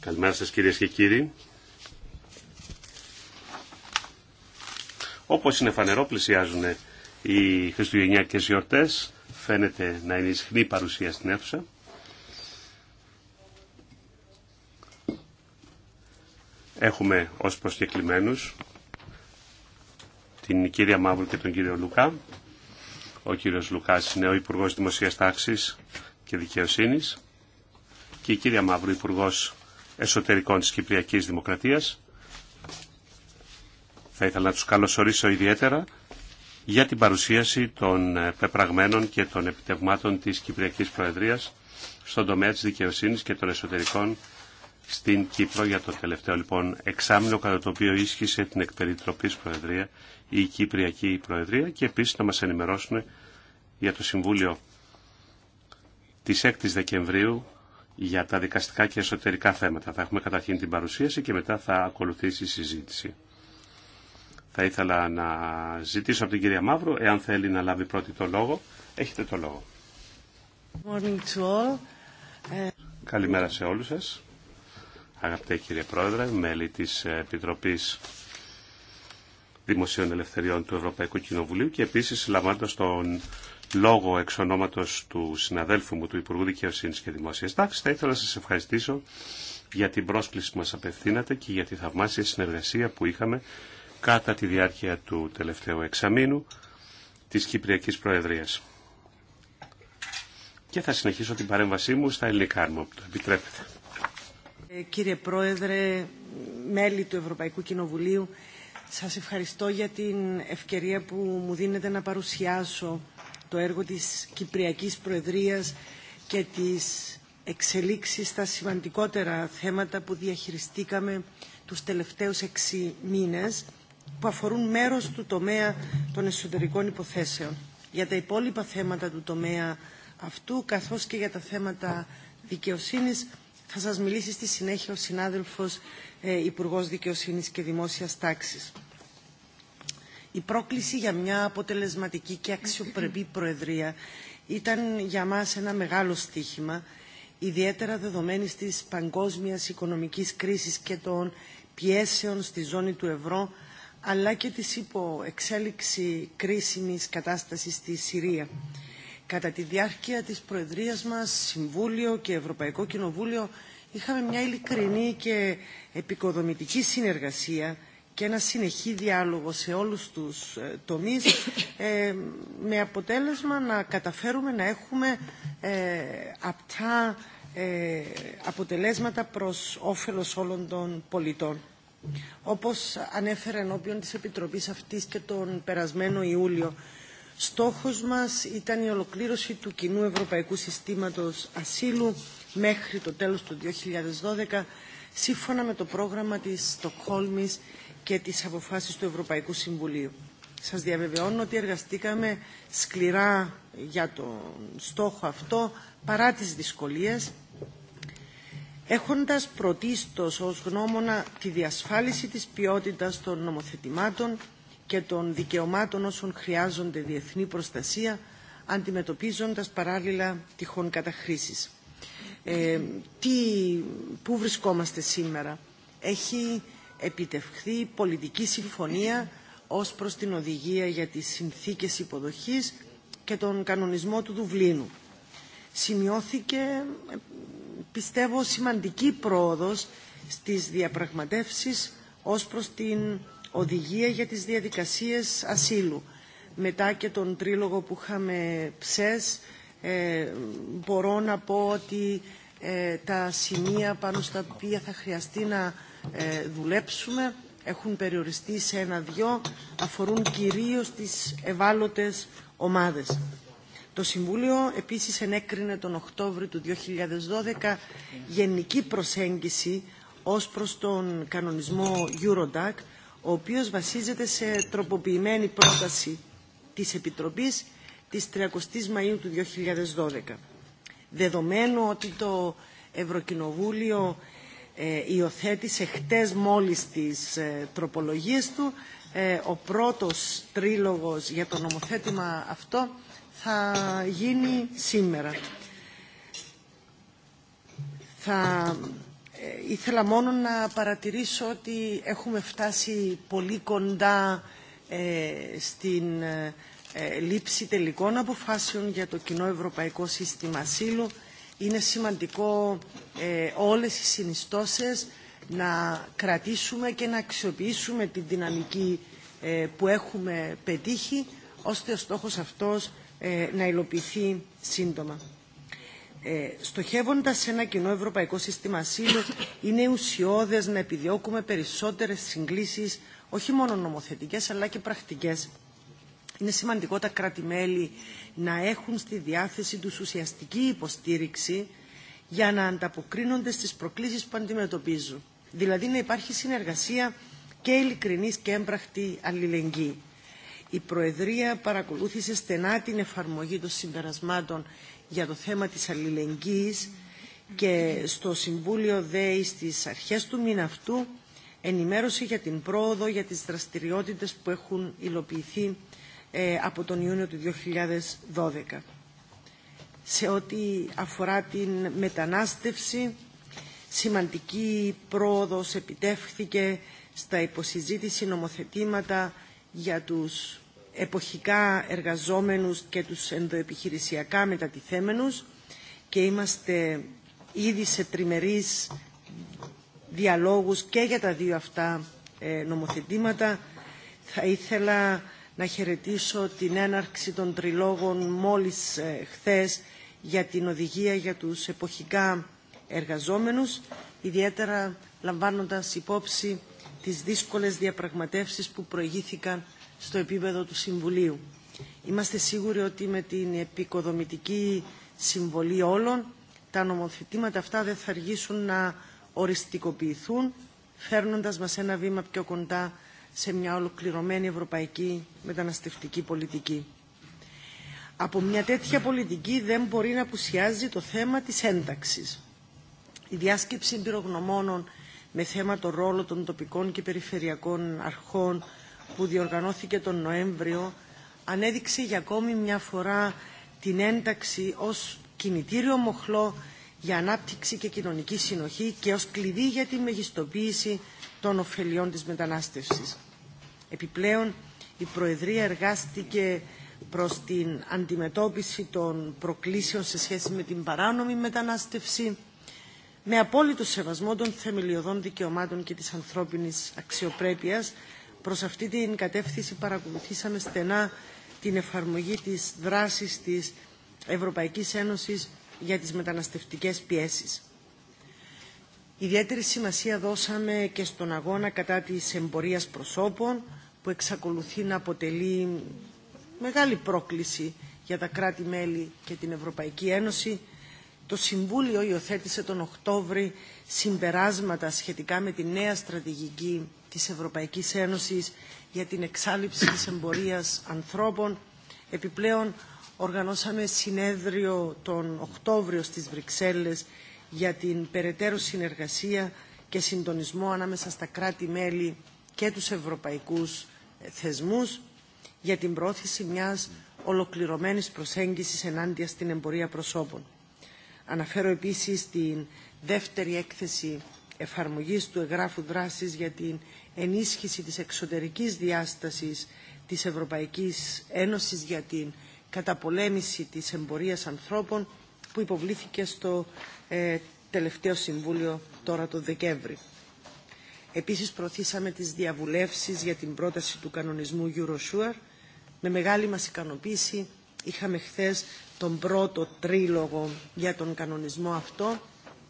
Καλημέρα σας κυρίες και κύριοι. Όπως είναι φανερό πλησιάζουν οι χριστουγεννιακές γιορτές, φαίνεται να είναι ισχνή παρουσία στην αίθουσα. Έχουμε ως προσκεκλημένους την κυρία Μαύρου και τον κύριο Λουκά. Ο κύριος Λουκάς είναι ο Υπουργός Δημοσίας Τάξης και Δικαιοσύνης και η κυρία Μαύρου, Υπουργό Εσωτερικών της Κυπριακής Δημοκρατίας. Θα ήθελα να τους καλωσορίσω ιδιαίτερα για την παρουσίαση των ε, πεπραγμένων και των επιτευγμάτων της Κυπριακής Προεδρίας στον τομέα της δικαιοσύνης και των εσωτερικών στην Κύπρο για το τελευταίο λοιπόν εξάμεινο κατά το οποίο ίσχυσε την εκπεριτροπής Προεδρία η Κυπριακή Προεδρία και επίσης να μας ενημερώσουν για το Συμβούλιο της 6ης Δεκεμβρίου για τα δικαστικά και εσωτερικά θέματα. Θα έχουμε καταρχήν την παρουσίαση και μετά θα ακολουθήσει η συζήτηση. Θα ήθελα να ζητήσω από την κυρία Μαύρου, εάν θέλει να λάβει πρώτη το λόγο, έχετε το λόγο. Καλημέρα σε όλους σας. Αγαπητέ κύριε Πρόεδρε, μέλη της Επιτροπής Δημοσίων Ελευθεριών του Ευρωπαϊκού Κοινοβουλίου και επίσης λαμβάνοντας τον λόγο εξ ονόματος του συναδέλφου μου, του Υπουργού Δικαιοσύνη και Δημόσιας τάξη. θα ήθελα να σας ευχαριστήσω για την πρόσκληση που μας απευθύνατε και για τη θαυμάσια συνεργασία που είχαμε κατά τη διάρκεια του τελευταίου εξαμήνου της Κυπριακής Προεδρίας. Και θα συνεχίσω την παρέμβασή μου στα ελληνικά, μου το επιτρέπετε. Ε, κύριε Πρόεδρε, μέλη του Ευρωπαϊκού Κοινοβουλίου, σας ευχαριστώ για την ευκαιρία που μου δίνετε να παρουσιάσω το έργο της Κυπριακής Προεδρίας και της εξελίξεις στα σημαντικότερα θέματα που διαχειριστήκαμε τους τελευταίους έξι μήνες που αφορούν μέρος του τομέα των εσωτερικών υποθέσεων. Για τα υπόλοιπα θέματα του τομέα αυτού καθώς και για τα θέματα δικαιοσύνης θα σας μιλήσει στη συνέχεια ο συνάδελφος ε, Υπουργός Δικαιοσύνης και Δημόσιας Τάξης η πρόκληση για μια αποτελεσματική και αξιοπρεπή Προεδρία ήταν για μας ένα μεγάλο στίχημα, ιδιαίτερα δεδομένης της παγκόσμιας οικονομικής κρίσης και των πιέσεων στη ζώνη του ευρώ, αλλά και της υποεξέλιξη κρίσιμης κατάστασης στη Συρία. Κατά τη διάρκεια της Προεδρίας μας, Συμβούλιο και Ευρωπαϊκό Κοινοβούλιο είχαμε μια ειλικρινή και επικοδομητική συνεργασία και ένα συνεχή διάλογο σε όλους τους ε, τομείς ε, με αποτέλεσμα να καταφέρουμε να έχουμε ε, απτά αποτελέσματα προς όφελος όλων των πολιτών. Όπως ανέφερε ενώπιον της Επιτροπής αυτής και τον περασμένο Ιούλιο, στόχος μας ήταν η ολοκλήρωση του κοινού ευρωπαϊκού συστήματος ασύλου μέχρι το τέλος του 2012, σύμφωνα με το πρόγραμμα της Στοκχόλμης και τις αποφάσεις του Ευρωπαϊκού Συμβουλίου. Σας διαβεβαιώνω ότι εργαστήκαμε σκληρά για τον στόχο αυτό, παρά τις δυσκολίες, έχοντας πρωτίστως ως γνώμονα τη διασφάλιση της ποιότητας των νομοθετημάτων και των δικαιωμάτων όσων χρειάζονται διεθνή προστασία, αντιμετωπίζοντας παράλληλα τυχόν καταχρήσεις. Ε, τι, πού βρισκόμαστε σήμερα. Έχει επιτευχθεί πολιτική συμφωνία ως προς την οδηγία για τις συνθήκες υποδοχής και τον κανονισμό του Δουβλίνου. Σημειώθηκε, πιστεύω, σημαντική πρόοδος στις διαπραγματεύσεις ως προς την οδηγία για τις διαδικασίες ασύλου. Μετά και τον τρίλογο που είχαμε ψες, ε, μπορώ να πω ότι ε, τα σημεία πάνω στα οποία θα χρειαστεί να ε, δουλέψουμε έχουν περιοριστεί σε ένα-δυο, αφορούν κυρίως τις ευάλωτες ομάδες. Το Συμβούλιο επίσης ενέκρινε τον Οκτώβριο του 2012 γενική προσέγγιση ως προς τον κανονισμό Eurodac, ο οποίος βασίζεται σε τροποποιημένη πρόταση της Επιτροπής της 30 Μαΐου του 2012. Δεδομένου ότι το Ευρωκοινοβούλιο ε, υιοθέτησε χτες μόλις τις ε, τροπολογίες του. Ε, ο πρώτος τρίλογος για το νομοθέτημα αυτό θα γίνει σήμερα. Θα ήθελα μόνο να παρατηρήσω ότι έχουμε φτάσει πολύ κοντά στην λήψη τελικών αποφάσεων για το κοινό ευρωπαϊκό σύστημα ασύλου είναι σημαντικό ε, όλες οι συνιστώσεις να κρατήσουμε και να αξιοποιήσουμε την δυναμική ε, που έχουμε πετύχει ώστε ο στόχος αυτός ε, να υλοποιηθεί σύντομα. Ε, στοχεύοντας σε ένα κοινό ευρωπαϊκό σύστημα ασύλου είναι ουσιώδες να επιδιώκουμε περισσότερες συγκλήσεις όχι μόνο νομοθετικές αλλά και πρακτικές. Είναι σημαντικό τα κρατη να έχουν στη διάθεση τους ουσιαστική υποστήριξη για να ανταποκρίνονται στις προκλήσεις που αντιμετωπίζουν. Δηλαδή να υπάρχει συνεργασία και ειλικρινής και έμπραχτη αλληλεγγύη. Η Προεδρία παρακολούθησε στενά την εφαρμογή των συμπερασμάτων για το θέμα της αλληλεγγύης και στο Συμβούλιο ΔΕΗ στις αρχές του μήνα αυτού ενημέρωσε για την πρόοδο για τις δραστηριότητες που έχουν υλοποιηθεί ε, από τον Ιούνιο του 2012. Σε ό,τι αφορά την μετανάστευση, σημαντική πρόοδος επιτεύχθηκε στα υποσυζήτηση νομοθετήματα για τους εποχικά εργαζόμενους και τους ενδοεπιχειρησιακά μετατιθέμενους και είμαστε ήδη σε τριμερείς διαλόγους και για τα δύο αυτά ε, νομοθετήματα. Θα ήθελα να χαιρετήσω την έναρξη των τριλόγων μόλις ε, χθες για την οδηγία για τους εποχικά εργαζόμενους, ιδιαίτερα λαμβάνοντας υπόψη τις δύσκολες διαπραγματεύσεις που προηγήθηκαν στο επίπεδο του Συμβουλίου. Είμαστε σίγουροι ότι με την επικοδομητική συμβολή όλων τα νομοθετήματα αυτά δεν θα αργήσουν να οριστικοποιηθούν φέρνοντας μας ένα βήμα πιο κοντά σε μια ολοκληρωμένη ευρωπαϊκή μεταναστευτική πολιτική. Από μια τέτοια πολιτική δεν μπορεί να απουσιάζει το θέμα της ένταξης. Η διάσκεψη εμπειρογνωμόνων με θέμα το ρόλο των τοπικών και περιφερειακών αρχών που διοργανώθηκε τον Νοέμβριο ανέδειξε για ακόμη μια φορά την ένταξη ως κινητήριο μοχλό για ανάπτυξη και κοινωνική συνοχή και ως κλειδί για τη μεγιστοποίηση των ωφελιών της μετανάστευσης. Επιπλέον, η Προεδρία εργάστηκε προς την αντιμετώπιση των προκλήσεων σε σχέση με την παράνομη μετανάστευση, με απόλυτο σεβασμό των θεμελιωδών δικαιωμάτων και της ανθρώπινης αξιοπρέπειας. Προς αυτή την κατεύθυνση παρακολουθήσαμε στενά την εφαρμογή της δράσης της Ευρωπαϊκής Ένωσης για τις μεταναστευτικές πιέσεις. Ιδιαίτερη σημασία δώσαμε και στον αγώνα κατά της εμπορίας προσώπων, που εξακολουθεί να αποτελεί μεγάλη πρόκληση για τα κράτη-μέλη και την Ευρωπαϊκή Ένωση, το Συμβούλιο υιοθέτησε τον Οκτώβρη συμπεράσματα σχετικά με τη νέα στρατηγική της Ευρωπαϊκής Ένωσης για την εξάλληψη της εμπορίας ανθρώπων. Επιπλέον, οργανώσαμε συνέδριο τον Οκτώβριο στις Βρυξέλλες για την περαιτέρω συνεργασία και συντονισμό ανάμεσα στα κράτη-μέλη και τους ευρωπαϊκούς θεσμούς για την πρόθεση μιας ολοκληρωμένης προσέγγισης ενάντια στην εμπορία προσώπων. Αναφέρω επίσης την δεύτερη έκθεση εφαρμογής του εγγράφου δράσης για την ενίσχυση της εξωτερικής διάστασης της Ευρωπαϊκής Ένωσης για την καταπολέμηση της εμπορίας ανθρώπων που υποβλήθηκε στο ε, τελευταίο Συμβούλιο τώρα το Δεκέμβρη. Επίσης προωθήσαμε τις διαβουλεύσεις για την πρόταση του κανονισμού Eurosure. Με μεγάλη μας ικανοποίηση είχαμε χθε τον πρώτο τρίλογο για τον κανονισμό αυτό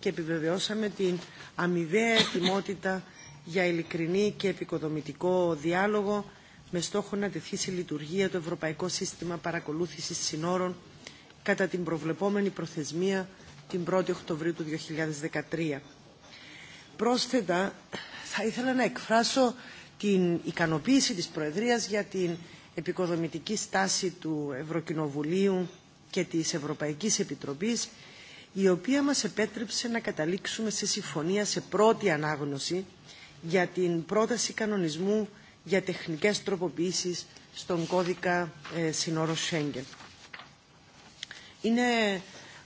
και επιβεβαιώσαμε την αμοιβαία ετοιμότητα για ειλικρινή και επικοδομητικό διάλογο με στόχο να τεθεί σε λειτουργία το Ευρωπαϊκό Σύστημα Παρακολούθησης Συνόρων κατά την προβλεπόμενη προθεσμία την 1η Οκτωβρίου του 2013. Πρόσθετα, θα ήθελα να εκφράσω την ικανοποίηση της Προεδρίας για την επικοδομητική στάση του Ευρωκοινοβουλίου και της Ευρωπαϊκής Επιτροπής, η οποία μας επέτρεψε να καταλήξουμε σε συμφωνία σε πρώτη ανάγνωση για την πρόταση κανονισμού για τεχνικές τροποποιήσεις στον κώδικα ε, συνόρο Σέγγεν. Είναι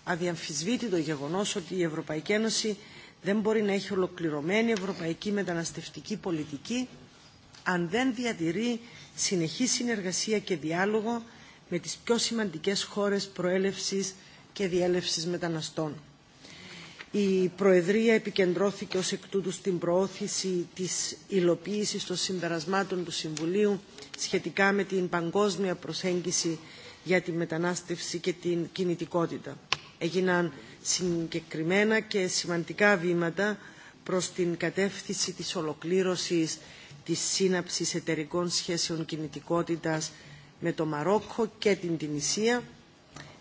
αδιαμφισβήτητο γεγονός ότι η Ευρωπαϊκή Ένωση δεν μπορεί να έχει ολοκληρωμένη ευρωπαϊκή μεταναστευτική πολιτική αν δεν διατηρεί συνεχή συνεργασία και διάλογο με τις πιο σημαντικές χώρες προέλευσης και διέλευσης μεταναστών. Η Προεδρία επικεντρώθηκε ως εκ τούτου στην προώθηση της υλοποίησης των συμπερασμάτων του Συμβουλίου σχετικά με την παγκόσμια προσέγγιση για τη μετανάστευση και την κινητικότητα. Έγιναν συγκεκριμένα και σημαντικά βήματα προς την κατεύθυνση της ολοκλήρωσης της σύναψης εταιρικών σχέσεων κινητικότητας με το Μαρόκο και την Τινησία,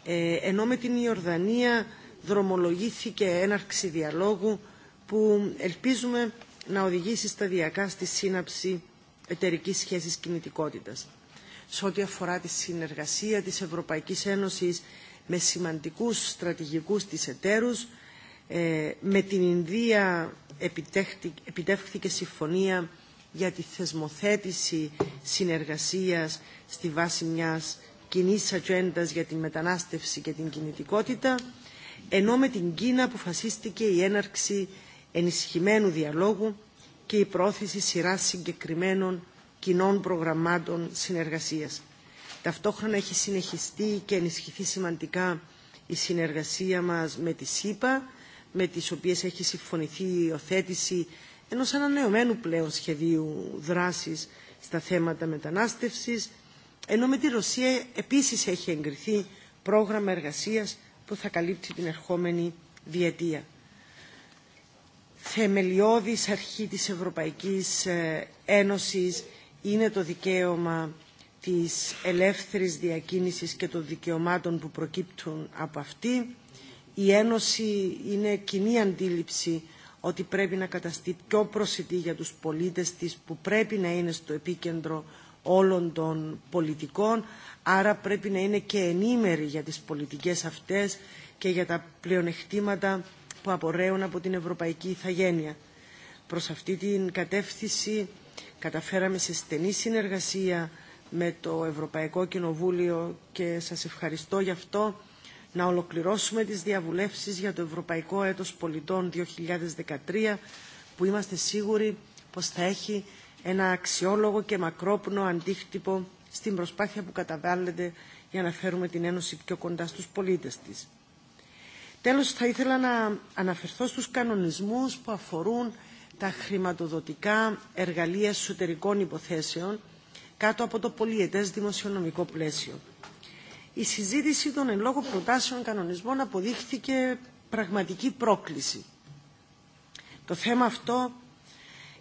ε, ενώ με την Ιορδανία δρομολογήθηκε έναρξη διαλόγου που ελπίζουμε να οδηγήσει σταδιακά στη σύναψη εταιρικής σχέσης κινητικότητας. Σε ό,τι αφορά τη συνεργασία της Ευρωπαϊκής Ένωσης με σημαντικούς στρατηγικούς της εταίρους. Ε, με την Ινδία επιτεύχθηκε συμφωνία για τη θεσμοθέτηση συνεργασίας στη βάση μιας κοινή ατζέντα για την μετανάστευση και την κινητικότητα, ενώ με την Κίνα αποφασίστηκε η έναρξη ενισχυμένου διαλόγου και η πρόθεση σειρά συγκεκριμένων κοινών προγραμμάτων συνεργασίας. Ταυτόχρονα έχει συνεχιστεί και ενισχυθεί σημαντικά η συνεργασία μας με τη ΣΥΠΑ, με τις οποίες έχει συμφωνηθεί η υιοθέτηση ενός ανανεωμένου πλέον σχεδίου δράσης στα θέματα μετανάστευσης, ενώ με τη Ρωσία επίσης έχει εγκριθεί πρόγραμμα εργασίας που θα καλύπτει την ερχόμενη διετία. Θεμελιώδης αρχή της Ευρωπαϊκής ε, Ένωσης είναι το δικαίωμα της ελεύθερης διακίνησης και των δικαιωμάτων που προκύπτουν από αυτή. Η Ένωση είναι κοινή αντίληψη ότι πρέπει να καταστεί πιο προσιτή για τους πολίτες της που πρέπει να είναι στο επίκεντρο όλων των πολιτικών, άρα πρέπει να είναι και ενήμερη για τις πολιτικές αυτές και για τα πλεονεκτήματα που απορρέουν από την ευρωπαϊκή ηθαγένεια. Προς αυτή την κατεύθυνση καταφέραμε σε στενή συνεργασία με το Ευρωπαϊκό Κοινοβούλιο και σας ευχαριστώ γι' αυτό να ολοκληρώσουμε τις διαβουλεύσεις για το Ευρωπαϊκό Έτος Πολιτών 2013 που είμαστε σίγουροι πως θα έχει ένα αξιόλογο και μακρόπνο αντίκτυπο στην προσπάθεια που καταβάλλεται για να φέρουμε την Ένωση πιο κοντά στους πολίτες της. Τέλος, θα ήθελα να αναφερθώ στους κανονισμούς που αφορούν τα χρηματοδοτικά εργαλεία εσωτερικών υποθέσεων κάτω από το πολιετές δημοσιονομικό πλαίσιο. Η συζήτηση των εν λόγω προτάσεων κανονισμών αποδείχθηκε πραγματική πρόκληση. Το θέμα αυτό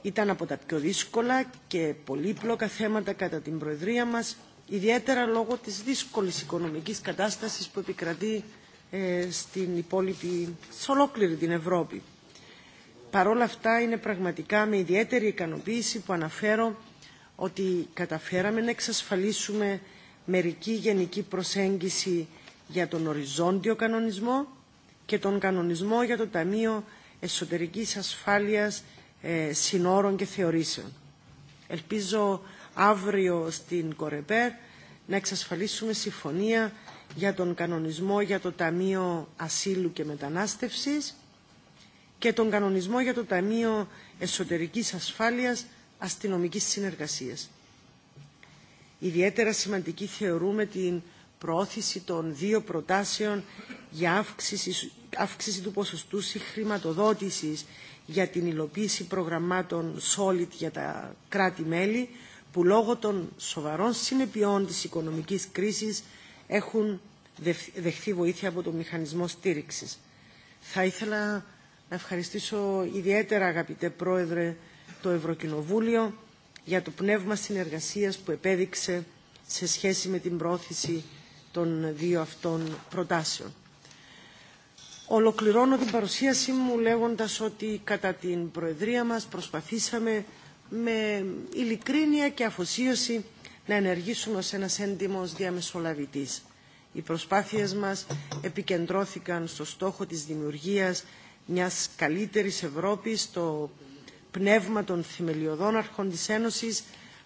ήταν από τα πιο δύσκολα και πολύπλοκα θέματα κατά την Προεδρία μας, ιδιαίτερα λόγω της δύσκολης οικονομικής κατάστασης που επικρατεί ε, στην υπόλοιπη, σε ολόκληρη την Ευρώπη. Παρ' όλα αυτά είναι πραγματικά με ιδιαίτερη ικανοποίηση που αναφέρω ότι καταφέραμε να εξασφαλίσουμε μερική γενική προσέγγιση για τον οριζόντιο κανονισμό και τον κανονισμό για το Ταμείο Εσωτερικής Ασφάλειας ε, Συνόρων και Θεωρήσεων. Ελπίζω αύριο στην Κορεπέρ να εξασφαλίσουμε συμφωνία για τον κανονισμό για το Ταμείο Ασύλου και Μετανάστευσης και τον κανονισμό για το Ταμείο Εσωτερικής Ασφάλειας αστυνομικής συνεργασίας. Ιδιαίτερα σημαντική θεωρούμε την προώθηση των δύο προτάσεων για αύξηση, αύξηση του ποσοστού συγχρηματοδότησης για την υλοποίηση προγραμμάτων solid για τα κράτη-μέλη που λόγω των σοβαρών συνεπειών της οικονομικής κρίσης έχουν δεχθεί βοήθεια από το μηχανισμό στήριξης. Θα ήθελα να ευχαριστήσω ιδιαίτερα αγαπητέ Πρόεδρε το Ευρωκοινοβούλιο για το πνεύμα συνεργασίας που επέδειξε σε σχέση με την πρόθεση των δύο αυτών προτάσεων. Ολοκληρώνω την παρουσίασή μου λέγοντας ότι κατά την Προεδρία μας προσπαθήσαμε με ειλικρίνεια και αφοσίωση να ενεργήσουμε ως ένας έντιμος διαμεσολαβητής. Οι προσπάθειες μας επικεντρώθηκαν στο στόχο της δημιουργίας μιας καλύτερης Ευρώπης, στο πνεύμα των θεμελιωδών αρχών της Ένωσης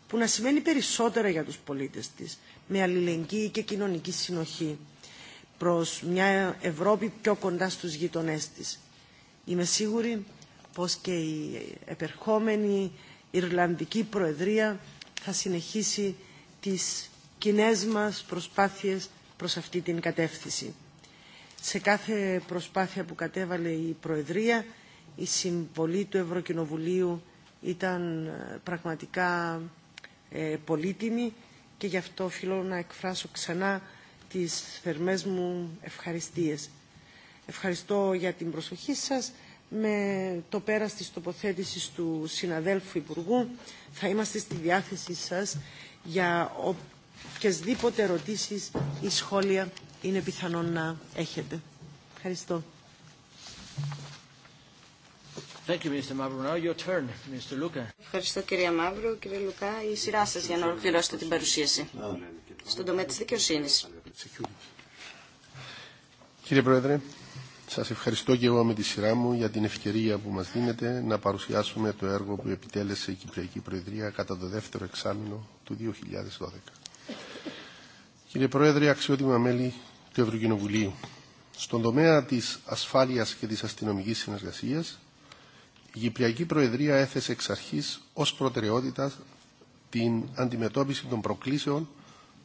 που να σημαίνει περισσότερα για τους πολίτες της, με αλληλεγγύη και κοινωνική συνοχή προς μια Ευρώπη πιο κοντά στους γειτονές της. Είμαι σίγουρη πως και η επερχόμενη Ιρλανδική Προεδρία θα συνεχίσει τις κοινέ μας προσπάθειες προς αυτή την κατεύθυνση. Σε κάθε προσπάθεια που κατέβαλε η Προεδρία η συμβολή του Ευρωκοινοβουλίου ήταν ε, πραγματικά ε, πολύτιμη και γι' αυτό οφείλω να εκφράσω ξανά τις θερμές μου ευχαριστίες. Ευχαριστώ για την προσοχή σας. Με το πέρας της τοποθέτησης του συναδέλφου Υπουργού θα είμαστε στη διάθεσή σας για οποιασδήποτε ερωτήσεις ή σχόλια είναι πιθανόν να έχετε. Ευχαριστώ. Thank you, Mr. your turn, Mr. Luca. Ευχαριστώ κύριε Μαύρο. Κύριε Λουκά, η σειρά σα για να ολοκληρώσετε την παρουσίαση στον τομέα τη δικαιοσύνη. Κύριε Πρόεδρε, σα ευχαριστώ και εγώ με τη σειρά μου για την ευκαιρία που μα δίνετε να παρουσιάσουμε το έργο που επιτέλεσε η Κυπριακή Προεδρία κατά το δεύτερο εξάμεινο του 2012. Κύριε Πρόεδρε, αξιότιμα μέλη του Ευρωκοινοβουλίου, στον τομέα τη ασφάλεια και τη αστυνομική συνεργασία, η Κυπριακή Προεδρία έθεσε εξ αρχής ως προτεραιότητα την αντιμετώπιση των προκλήσεων,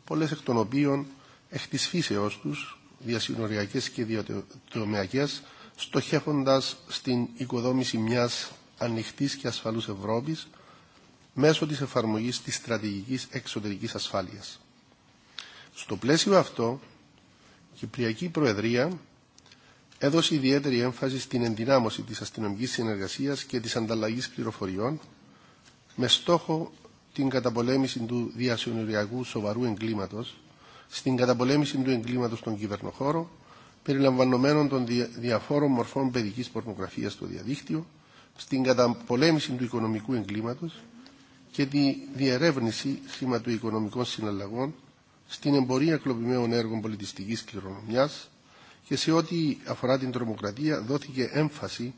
πολλές εκ των οποίων εκ της φύσεώς τους, διασυνοριακές και διατομιακές, στοχεύοντας στην οικοδόμηση μιας ανοιχτής και ασφαλούς Ευρώπης μέσω της εφαρμογής της στρατηγικής εξωτερικής ασφάλειας. Στο πλαίσιο αυτό, η Κυπριακή Προεδρία έδωσε ιδιαίτερη έμφαση στην ενδυνάμωση της αστυνομικής συνεργασίας και της ανταλλαγής πληροφοριών με στόχο την καταπολέμηση του διασυνοριακού σοβαρού εγκλήματος, στην καταπολέμηση του εγκλήματος στον κυβερνοχώρο, περιλαμβανομένων των διαφόρων μορφών παιδικής πορνογραφίας στο διαδίκτυο, στην καταπολέμηση του οικονομικού εγκλήματος και τη διερεύνηση σχηματοοικονομικών συναλλαγών, στην εμπορία κλοπημένων έργων πολιτιστικής κληρονομιάς, και σε ό,τι αφορά την τρομοκρατία δόθηκε έμφαση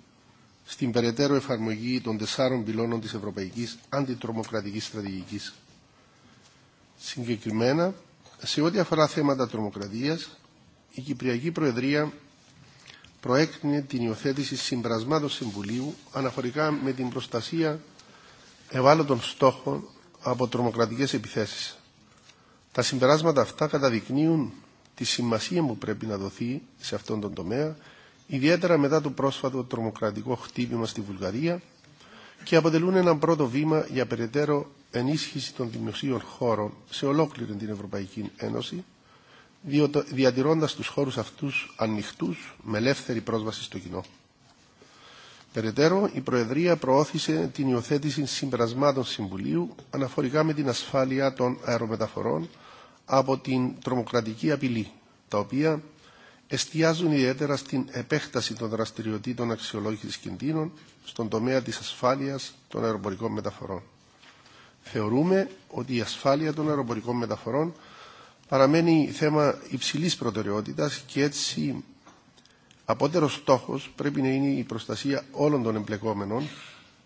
στην περαιτέρω εφαρμογή των τεσσάρων πυλώνων της Ευρωπαϊκής Αντιτρομοκρατικής Στρατηγικής. Συγκεκριμένα, σε ό,τι αφορά θέματα τρομοκρατίας, η Κυπριακή Προεδρία προέκρινε την υιοθέτηση συμπρασμάτων Συμβουλίου αναφορικά με την προστασία ευάλωτων στόχων από τρομοκρατικές επιθέσεις. Τα συμπεράσματα αυτά καταδεικνύουν τη σημασία που πρέπει να δοθεί σε αυτόν τον τομέα, ιδιαίτερα μετά το πρόσφατο τρομοκρατικό χτύπημα στη Βουλγαρία και αποτελούν έναν πρώτο βήμα για περαιτέρω ενίσχυση των δημοσίων χώρων σε ολόκληρη την Ευρωπαϊκή Ένωση, διατηρώντας τους χώρους αυτούς ανοιχτούς με ελεύθερη πρόσβαση στο κοινό. Περαιτέρω, η Προεδρία προώθησε την υιοθέτηση συμπερασμάτων Συμβουλίου αναφορικά με την ασφάλεια των αερομεταφορών από την τρομοκρατική απειλή, τα οποία εστιάζουν ιδιαίτερα στην επέκταση των δραστηριοτήτων αξιολόγησης κινδύνων στον τομέα της ασφάλειας των αεροπορικών μεταφορών. Θεωρούμε ότι η ασφάλεια των αεροπορικών μεταφορών παραμένει θέμα υψηλής προτεραιότητας και έτσι απότερος στόχος πρέπει να είναι η προστασία όλων των εμπλεκόμενων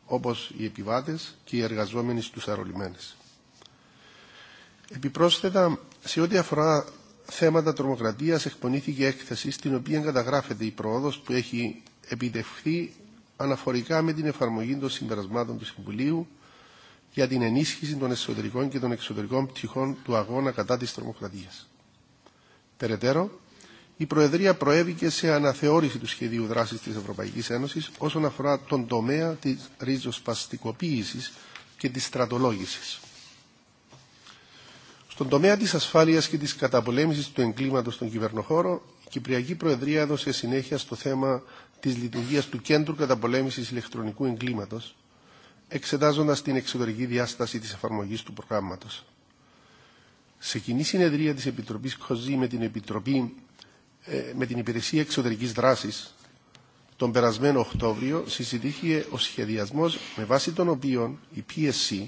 όπως οι επιβάτες και οι εργαζόμενοι στους αερολιμένες. Επιπρόσθετα, σε ό,τι αφορά θέματα τρομοκρατίας εκπονήθηκε έκθεση στην οποία καταγράφεται η πρόοδος που έχει επιτευχθεί αναφορικά με την εφαρμογή των συμπερασμάτων του Συμβουλίου για την ενίσχυση των εσωτερικών και των εξωτερικών πτυχών του αγώνα κατά της τρομοκρατίας. Περαιτέρω, η Προεδρία προέβηκε σε αναθεώρηση του σχεδίου δράσης της Ευρωπαϊκής Ένωσης όσον αφορά τον τομέα της ριζοσπαστικοποίησης και της στρατολόγησης. Στον τομέα της ασφάλειας και της καταπολέμησης του εγκλήματος στον κυβερνοχώρο, η Κυπριακή Προεδρία έδωσε συνέχεια στο θέμα της λειτουργίας του Κέντρου Καταπολέμησης Ηλεκτρονικού Εγκλήματος, εξετάζοντας την εξωτερική διάσταση της εφαρμογής του προγράμματος. Σε κοινή συνεδρία της Επιτροπής ΚΟΖΗ με την, Επιτροπή, ε, με την Υπηρεσία Εξωτερικής Δράσης τον περασμένο Οκτώβριο συζητήθηκε ο σχεδιασμός με βάση τον οποίο η PSC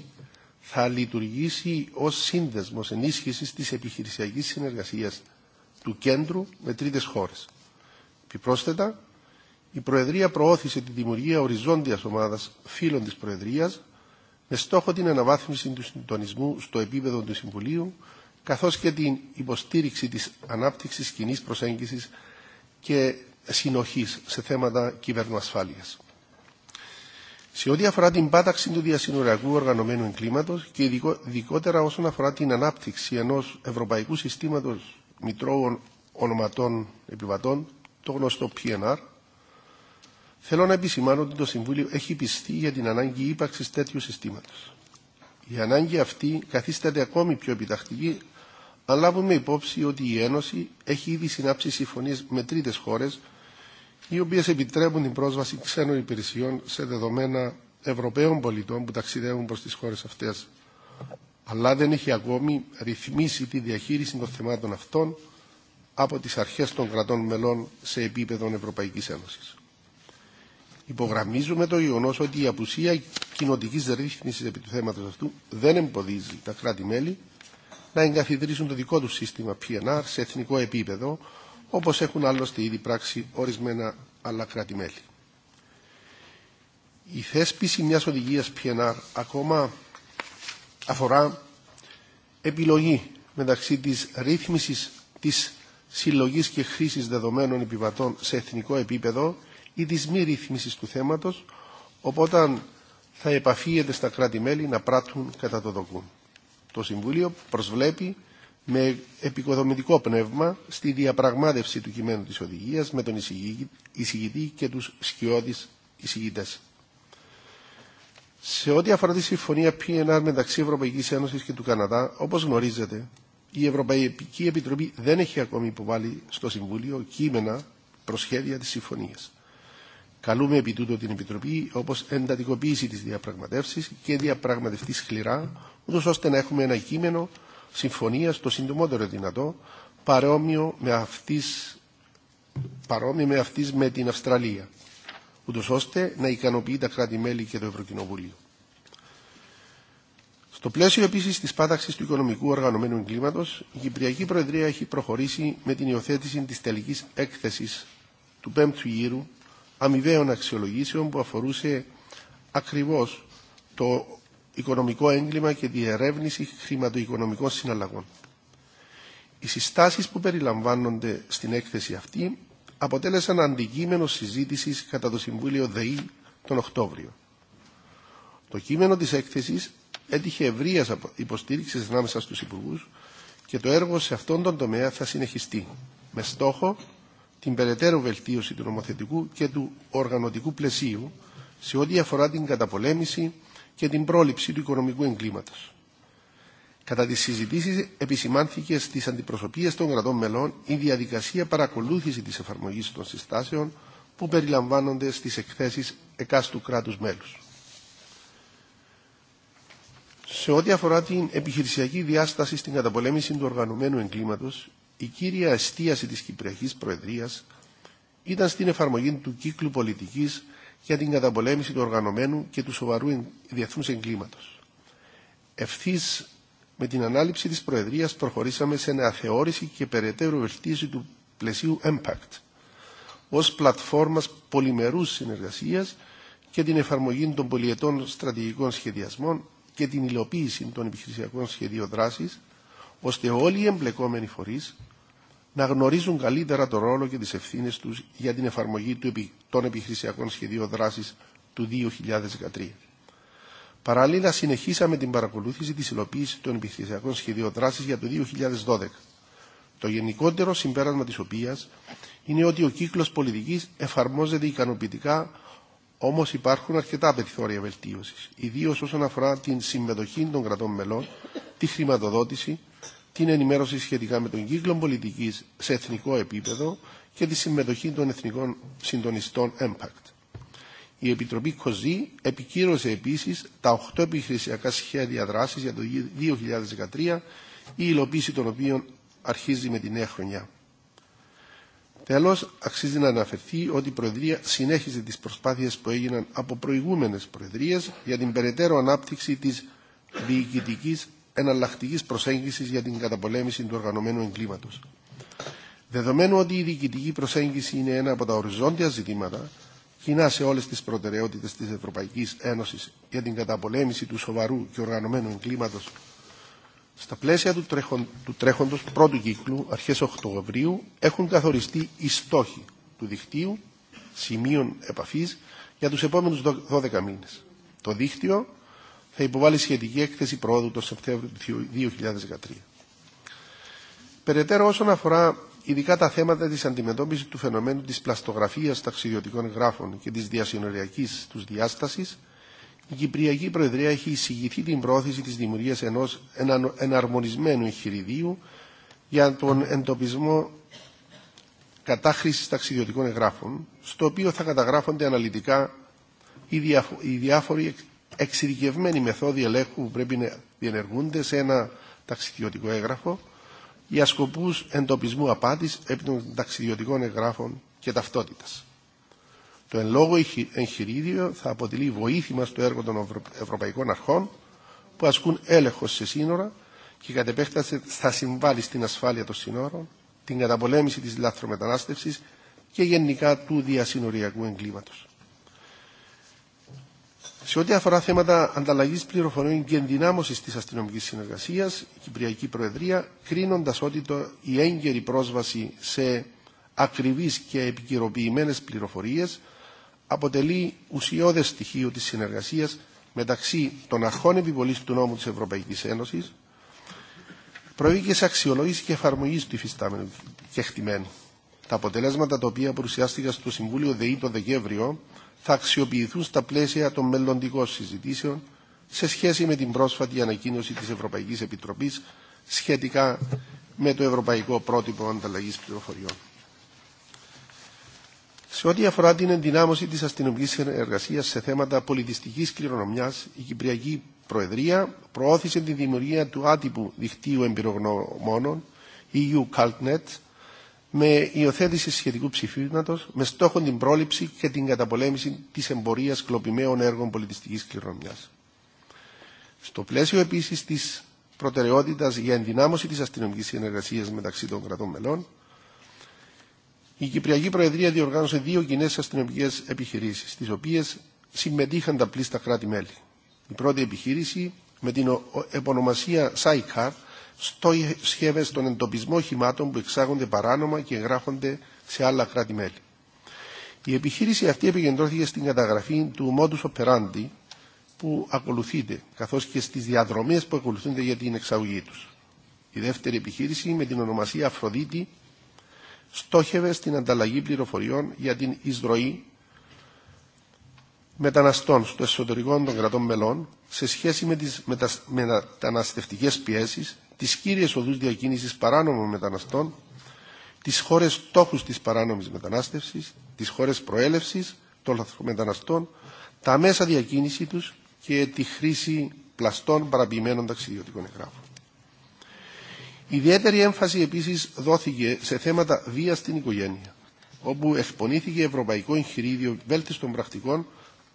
θα λειτουργήσει ως σύνδεσμος ενίσχυσης της επιχειρησιακής συνεργασίας του κέντρου με τρίτες χώρες. Επιπρόσθετα, η Προεδρία προώθησε τη δημιουργία οριζόντιας ομάδας φίλων της Προεδρίας με στόχο την αναβάθμιση του συντονισμού στο επίπεδο του Συμβουλίου καθώς και την υποστήριξη της ανάπτυξης κοινή προσέγγισης και συνοχής σε θέματα κυβερνοασφάλειας. Σε ό,τι αφορά την πάταξη του διασυνοριακού οργανωμένου εγκλήματο και ειδικότερα όσον αφορά την ανάπτυξη ενό ευρωπαϊκού συστήματο μητρώων ονοματών επιβατών, το γνωστό PNR, θέλω να επισημάνω ότι το Συμβούλιο έχει πιστεί για την ανάγκη ύπαρξη τέτοιου συστήματο. Η ανάγκη αυτή καθίσταται ακόμη πιο επιτακτική αν λάβουμε υπόψη ότι η Ένωση έχει ήδη συνάψει συμφωνίε με τρίτε χώρε οι οποίε επιτρέπουν την πρόσβαση ξένων υπηρεσιών σε δεδομένα Ευρωπαίων πολιτών που ταξιδεύουν προ τι χώρε αυτέ. Αλλά δεν έχει ακόμη ρυθμίσει τη διαχείριση των θεμάτων αυτών από τι αρχέ των κρατών μελών σε επίπεδο Ευρωπαϊκή Ένωση. Υπογραμμίζουμε το γεγονό ότι η απουσία κοινοτική ρύθμιση επί του θέματο αυτού δεν εμποδίζει τα κράτη-μέλη να εγκαθιδρύσουν το δικό του σύστημα PNR σε εθνικό επίπεδο, όπως έχουν άλλωστε ήδη πράξει ορισμένα άλλα κράτη-μέλη. Η θέσπιση μιας οδηγίας PNR ακόμα αφορά επιλογή μεταξύ της ρύθμισης της συλλογής και χρήσης δεδομένων επιβατών σε εθνικό επίπεδο ή της μη ρύθμισης του θέματος, οπότε θα επαφίεται στα κράτη-μέλη να πράττουν κατά το δοκούν. Το Συμβούλιο προσβλέπει με επικοδομητικό πνεύμα στη διαπραγμάτευση του κειμένου της οδηγίας με τον εισηγητή και τους σκιώδεις εισηγητές. Σε ό,τι αφορά τη συμφωνία PNR μεταξύ Ευρωπαϊκή Ένωση και του Καναδά, όπως γνωρίζετε, η Ευρωπαϊκή Επιτροπή δεν έχει ακόμη υποβάλει στο Συμβούλιο κείμενα προσχέδια τη συμφωνία. Καλούμε επί τούτο την Επιτροπή, όπως εντατικοποίηση τη διαπραγματεύσης και διαπραγματευτεί σκληρά, ούτω ώστε να έχουμε ένα κείμενο συμφωνία το συντομότερο δυνατό, παρόμοιο με αυτή παρόμοιο με αυτής με την Αυστραλία, ούτω ώστε να ικανοποιεί τα κράτη-μέλη και το Ευρωκοινοβούλιο. Στο πλαίσιο επίση τη πάταξη του οικονομικού οργανωμένου εγκλήματο, η Κυπριακή Προεδρία έχει προχωρήσει με την υιοθέτηση τη τελική έκθεση του 5ου γύρου αμοιβαίων αξιολογήσεων που αφορούσε ακριβώ το οικονομικό έγκλημα και διερεύνηση χρηματοοικονομικών συναλλαγών. Οι συστάσεις που περιλαμβάνονται στην έκθεση αυτή αποτέλεσαν αντικείμενο συζήτησης κατά το Συμβούλιο ΔΕΗ τον Οκτώβριο. Το κείμενο της έκθεσης έτυχε ευρεία υποστήριξη ανάμεσα στους υπουργού και το έργο σε αυτόν τον τομέα θα συνεχιστεί με στόχο την περαιτέρω βελτίωση του νομοθετικού και του οργανωτικού πλαισίου σε ό,τι αφορά την καταπολέμηση και την πρόληψη του οικονομικού εγκλήματο. Κατά τι συζητήσει, επισημάνθηκε στι αντιπροσωπείε των κρατών μελών η διαδικασία παρακολούθηση τη εφαρμογή των συστάσεων που περιλαμβάνονται στις εκθέσεις εκάστου κράτους μέλους. Σε ό,τι αφορά την επιχειρησιακή διάσταση στην καταπολέμηση του οργανωμένου εγκλήματος, η κύρια εστίαση τη κυπριακή Προεδρία ήταν στην εφαρμογή του κύκλου πολιτική για την καταπολέμηση του οργανωμένου και του σοβαρού διεθνού εγκλήματο. Ευθύ με την ανάληψη τη Προεδρία προχωρήσαμε σε αναθεώρηση και περαιτέρω βελτίωση του πλαισίου Impact ω πλατφόρμα πολυμερού συνεργασία και την εφαρμογή των πολιετών στρατηγικών σχεδιασμών και την υλοποίηση των επιχειρησιακών σχεδίων δράση, ώστε όλοι οι εμπλεκόμενοι φορεί να γνωρίζουν καλύτερα το ρόλο και τις ευθύνες τους για την εφαρμογή των επιχειρησιακών σχεδίων δράσης του 2013. Παράλληλα, συνεχίσαμε την παρακολούθηση της υλοποίησης των επιχειρησιακών σχεδίων δράσης για το 2012, το γενικότερο συμπέρασμα της οποίας είναι ότι ο κύκλος πολιτικής εφαρμόζεται ικανοποιητικά, όμως υπάρχουν αρκετά περιθώρια βελτίωσης, ιδίως όσον αφορά την συμμετοχή των κρατών μελών, τη χρηματοδότηση, την ενημέρωση σχετικά με τον κύκλο πολιτική σε εθνικό επίπεδο και τη συμμετοχή των εθνικών συντονιστών Impact. Η Επιτροπή ΚΟΖΗ επικύρωσε επίση τα 8 επιχειρησιακά σχέδια δράση για το 2013, η υλοποίηση των οποίων αρχίζει με τη νέα χρονιά. Τέλο, αξίζει να αναφερθεί ότι η Προεδρία συνέχισε τι προσπάθειε που έγιναν από προηγούμενε Προεδρίε για την περαιτέρω ανάπτυξη τη διοικητική εναλλακτική προσέγγιση για την καταπολέμηση του οργανωμένου εγκλήματο. Δεδομένου ότι η διοικητική προσέγγιση είναι ένα από τα οριζόντια ζητήματα, κοινά σε όλε τι προτεραιότητε τη Ευρωπαϊκή Ένωση για την καταπολέμηση του σοβαρού και οργανωμένου εγκλήματο, στα πλαίσια του, τρέχον, του τρέχοντος πρώτου κύκλου, αρχέ Οκτωβρίου, έχουν καθοριστεί οι στόχοι του δικτύου σημείων επαφή, για του επόμενου 12 μήνε. Το δίκτυο θα υποβάλει σχετική έκθεση πρόοδου το Σεπτέμβριο του 2013. Περαιτέρω όσον αφορά ειδικά τα θέματα της αντιμετώπισης του φαινομένου της πλαστογραφίας ταξιδιωτικών γράφων και της διασυνοριακής τους διάστασης, η Κυπριακή Προεδρία έχει εισηγηθεί την πρόθεση της δημιουργίας ενός εναρμονισμένου εγχειριδίου για τον εντοπισμό κατάχρησης ταξιδιωτικών εγγράφων, στο οποίο θα καταγράφονται αναλυτικά οι διάφοροι εξειδικευμένοι μεθόδοι ελέγχου που πρέπει να διενεργούνται σε ένα ταξιδιωτικό έγγραφο για σκοπούς εντοπισμού απάτης επί των ταξιδιωτικών εγγράφων και ταυτότητας. Το εν λόγω εγχειρίδιο θα αποτελεί βοήθημα στο έργο των Ευρωπαϊκών Αρχών που ασκούν έλεγχο σε σύνορα και κατ' επέκταση θα συμβάλλει στην ασφάλεια των σύνορων, την καταπολέμηση τη λάθρομετανάστευση και γενικά του διασυνοριακού εγκλήματος. Σε ό,τι αφορά θέματα ανταλλαγή πληροφοριών και ενδυνάμωση τη αστυνομική συνεργασία, η Κυπριακή Προεδρία, κρίνοντα ότι το, η έγκαιρη πρόσβαση σε ακριβεί και επικυρωποιημένε πληροφορίε αποτελεί ουσιώδες στοιχείο τη συνεργασία μεταξύ των αρχών επιβολή του νόμου τη Ευρωπαϊκή Ένωση, προήγησε σε αξιολόγηση και εφαρμογή του υφιστάμενου κεκτημένου. Τα αποτελέσματα τα οποία παρουσιάστηκαν στο Συμβούλιο ΔΕΗ το Δεκέμβριο θα αξιοποιηθούν στα πλαίσια των μελλοντικών συζητήσεων σε σχέση με την πρόσφατη ανακοίνωση της Ευρωπαϊκής Επιτροπής σχετικά με το Ευρωπαϊκό Πρότυπο Ανταλλαγής Πληροφοριών. Σε ό,τι αφορά την ενδυνάμωση της αστυνομικής εργασίας σε θέματα πολιτιστικής κληρονομιάς, η Κυπριακή Προεδρία προώθησε τη δημιουργία του άτυπου δικτύου εμπειρογνωμόνων EU CultNet, με υιοθέτηση σχετικού ψηφίσματο με στόχο την πρόληψη και την καταπολέμηση τη εμπορία κλοπημαίων έργων πολιτιστική κληρονομιά. Στο πλαίσιο επίση τη προτεραιότητα για ενδυνάμωση τη αστυνομική συνεργασία μεταξύ των κρατών μελών, η Κυπριακή Προεδρία διοργάνωσε δύο κοινέ αστυνομικέ επιχειρήσει, στι οποίε συμμετείχαν τα πλήστα κράτη-μέλη. Η πρώτη επιχείρηση, με την επωνομασία SICAR, στόχευε στον εντοπισμό όχημάτων που εξάγονται παράνομα και εγγράφονται σε άλλα κράτη-μέλη. Η επιχείρηση αυτή επικεντρώθηκε στην καταγραφή του modus operandi που ακολουθείται, καθώς και στις διαδρομές που ακολουθούνται για την εξαγωγή τους. Η δεύτερη επιχείρηση, με την ονομασία Αφροδίτη, στόχευε στην ανταλλαγή πληροφοριών για την εισδροή μεταναστών στο εσωτερικό των κρατών μελών σε σχέση με τις μεταναστευτικές πιέσεις τις κύριες οδούς διακίνησης παράνομων μεταναστών, τις χώρες τόχου της παράνομης μετανάστευσης, τις χώρες προέλευσης των μεταναστών, τα μέσα διακίνησή τους και τη χρήση πλαστών παραποιημένων ταξιδιωτικών εγγράφων. Ιδιαίτερη έμφαση επίσης δόθηκε σε θέματα βία στην οικογένεια, όπου εκπονήθηκε ευρωπαϊκό εγχειρίδιο βέλτιστων πρακτικών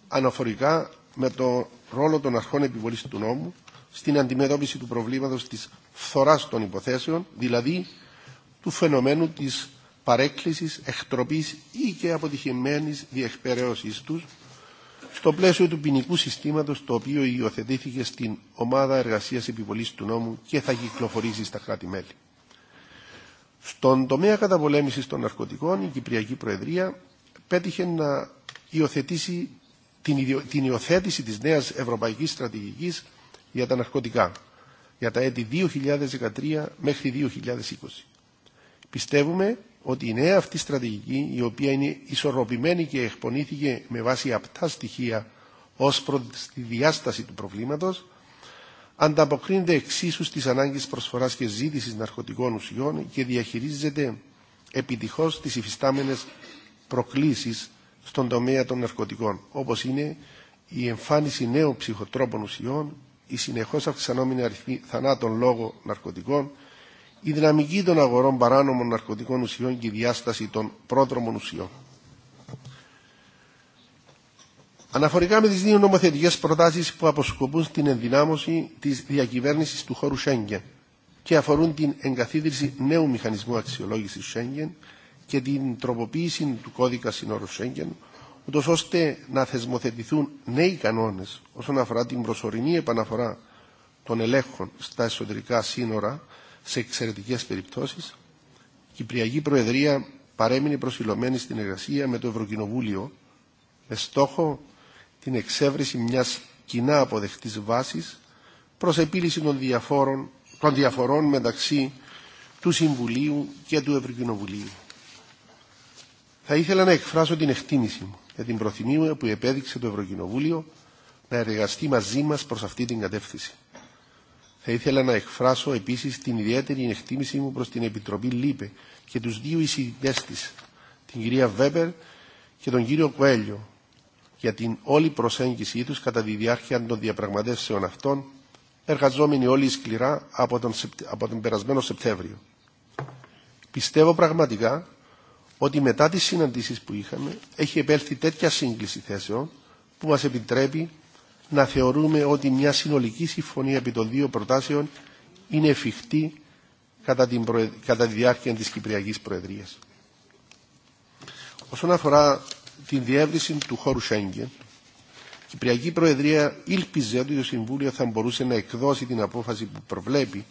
αναφορικά με το ρόλο των αρχών επιβολής του νόμου, στην αντιμετώπιση του προβλήματος της φθοράς των υποθέσεων, δηλαδή του φαινομένου της παρέκκλησης, εκτροπής ή και αποτυχημένης διεκπαιρέωσής τους, στο πλαίσιο του ποινικού συστήματος το οποίο υιοθετήθηκε στην Ομάδα Εργασίας Επιβολής του Νόμου και θα κυκλοφορήσει στα κράτη-μέλη. Στον τομέα καταπολέμησης των ναρκωτικών, η Κυπριακή Προεδρία πέτυχε να υιοθετήσει την, υιοθέτηση της νέας ευρωπαϊκής στρατηγικής για τα ναρκωτικά για τα έτη 2013 μέχρι 2020. Πιστεύουμε ότι η νέα αυτή στρατηγική, η οποία είναι ισορροπημένη και εκπονήθηκε με βάση απτά στοιχεία ως προς τη διάσταση του προβλήματος, ανταποκρίνεται εξίσου στις ανάγκες προσφοράς και ζήτησης ναρκωτικών ουσιών και διαχειρίζεται επιτυχώς τις υφιστάμενες προκλήσεις στον τομέα των ναρκωτικών, όπως είναι η εμφάνιση νέων ψυχοτρόπων ουσιών, η συνεχώ αυξανόμενη αριθμή θανάτων λόγω ναρκωτικών, η δυναμική των αγορών παράνομων ναρκωτικών ουσιών και η διάσταση των πρόδρομων ουσιών. Αναφορικά με τι δύο νομοθετικέ προτάσει που αποσκοπούν στην ενδυνάμωση τη διακυβέρνηση του χώρου Σέγγεν και αφορούν την εγκαθίδρυση νέου μηχανισμού αξιολόγηση Σέγγεν και την τροποποίηση του κώδικα συνόρου Σέγγεν, ούτω ώστε να θεσμοθετηθούν νέοι κανόνε όσον αφορά την προσωρινή επαναφορά των ελέγχων στα εσωτερικά σύνορα σε εξαιρετικέ περιπτώσει, η Κυπριακή Προεδρία παρέμεινε προσιλωμένη στην εργασία με το Ευρωκοινοβούλιο με στόχο την εξέβρεση μιας κοινά αποδεκτής βάσης προς επίλυση των, διαφόρων, των διαφορών μεταξύ του Συμβουλίου και του Ευρωκοινοβουλίου. Θα ήθελα να εκφράσω την εκτίμηση μου για την προθυμία που επέδειξε το Ευρωκοινοβούλιο να εργαστεί μαζί μα προ αυτή την κατεύθυνση. Θα ήθελα να εκφράσω επίση την ιδιαίτερη εκτίμησή μου προ την Επιτροπή ΛΥΠΕ και του δύο εισηγητέ τη, την κυρία Βέμπερ και τον κύριο Κοέλιο, για την όλη προσέγγιση του κατά τη διάρκεια των διαπραγματεύσεων αυτών, εργαζόμενοι όλοι σκληρά από τον, από τον περασμένο Σεπτέμβριο. Πιστεύω πραγματικά ότι μετά τις συναντήσεις που είχαμε έχει επέλθει τέτοια σύγκληση θέσεων που μας επιτρέπει να θεωρούμε ότι μια συνολική συμφωνία επί των δύο προτάσεων είναι εφικτή κατά, την κατά τη διάρκεια της Κυπριακής Προεδρίας. Όσον αφορά την διεύρυνση του χώρου Σέγγεν, η Κυπριακή Προεδρία ήλπιζε ότι το Συμβούλιο θα μπορούσε να εκδώσει την απόφαση που προβλέπει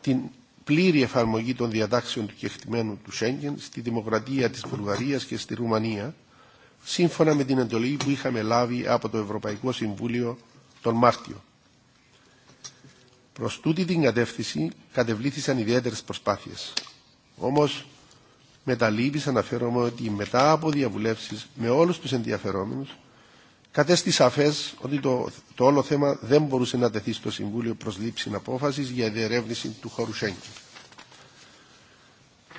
την πλήρη εφαρμογή των διατάξεων του κεκτημένου του Σέγγεν στη Δημοκρατία της Βουλγαρίας και στη Ρουμανία, σύμφωνα με την εντολή που είχαμε λάβει από το Ευρωπαϊκό Συμβούλιο τον Μάρτιο. Προς τούτη την κατεύθυνση κατεβλήθησαν ιδιαίτερες προσπάθειες. Όμως, με τα λύπης αναφέρομαι ότι μετά από διαβουλεύσεις με όλους τους ενδιαφερόμενους, κατέστη σαφέ ότι το, όλο θέμα δεν μπορούσε να τεθεί στο Συμβούλιο προ λήψη απόφαση για διερεύνηση του χώρου Σέγγεν.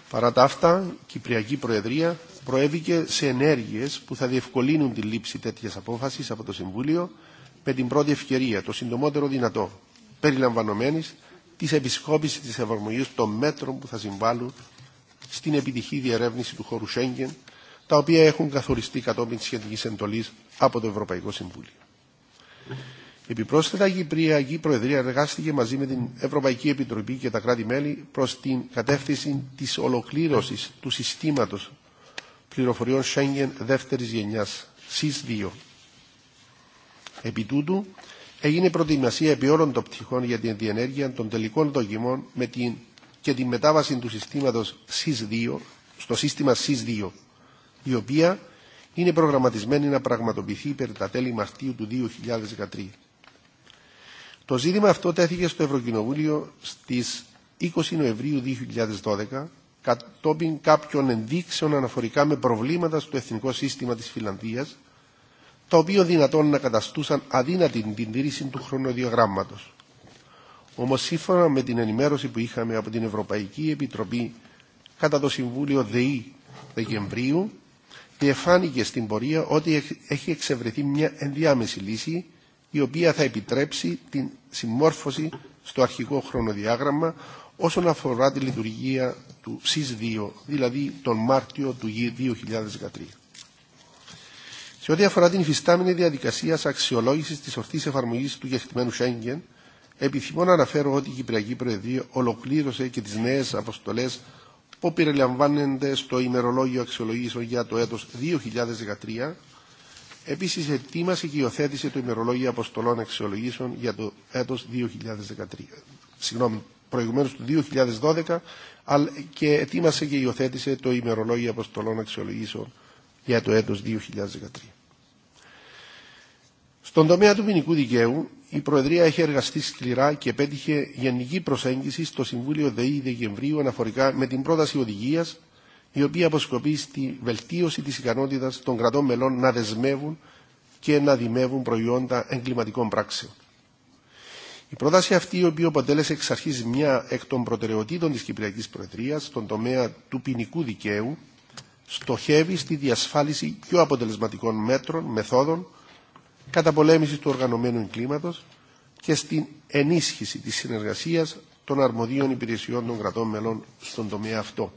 Παρά τα αυτά, η Κυπριακή Προεδρία προέβηκε σε ενέργειε που θα διευκολύνουν τη λήψη τέτοια απόφαση από το Συμβούλιο με την πρώτη ευκαιρία, το συντομότερο δυνατό, περιλαμβανομένη τη επισκόπηση τη εφαρμογή των μέτρων που θα συμβάλλουν στην επιτυχή διερεύνηση του χώρου Σέγγεν τα οποία έχουν καθοριστεί κατόπιν τη σχετική εντολή από το Ευρωπαϊκό Συμβούλιο. Επιπρόσθετα, η Κυπριακή Προεδρία εργάστηκε μαζί με την Ευρωπαϊκή Επιτροπή και τα κράτη-μέλη προ την κατεύθυνση τη ολοκλήρωση του συστήματο πληροφοριών Schengen δεύτερη γενιά, SIS-2. Επί τούτου, έγινε προετοιμασία επί όλων των πτυχών για την διενέργεια των τελικών δοκιμών με την και τη μετάβαση του συστήματος SIS-2 στο σύστημα SIS-2 η οποία είναι προγραμματισμένη να πραγματοποιηθεί περί τα τέλη Μαρτίου του 2013. Το ζήτημα αυτό τέθηκε στο Ευρωκοινοβούλιο στις 20 Νοεμβρίου 2012 κατόπιν κάποιων ενδείξεων αναφορικά με προβλήματα στο εθνικό σύστημα της Φιλανδίας τα οποία δυνατόν να καταστούσαν αδύνατη την τήρηση του χρονοδιαγράμματος. Όμω σύμφωνα με την ενημέρωση που είχαμε από την Ευρωπαϊκή Επιτροπή κατά το Συμβούλιο ΔΕΗ Δεκεμβρίου, διεφάνηκε στην πορεία ότι έχει εξευρεθεί μια ενδιάμεση λύση η οποία θα επιτρέψει την συμμόρφωση στο αρχικό χρονοδιάγραμμα όσον αφορά τη λειτουργία του ΣΥΣ2, δηλαδή τον Μάρτιο του 2013. Σε ό,τι αφορά την υφιστάμενη διαδικασία αξιολόγηση τη ορθή εφαρμογή του κεκτημένου Σέγγεν, επιθυμώ να αναφέρω ότι η Κυπριακή Προεδρία ολοκλήρωσε και τι νέε αποστολέ που περιλαμβάνεται στο ημερολόγιο αξιολογήσεων για το έτος 2013. Επίσης, ετοίμασε και υιοθέτησε το ημερολόγιο αποστολών αξιολογήσεων για το έτος 2013. Συγγνώμη, προηγουμένως του 2012 και ετοίμασε και υιοθέτησε το ημερολόγιο αποστολών αξιολογήσεων για το έτος 2013. Στον τομέα του ποινικού δικαίου, η Προεδρία έχει εργαστεί σκληρά και πέτυχε γενική προσέγγιση στο Συμβούλιο ΔΕΗ Δεκεμβρίου αναφορικά με την πρόταση οδηγία, η οποία αποσκοπεί στη βελτίωση τη ικανότητα των κρατών μελών να δεσμεύουν και να δημεύουν προϊόντα εγκληματικών πράξεων. Η πρόταση αυτή, η οποία αποτέλεσε εξ αρχή μια εκ των προτεραιοτήτων τη Κυπριακή Προεδρία στον τομέα του ποινικού δικαίου, στοχεύει στη διασφάλιση πιο αποτελεσματικών μέτρων, μεθόδων, καταπολέμηση του οργανωμένου εγκλήματος και στην ενίσχυση της συνεργασίας των αρμοδίων υπηρεσιών των κρατών μελών στον τομέα αυτό.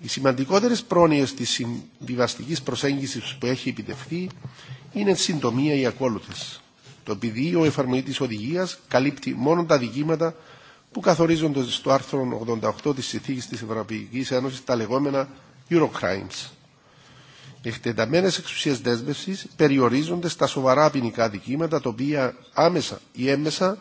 Οι σημαντικότερες πρόνοιες της συμβιβαστικής προσέγγισης που έχει επιτευχθεί είναι συντομία οι ακόλουθες. Το πηδείο εφαρμογή της οδηγίας καλύπτει μόνο τα δικήματα που καθορίζονται στο άρθρο 88 της Συνθήκης της Ευρωπαϊκής Ένωσης τα λεγόμενα Eurocrimes εκτεταμένε εξουσίε δέσμευση περιορίζονται στα σοβαρά ποινικά δικήματα, τα οποία άμεσα ή έμεσα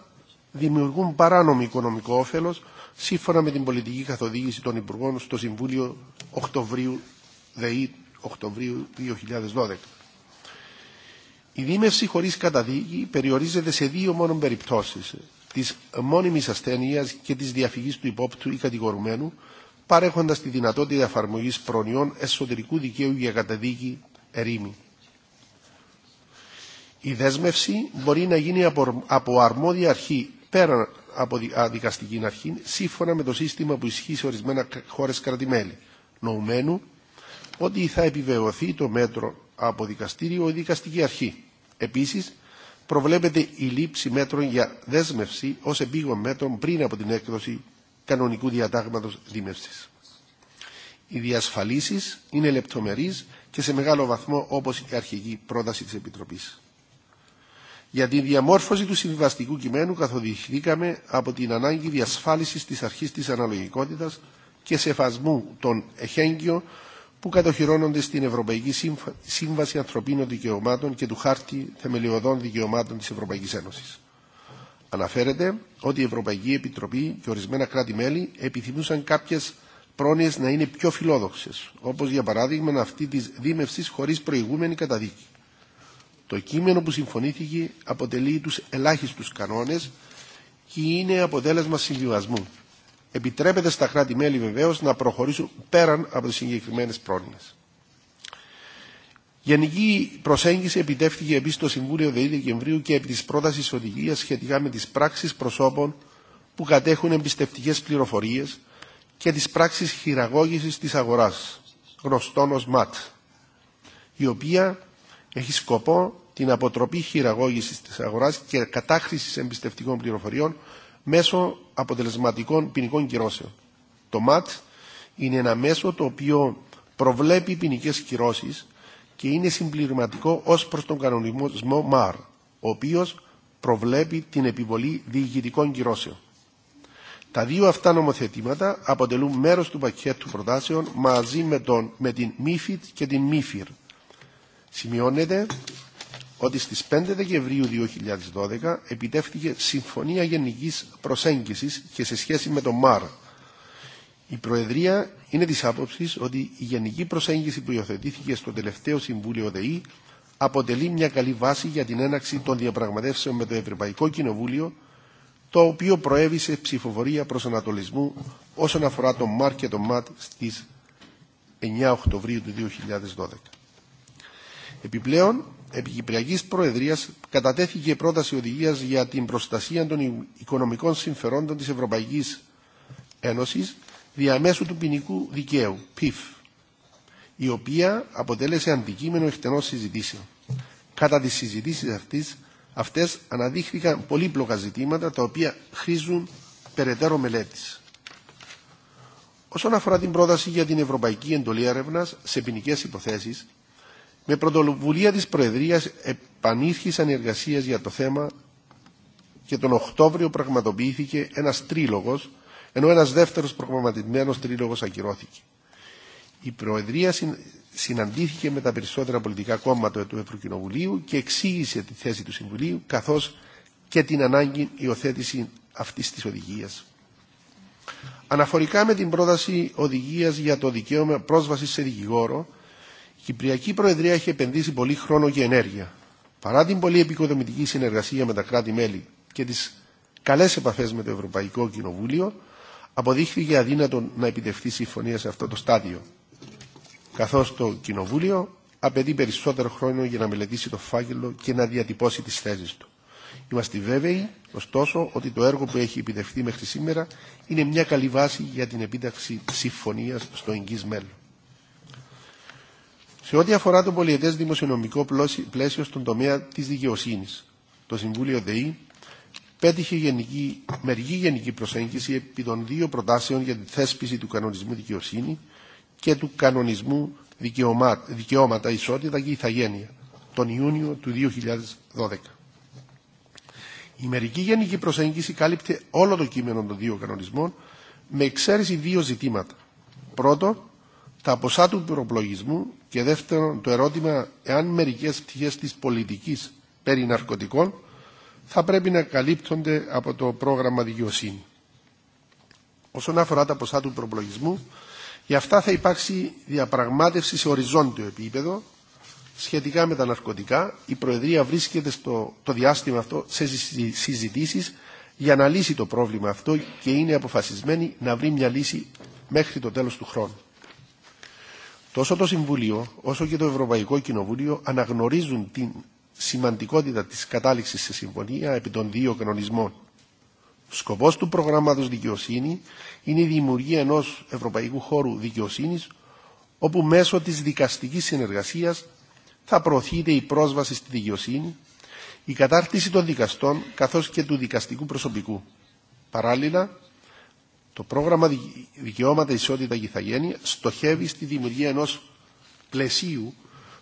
δημιουργούν παράνομο οικονομικό όφελο, σύμφωνα με την πολιτική καθοδήγηση των Υπουργών στο Συμβούλιο Οκτωβρίου ΔΕΗ Οκτωβρίου 2012. Η δίμευση χωρί καταδίκη περιορίζεται σε δύο μόνο περιπτώσει: τη μόνιμη ασθένεια και τη διαφυγή του υπόπτου ή κατηγορουμένου, παρέχοντας τη δυνατότητα εφαρμογή προνοιών εσωτερικού δικαίου για καταδίκη ερήμη. Η δέσμευση μπορεί να γίνει από αρμόδια αρχή πέραν από δικαστική αρχή σύμφωνα με το σύστημα που ισχύει σε ορισμένα χώρε κρατημέλη, νοουμένου ότι θα επιβεβαιωθεί το μέτρο από δικαστήριο ή δικαστική αρχή. Επίσης, προβλέπεται η λήψη μέτρων για δέσμευση ω επίγον μέτρων πριν από την έκδοση κανονικού διατάγματος δίμευση. Οι διασφαλίσει είναι λεπτομερεί και σε μεγάλο βαθμό όπως η αρχική πρόταση τη επιτροπή. Για τη διαμόρφωση του συμβιβαστικού κειμένου καθοδηγηθήκαμε από την ανάγκη διασφάλισης της αρχής της αναλογικότητας και σεφασμού των εχέγγυων που κατοχυρώνονται στην Ευρωπαϊκή Σύμβαση Ανθρωπίνων Δικαιωμάτων και του Χάρτη Θεμελιωδών Δικαιωμάτων της Ευρωπαϊκής Ένωσης. Αναφέρεται ότι η Ευρωπαϊκή Επιτροπή και ορισμένα κράτη-μέλη επιθυμούσαν κάποιε πρόνοιε να είναι πιο φιλόδοξε, όπω για παράδειγμα αυτή τη δίμευση χωρί προηγούμενη καταδίκη. Το κείμενο που συμφωνήθηκε αποτελεί του ελάχιστου κανόνε και είναι αποτέλεσμα συμβιβασμού. Επιτρέπεται στα κράτη-μέλη βεβαίω να προχωρήσουν πέραν από τι συγκεκριμένε πρόνοιε. Γενική προσέγγιση επιτεύχθηκε επίση το Συμβούλιο 2 Δεκεμβρίου και επί τη πρόταση οδηγία σχετικά με τι πράξει προσώπων που κατέχουν εμπιστευτικέ πληροφορίε και τι πράξει χειραγώγηση τη αγορά, γνωστόν ω ΜΑΤ, η οποία έχει σκοπό την αποτροπή χειραγώγηση τη αγορά και κατάχρηση εμπιστευτικών πληροφοριών μέσω αποτελεσματικών ποινικών κυρώσεων. Το ΜΑΤ είναι ένα μέσο το οποίο προβλέπει ποινικέ κυρώσει και είναι συμπληρωματικό ως προς τον κανονισμό ΜΑΡ, ο οποίος προβλέπει την επιβολή διηγητικών κυρώσεων. Τα δύο αυτά νομοθετήματα αποτελούν μέρος του πακέτου προτάσεων μαζί με, τον, με την ΜΥΦΙΤ και την ΜΥΦΙΡ. Σημειώνεται ότι στις 5 Δεκεμβρίου 2012 επιτεύχθηκε Συμφωνία Γενικής Προσέγγισης και σε σχέση με το ΜΑΡ, η Προεδρία είναι τη άποψη ότι η γενική προσέγγιση που υιοθετήθηκε στο τελευταίο Συμβούλιο ΔΕΗ αποτελεί μια καλή βάση για την έναξη των διαπραγματεύσεων με το Ευρωπαϊκό Κοινοβούλιο, το οποίο προέβησε ψηφοφορία προσανατολισμού όσον αφορά το ΜΑΡ και το ΜΑΤ στι 9 Οκτωβρίου του 2012. Επιπλέον, επί Κυπριακής Προεδρίας κατατέθηκε πρόταση οδηγίας για την προστασία των οικονομικών συμφερόντων της Ευρωπαϊκής Ένωσης διαμέσου του ποινικού δικαίου, PIF, η οποία αποτέλεσε αντικείμενο εκτενώς συζητήσεων. Κατά τις συζητήσεις αυτής, αυτές αναδείχθηκαν πολύπλοκα ζητήματα τα οποία χρήζουν περαιτέρω μελέτης. Όσον αφορά την πρόταση για την Ευρωπαϊκή Εντολή Έρευνα σε ποινικέ υποθέσει, με πρωτοβουλία τη Προεδρία επανήρχησαν οι για το θέμα και τον Οκτώβριο πραγματοποιήθηκε ένα τρίλογο ενώ ένας δεύτερος προγραμματισμένος τρίλογος ακυρώθηκε. Η Προεδρία συναντήθηκε με τα περισσότερα πολιτικά κόμματα του Ευρωκοινοβουλίου και εξήγησε τη θέση του Συμβουλίου καθώς και την ανάγκη υιοθέτηση αυτής της οδηγίας. Αναφορικά με την πρόταση οδηγίας για το δικαίωμα πρόσβασης σε δικηγόρο, η Κυπριακή Προεδρία έχει επενδύσει πολύ χρόνο και ενέργεια. Παρά την πολύ επικοδομητική συνεργασία με τα κράτη-μέλη και τις καλές επαφές με το Ευρωπαϊκό Κοινοβούλιο, αποδείχθηκε αδύνατο να επιτευχθεί συμφωνία σε αυτό το στάδιο, καθώ το Κοινοβούλιο απαιτεί περισσότερο χρόνο για να μελετήσει το φάκελο και να διατυπώσει τι θέσει του. Είμαστε βέβαιοι, ωστόσο, ότι το έργο που έχει επιτευχθεί μέχρι σήμερα είναι μια καλή βάση για την επίταξη συμφωνία στο εγγύ μέλλον. Σε ό,τι αφορά το πολιετέ δημοσιονομικό πλαίσιο στον τομέα τη δικαιοσύνη, το Συμβούλιο ΔΕΗ πέτυχε γενική, μερική γενική προσέγγιση επί των δύο προτάσεων για τη θέσπιση του κανονισμού δικαιοσύνη και του κανονισμού δικαιώματα, ισότητα και ηθαγένεια τον Ιούνιο του 2012. Η μερική γενική προσέγγιση κάλυπτε όλο το κείμενο των δύο κανονισμών με εξαίρεση δύο ζητήματα. Πρώτο, τα ποσά του προπλογισμού και δεύτερον το ερώτημα εάν μερικές πτυχές της πολιτικής περί ναρκωτικών θα πρέπει να καλύπτονται από το πρόγραμμα δικαιοσύνη. Όσον αφορά τα ποσά του προπλογισμού, για αυτά θα υπάρξει διαπραγμάτευση σε οριζόντιο επίπεδο σχετικά με τα ναρκωτικά. Η Προεδρία βρίσκεται στο το διάστημα αυτό σε συζητήσεις για να λύσει το πρόβλημα αυτό και είναι αποφασισμένη να βρει μια λύση μέχρι το τέλος του χρόνου. Τόσο το Συμβούλιο όσο και το Ευρωπαϊκό Κοινοβούλιο αναγνωρίζουν την σημαντικότητα της κατάληξης σε συμφωνία επί των δύο κανονισμών. Σκοπός του προγράμματος δικαιοσύνη είναι η δημιουργία ενός ευρωπαϊκού χώρου δικαιοσύνης όπου μέσω της δικαστικής συνεργασίας θα προωθείται η πρόσβαση στη δικαιοσύνη, η κατάρτιση των δικαστών καθώς και του δικαστικού προσωπικού. Παράλληλα, το πρόγραμμα Δικαιώματα Ισότητα και στοχεύει στη δημιουργία ενός πλαισίου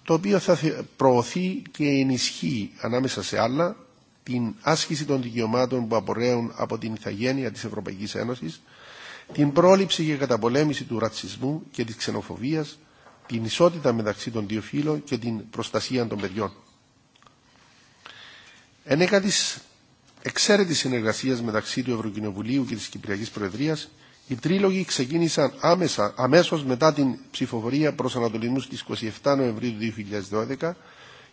το οποίο θα προωθεί και ενισχύει ανάμεσα σε άλλα την άσκηση των δικαιωμάτων που απορρέουν από την ηθαγένεια της Ευρωπαϊκής Ένωσης, την πρόληψη και καταπολέμηση του ρατσισμού και της ξενοφοβίας, την ισότητα μεταξύ των δύο φύλων και την προστασία των παιδιών. Ενέκα της εξαίρετης συνεργασίας μεταξύ του Ευρωκοινοβουλίου και της Κυπριακής Προεδρίας, οι τρίλογοι ξεκίνησαν άμεσα, αμέσως μετά την ψηφοφορία προς Ανατολισμού της 27 Νοεμβρίου 2012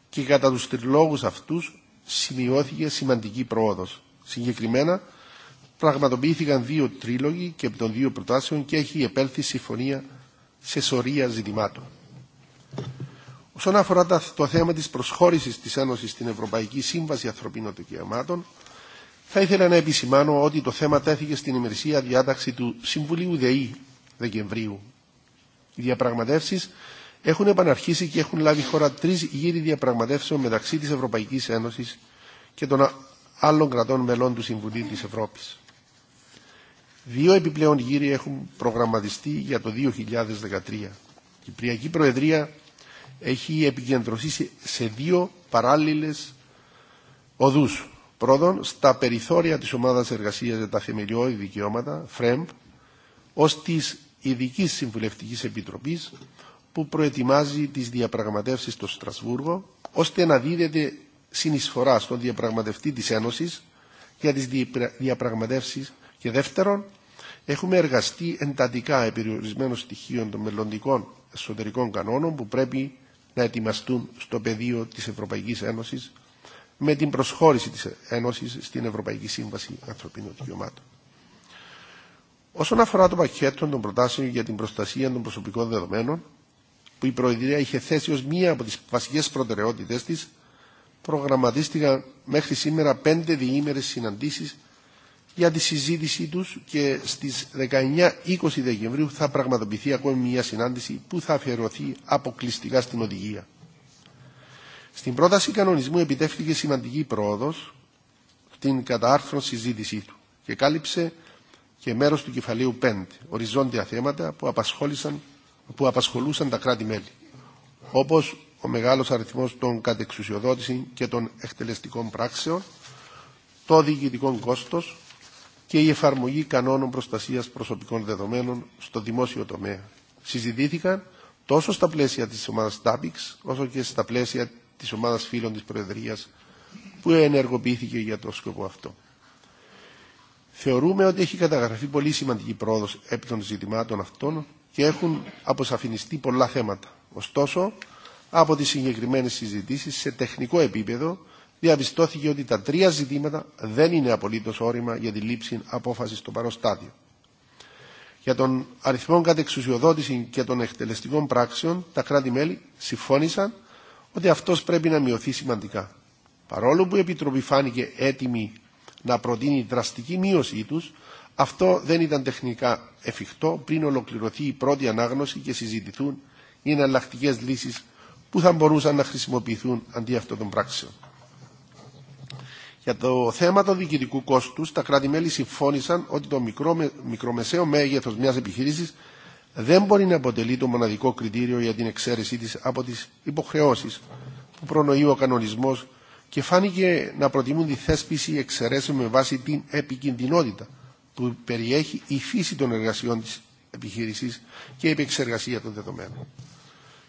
και κατά τους τριλόγους αυτούς σημειώθηκε σημαντική πρόοδος. Συγκεκριμένα, πραγματοποιήθηκαν δύο τρίλογοι και από των δύο προτάσεων και έχει επέλθει συμφωνία σε σωρία ζητημάτων. Όσον αφορά το θέμα της προσχώρησης της Ένωσης στην Ευρωπαϊκή Σύμβαση Ανθρωπίνων Δικαιωμάτων, θα ήθελα να επισημάνω ότι το θέμα τέθηκε στην ημερησία διάταξη του Συμβουλίου ΔΕΗ Δεκεμβρίου. Οι διαπραγματεύσει έχουν επαναρχίσει και έχουν λάβει χώρα τρει γύρι διαπραγματεύσεων μεταξύ τη Ευρωπαϊκή Ένωση και των άλλων κρατών μελών του Συμβουλίου τη Ευρώπη. Δύο επιπλέον γύρι έχουν προγραμματιστεί για το 2013. Η Κυπριακή Προεδρία έχει επικεντρωθεί σε δύο παράλληλες οδούς Πρώτον, στα περιθώρια της ομάδας εργασίας για τα θεμελιώδη δικαιώματα, ΦΡΕΜΠ, e ως της ειδική Συμβουλευτικής Επιτροπής που προετοιμάζει τις διαπραγματεύσεις στο Στρασβούργο, ώστε να δίδεται συνεισφορά στον διαπραγματευτή της Ένωσης για τις διαπραγματεύσεις και δεύτερον, έχουμε εργαστεί εντατικά εππεριορισμένων στοιχείων των μελλοντικών εσωτερικών κανόνων που πρέπει να ετοιμαστούν στο πεδίο της Ευρωπαϊκής Ένωσης με την προσχώρηση της Ένωσης στην Ευρωπαϊκή Σύμβαση Ανθρωπίνων Δικαιωμάτων. Όσον αφορά το πακέτο των προτάσεων για την προστασία των προσωπικών δεδομένων, που η Προεδρία είχε θέσει ως μία από τις βασικές προτεραιότητες της, προγραμματίστηκαν μέχρι σήμερα πέντε διήμερες συναντήσεις για τη συζήτησή τους και στις 19-20 Δεκεμβρίου θα πραγματοποιηθεί ακόμη μια συνάντηση που θα αφιερωθεί αποκλειστικά στην οδηγία. Στην πρόταση κανονισμού επιτεύχθηκε σημαντική πρόοδος στην κατάρθρωση συζήτησή του και κάλυψε και μέρος του κεφαλαίου 5, οριζόντια θέματα που, που απασχολούσαν τα κράτη-μέλη, όπως ο μεγάλος αριθμός των κατεξουσιοδότηση και των εκτελεστικών πράξεων, το διοικητικό κόστος και η εφαρμογή κανόνων προστασίας προσωπικών δεδομένων στο δημόσιο τομέα. Συζητήθηκαν τόσο στα πλαίσια της ομάδας TAPIX, όσο και στα πλαίσια της ομάδας φίλων της Προεδρίας που ενεργοποιήθηκε για το σκοπό αυτό. Θεωρούμε ότι έχει καταγραφεί πολύ σημαντική πρόοδος επί των ζητημάτων αυτών και έχουν αποσαφινιστεί πολλά θέματα. Ωστόσο, από τις συγκεκριμένες συζητήσεις σε τεχνικό επίπεδο διαπιστώθηκε ότι τα τρία ζητήματα δεν είναι απολύτως όρημα για τη λήψη απόφασης στο παροστάδιο. Για τον αριθμό κατεξουσιοδότηση και των εκτελεστικών πράξεων, τα κράτη-μέλη συμφώνησαν ότι αυτός πρέπει να μειωθεί σημαντικά. Παρόλο που η Επιτροπή φάνηκε έτοιμη να προτείνει δραστική μείωσή τους, αυτό δεν ήταν τεχνικά εφικτό πριν ολοκληρωθεί η πρώτη ανάγνωση και συζητηθούν οι εναλλακτικέ λύσεις που θα μπορούσαν να χρησιμοποιηθούν αντί αυτών των πράξεων. Για το θέμα του διοικητικού κόστου, τα κράτη-μέλη συμφώνησαν ότι το μικρομεσαίο μέγεθο μια επιχείρηση δεν μπορεί να αποτελεί το μοναδικό κριτήριο για την εξαίρεσή της από τις υποχρεώσεις που προνοεί ο κανονισμός και φάνηκε να προτιμούν τη θέσπιση εξαιρέσεων με βάση την επικινδυνότητα που περιέχει η φύση των εργασιών της επιχείρησης και η επεξεργασία των δεδομένων.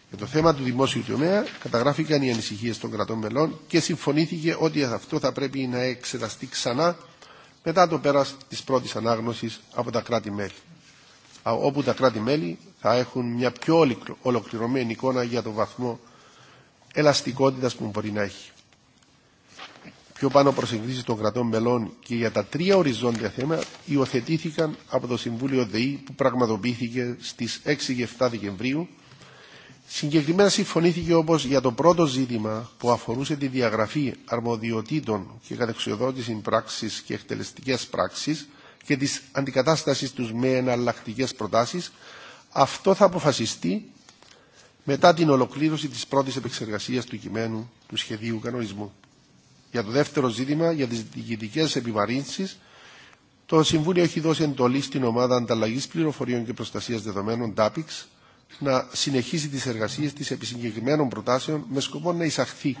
Για το θέμα του δημόσιου τομέα καταγράφηκαν οι ανησυχίε των κρατών μελών και συμφωνήθηκε ότι αυτό θα πρέπει να εξεταστεί ξανά μετά το πέρας της πρώτης ανάγνωσης από τα κράτη-μέλη όπου τα κράτη-μέλη θα έχουν μια πιο ολοκληρωμένη εικόνα για το βαθμό ελαστικότητας που μπορεί να έχει. Πιο πάνω προσεγγίσεις των κρατών μελών και για τα τρία οριζόντια θέματα υιοθετήθηκαν από το Συμβούλιο ΔΕΗ που πραγματοποιήθηκε στις 6 και 7 Δεκεμβρίου. Συγκεκριμένα συμφωνήθηκε όπως για το πρώτο ζήτημα που αφορούσε τη διαγραφή αρμοδιοτήτων και κατεξοδότηση πράξης και εκτελεστικές πράξεις και της αντικατάστασης τους με εναλλακτικέ προτάσεις, αυτό θα αποφασιστεί μετά την ολοκλήρωση της πρώτης επεξεργασίας του κειμένου του σχεδίου κανονισμού. Για το δεύτερο ζήτημα, για τις διοικητικές επιβαρύνσεις, το Συμβούλιο έχει δώσει εντολή στην Ομάδα Ανταλλαγή Πληροφοριών και Προστασία Δεδομένων, DAPIX, να συνεχίσει τις εργασίες τη επί συγκεκριμένων προτάσεων με σκοπό να εισαχθεί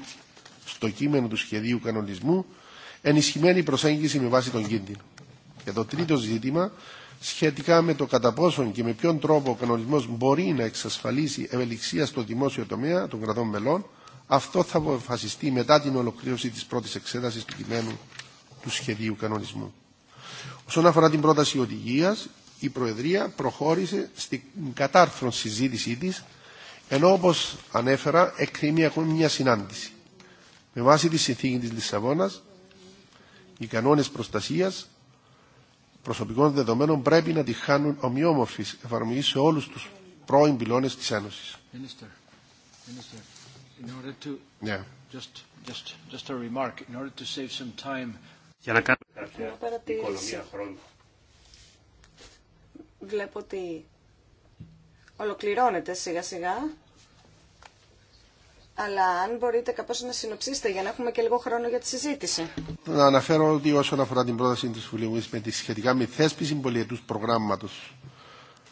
στο κείμενο του σχεδίου κανονισμού ενισχυμένη προσέγγιση με βάση τον κίνδυνο. Και το τρίτο ζήτημα σχετικά με το κατά πόσον και με ποιον τρόπο ο κανονισμό μπορεί να εξασφαλίσει ευελιξία στο δημόσιο τομέα των κρατών μελών, αυτό θα αποφασιστεί μετά την ολοκλήρωση τη πρώτη εξέταση του κειμένου του σχεδίου κανονισμού. Όσον αφορά την πρόταση οδηγία, η Προεδρία προχώρησε στην κατάρθρον συζήτησή τη, ενώ όπω ανέφερα, εκκρίνει ακόμη μια συνάντηση. Με βάση τη συνθήκη τη Λισαβόνα, οι κανόνε προστασία προσωπικών δεδομένων πρέπει να τη χάνουν ομοιόμορφης εφαρμογή σε όλους τους πρώην πυλώνες της Ένωσης. Για να κάνω κάποια Βλέπω ότι ολοκληρώνεται σιγά σιγά. Αλλά αν μπορείτε κάπως να συνοψίσετε για να έχουμε και λίγο χρόνο για τη συζήτηση. Να αναφέρω ότι όσον αφορά την πρόταση της Βουλευτής με τη σχετικά με θέσπιση πολιετούς προγράμματος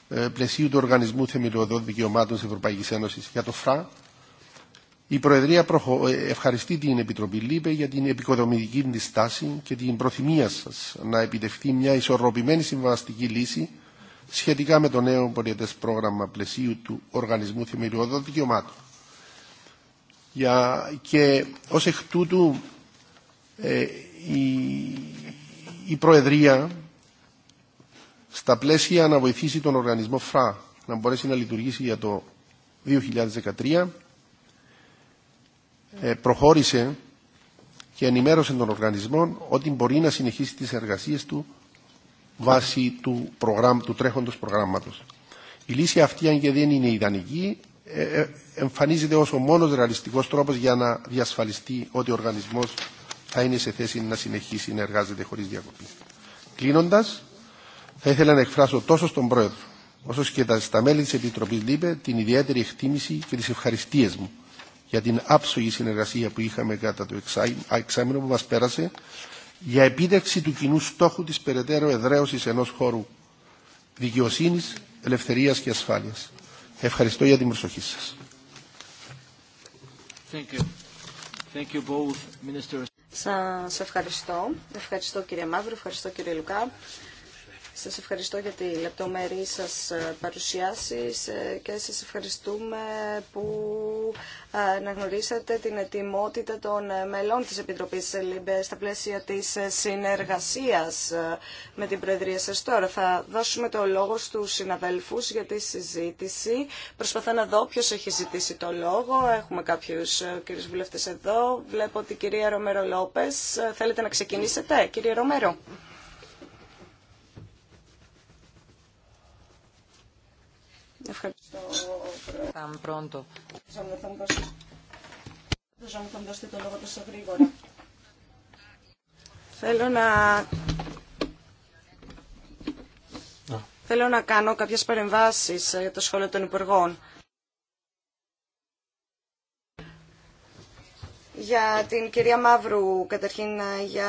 ε, πλαισίου του Οργανισμού Θεμελιωδών Δικαιωμάτων της Ευρωπαϊκής Ένωσης για το ΦΡΑ, η Προεδρία ε, ευχαριστεί την Επιτροπή ΛΥΠΕ για την επικοδομητική της στάση και την προθυμία σας να επιτευχθεί μια ισορροπημένη συμβαστική λύση σχετικά με το νέο πολιετές πρόγραμμα πλαισίου του Οργανισμού Θεμελιωδών Δικαιωμάτων. Για, και ως εκ τούτου ε, η, η Προεδρία στα πλαίσια να βοηθήσει τον οργανισμό ΦΡΑ να μπορέσει να λειτουργήσει για το 2013 ε, προχώρησε και ενημέρωσε τον οργανισμό ότι μπορεί να συνεχίσει τις εργασίες του βάσει του, προγράμ, του τρέχοντος προγράμματος. Η λύση αυτή, αν και δεν είναι ιδανική, ε, ε, εμφανίζεται ως ο μόνος ρεαλιστικός τρόπος για να διασφαλιστεί ότι ο οργανισμός θα είναι σε θέση να συνεχίσει να εργάζεται χωρίς διακοπή. Κλείνοντας, θα ήθελα να εκφράσω τόσο στον Πρόεδρο, όσο και στα μέλη της Επιτροπής ΛΥΠΕ, την ιδιαίτερη εκτίμηση και τις ευχαριστίες μου για την άψογη συνεργασία που είχαμε κατά το εξάμεινο που μας πέρασε για επίτευξη του κοινού στόχου της περαιτέρω εδραίωσης ενός χώρου δικαιοσύνης, ελευθερίας και ασφάλειας. Ευχαριστώ για την προσοχή σας. Thank you. Thank you both, Σας ευχαριστώ. Ευχαριστώ κύριε Μαύρο, ευχαριστώ κύριε Λουκά. Σας ευχαριστώ για τη λεπτομερή σας ε, παρουσιάση ε, και σας ευχαριστούμε που ε, αναγνωρίσατε την ετοιμότητα των μελών της Επιτροπής ΛΥΜΠΕ στα πλαίσια της συνεργασίας με την Προεδρία σας. Τώρα θα δώσουμε το λόγο στους συναδέλφους για τη συζήτηση. Προσπαθώ να δω ποιος έχει ζητήσει το λόγο. Έχουμε κάποιους κύριους βουλευτές εδώ. Βλέπω ότι η κυρία Ρομέρο Λόπες. Θέλετε να ξεκινήσετε, κύριε Ρομέρο. Ευχαριστώ. Πρώτο. το λόγο τόσο γρήγορα. Θέλω να... να... Θέλω να κάνω κάποιες παρεμβάσεις ε, για το σχόλιο των Υπουργών. Για την κυρία Μαύρου, καταρχήν, ε, για...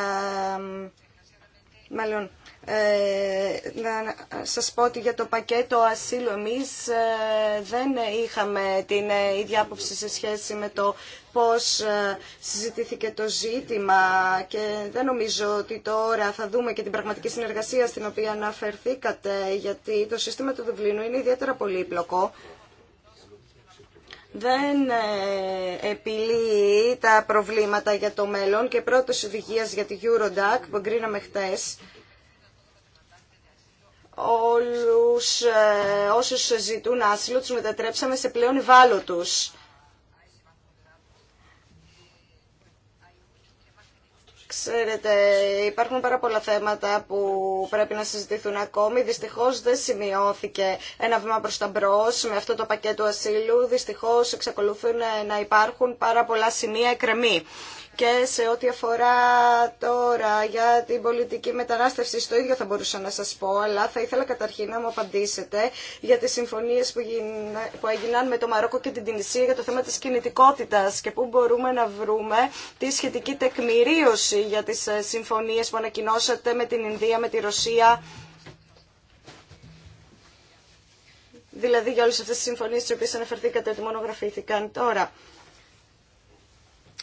Μάλλον, ε, να σας πω ότι για το πακέτο ασύλου εμείς ε, δεν είχαμε την ε, ίδια άποψη σε σχέση με το πώς συζητήθηκε το ζήτημα και δεν νομίζω ότι τώρα θα δούμε και την πραγματική συνεργασία στην οποία αναφερθήκατε γιατί το σύστημα του Δουβλίνου είναι ιδιαίτερα πολύπλοκο δεν επιλύει τα προβλήματα για το μέλλον και πρώτος οδηγίας για τη Eurodac που εγκρίναμε χτες όλους ε, όσους ζητούν άσυλο τους μετατρέψαμε σε πλέον ευάλωτους. Ξέρετε, υπάρχουν πάρα πολλά θέματα που πρέπει να συζητηθούν ακόμη. Δυστυχώς δεν σημειώθηκε ένα βήμα προς τα μπρος με αυτό το πακέτο ασύλου. Δυστυχώς εξακολουθούν να υπάρχουν πάρα πολλά σημεία εκκρεμή και σε ό,τι αφορά τώρα για την πολιτική μετανάστευση, το ίδιο θα μπορούσα να σας πω, αλλά θα ήθελα καταρχήν να μου απαντήσετε για τις συμφωνίες που, έγιναν με το Μαρόκο και την Τινησία για το θέμα της κινητικότητας και πού μπορούμε να βρούμε τη σχετική τεκμηρίωση για τις ε, συμφωνίες που ανακοινώσατε με την Ινδία, με τη Ρωσία. Δηλαδή για όλες αυτές τις συμφωνίες τις οποίες αναφερθήκατε ότι μονογραφήθηκαν τώρα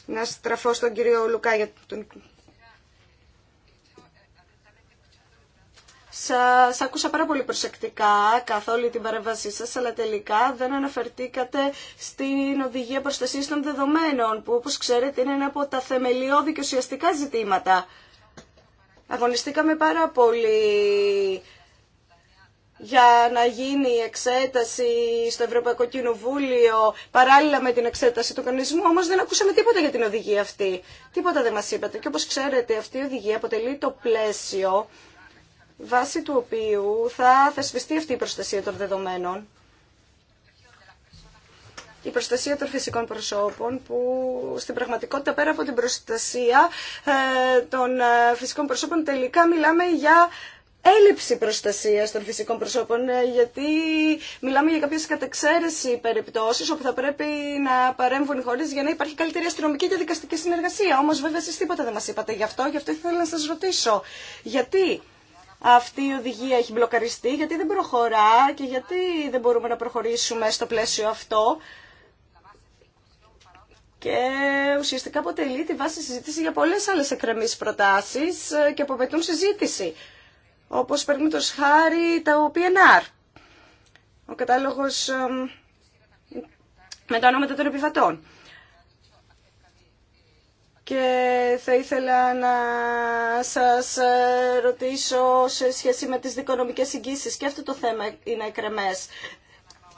να στραφώ στον κύριο Λουκά για τον... Σα άκουσα πάρα πολύ προσεκτικά καθ' όλη την παρέμβασή σα, αλλά τελικά δεν αναφερθήκατε στην οδηγία προστασία των δεδομένων, που όπως ξέρετε είναι ένα από τα θεμελιώδη και ουσιαστικά ζητήματα. Αγωνιστήκαμε πάρα πολύ για να γίνει η εξέταση στο Ευρωπαϊκό Κοινοβούλιο παράλληλα με την εξέταση του κανονισμού, όμως δεν ακούσαμε τίποτα για την οδηγία αυτή. Τίποτα δεν μας είπατε. Και όπως ξέρετε αυτή η οδηγία αποτελεί το πλαίσιο βάσει του οποίου θα θεσπιστεί αυτή η προστασία των δεδομένων. Η προστασία των φυσικών προσώπων που στην πραγματικότητα πέρα από την προστασία ε, των ε, φυσικών προσώπων τελικά μιλάμε για έλλειψη προστασία των φυσικών προσώπων, ε, γιατί μιλάμε για κάποιε κατεξαίρεση περιπτώσει όπου θα πρέπει να παρέμβουν οι χώρε για να υπάρχει καλύτερη αστυνομική και δικαστική συνεργασία. Όμω βέβαια εσεί τίποτα δεν μα είπατε γι' αυτό, γι' αυτό ήθελα να σα ρωτήσω. Γιατί αυτή η οδηγία έχει μπλοκαριστεί, γιατί δεν προχωρά και γιατί δεν μπορούμε να προχωρήσουμε στο πλαίσιο αυτό και ουσιαστικά αποτελεί τη βάση συζήτηση για πολλές άλλες εκκρεμείς προτάσεις ε, και αποπαιτούν συζήτηση όπως παίρνουμε το σχάρι τα PNR. Ο κατάλογος με τα ονόματα των επιβατών. Και θα ήθελα να σας ε, ρωτήσω σε σχέση με τις δικονομικές εγγύσεις. Και αυτό το θέμα είναι εκρεμές.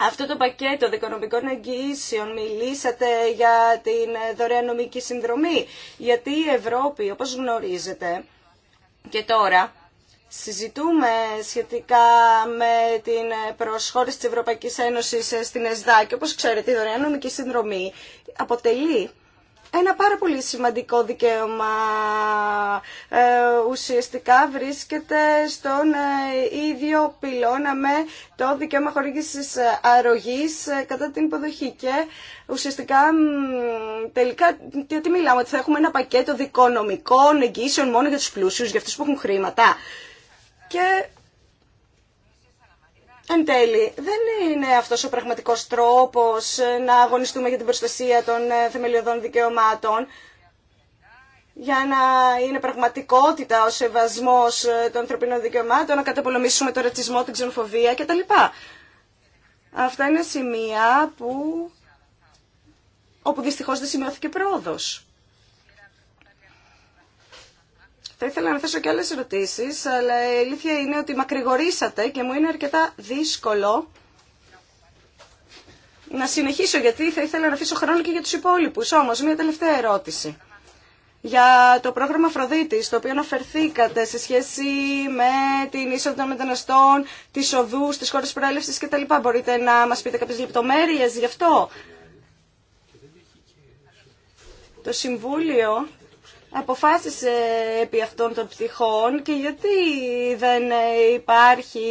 Αυτό το πακέτο δικονομικών εγγύσεων μιλήσατε για την δωρεάν νομική συνδρομή. Γιατί η Ευρώπη, όπως γνωρίζετε, και τώρα Συζητούμε σχετικά με την προσχώρηση της Ευρωπαϊκής Ένωσης στην ΕΣΔΑ και όπως ξέρετε η δωρεάν νομική συνδρομή αποτελεί ένα πάρα πολύ σημαντικό δικαίωμα ε, ουσιαστικά βρίσκεται στον ε, ίδιο πυλώνα με το δικαίωμα χορήγησης αρρωγής ε, κατά την υποδοχή και ουσιαστικά τελικά γιατί μιλάμε ότι θα έχουμε ένα πακέτο δικονομικών εγγύσεων μόνο για τους πλούσιους, για αυτούς που έχουν χρήματα. Και εν τέλει δεν είναι αυτός ο πραγματικός τρόπος να αγωνιστούμε για την προστασία των ε, θεμελιωδών δικαιωμάτων για να είναι πραγματικότητα ο σεβασμός ε, των ανθρωπίνων δικαιωμάτων, να καταπολεμήσουμε τον ρατσισμό, την ξενοφοβία κτλ. Αυτά είναι σημεία που όπου δυστυχώς δεν σημειώθηκε πρόοδος. Θα ήθελα να θέσω και άλλες ερωτήσεις, αλλά η αλήθεια είναι ότι μακρηγορήσατε και μου είναι αρκετά δύσκολο να συνεχίσω, γιατί θα ήθελα να αφήσω χρόνο και για τους υπόλοιπους. Όμως, μια τελευταία ερώτηση. Για το πρόγραμμα Αφροδίτη, το οποίο αναφερθήκατε σε σχέση με την είσοδο των μεταναστών, τι οδού, τι χώρε προέλευση κτλ. Μπορείτε να μα πείτε κάποιε λεπτομέρειε γι' αυτό. Το Συμβούλιο αποφάσισε επί αυτών των πτυχών και γιατί δεν υπάρχει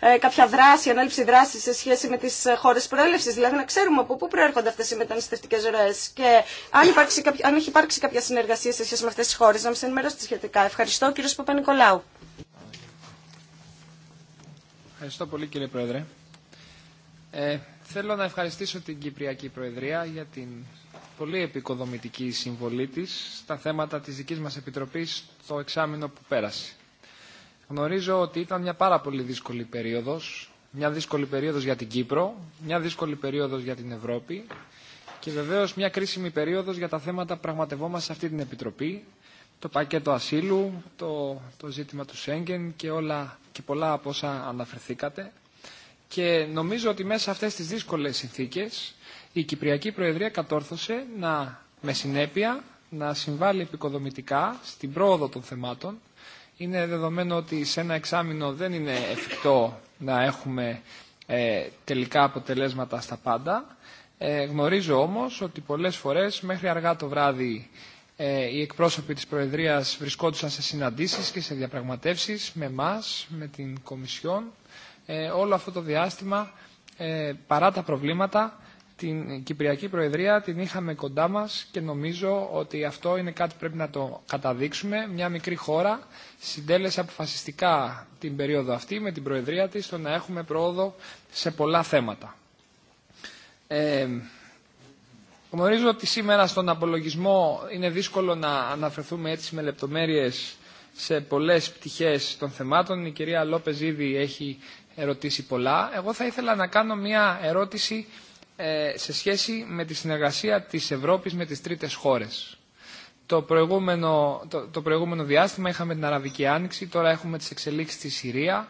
ε, κάποια δράση, ανάληψη δράση σε σχέση με τις χώρες προέλευσης, δηλαδή να ξέρουμε από πού προέρχονται αυτές οι μεταναστευτικές ροές και αν, υπάρξει, αν έχει υπάρξει κάποια συνεργασία σε σχέση με αυτές τις χώρες, να μας ενημερώσετε σχετικά. Ευχαριστώ κύριος Παπα-Νικολάου. Ευχαριστώ πολύ κύριε Πρόεδρε. Ε, θέλω να ευχαριστήσω την Κυπριακή Προεδρία για την πολύ επικοδομητική συμβολή της στα θέματα τη δική μα επιτροπή το εξάμεινο που πέρασε. Γνωρίζω ότι ήταν μια πάρα πολύ δύσκολη περίοδο, μια δύσκολη περίοδο για την Κύπρο, μια δύσκολη περίοδο για την Ευρώπη και βεβαίω μια κρίσιμη περίοδο για τα θέματα που πραγματευόμαστε σε αυτή την Επιτροπή, το πακέτο ασύλου, το, ζήτημα του Σέγγεν και, και πολλά από όσα αναφερθήκατε. Και νομίζω ότι μέσα σε αυτές τις δύσκολες συνθήκες η Κυπριακή Προεδρία κατόρθωσε να, με συνέπεια να συμβάλλει επικοδομητικά στην πρόοδο των θεμάτων. Είναι δεδομένο ότι σε ένα εξάμεινο δεν είναι εφικτό να έχουμε ε, τελικά αποτελέσματα στα πάντα. Ε, γνωρίζω όμως ότι πολλές φορές μέχρι αργά το βράδυ ε, οι εκπρόσωποι της Προεδρίας βρισκόντουσαν σε συναντήσεις και σε διαπραγματεύσεις με μας, με την Κομισιόν. Ε, όλο αυτό το διάστημα, ε, παρά τα προβλήματα, την Κυπριακή Προεδρία την είχαμε κοντά μας και νομίζω ότι αυτό είναι κάτι που πρέπει να το καταδείξουμε. Μια μικρή χώρα συντέλεσε αποφασιστικά την περίοδο αυτή με την Προεδρία της στο να έχουμε πρόοδο σε πολλά θέματα. Ε, γνωρίζω ότι σήμερα στον απολογισμό είναι δύσκολο να αναφερθούμε έτσι με λεπτομέρειες σε πολλές πτυχές των θεμάτων. Η κυρία Λόπεζ ήδη έχει ερωτήσει πολλά. Εγώ θα ήθελα να κάνω μια ερώτηση ε, σε σχέση με τη συνεργασία της Ευρώπης με τις τρίτες χώρες. Το προηγούμενο, το, προηγούμενο διάστημα είχαμε την Αραβική Άνοιξη, τώρα έχουμε τις εξελίξεις στη Συρία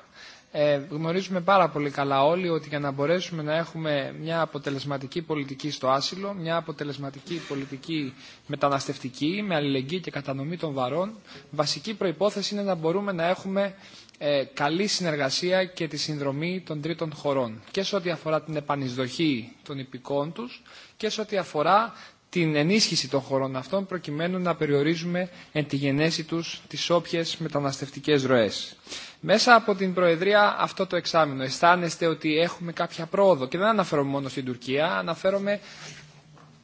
ε, γνωρίζουμε πάρα πολύ καλά όλοι ότι για να μπορέσουμε να έχουμε μια αποτελεσματική πολιτική στο άσυλο, μια αποτελεσματική πολιτική μεταναστευτική, με αλληλεγγύη και κατανομή των βαρών, βασική προϋπόθεση είναι να μπορούμε να έχουμε ε, καλή συνεργασία και τη συνδρομή των τρίτων χωρών και σε ό,τι αφορά την επανεισδοχή των υπηκών τους και σε ό,τι αφορά την ενίσχυση των χωρών αυτών προκειμένου να περιορίζουμε εν τη γενέση τους τις όποιες μεταναστευτικές ροές. Μέσα από την Προεδρία αυτό το εξάμεινο αισθάνεστε ότι έχουμε κάποια πρόοδο και δεν αναφέρομαι μόνο στην Τουρκία, αναφέρομαι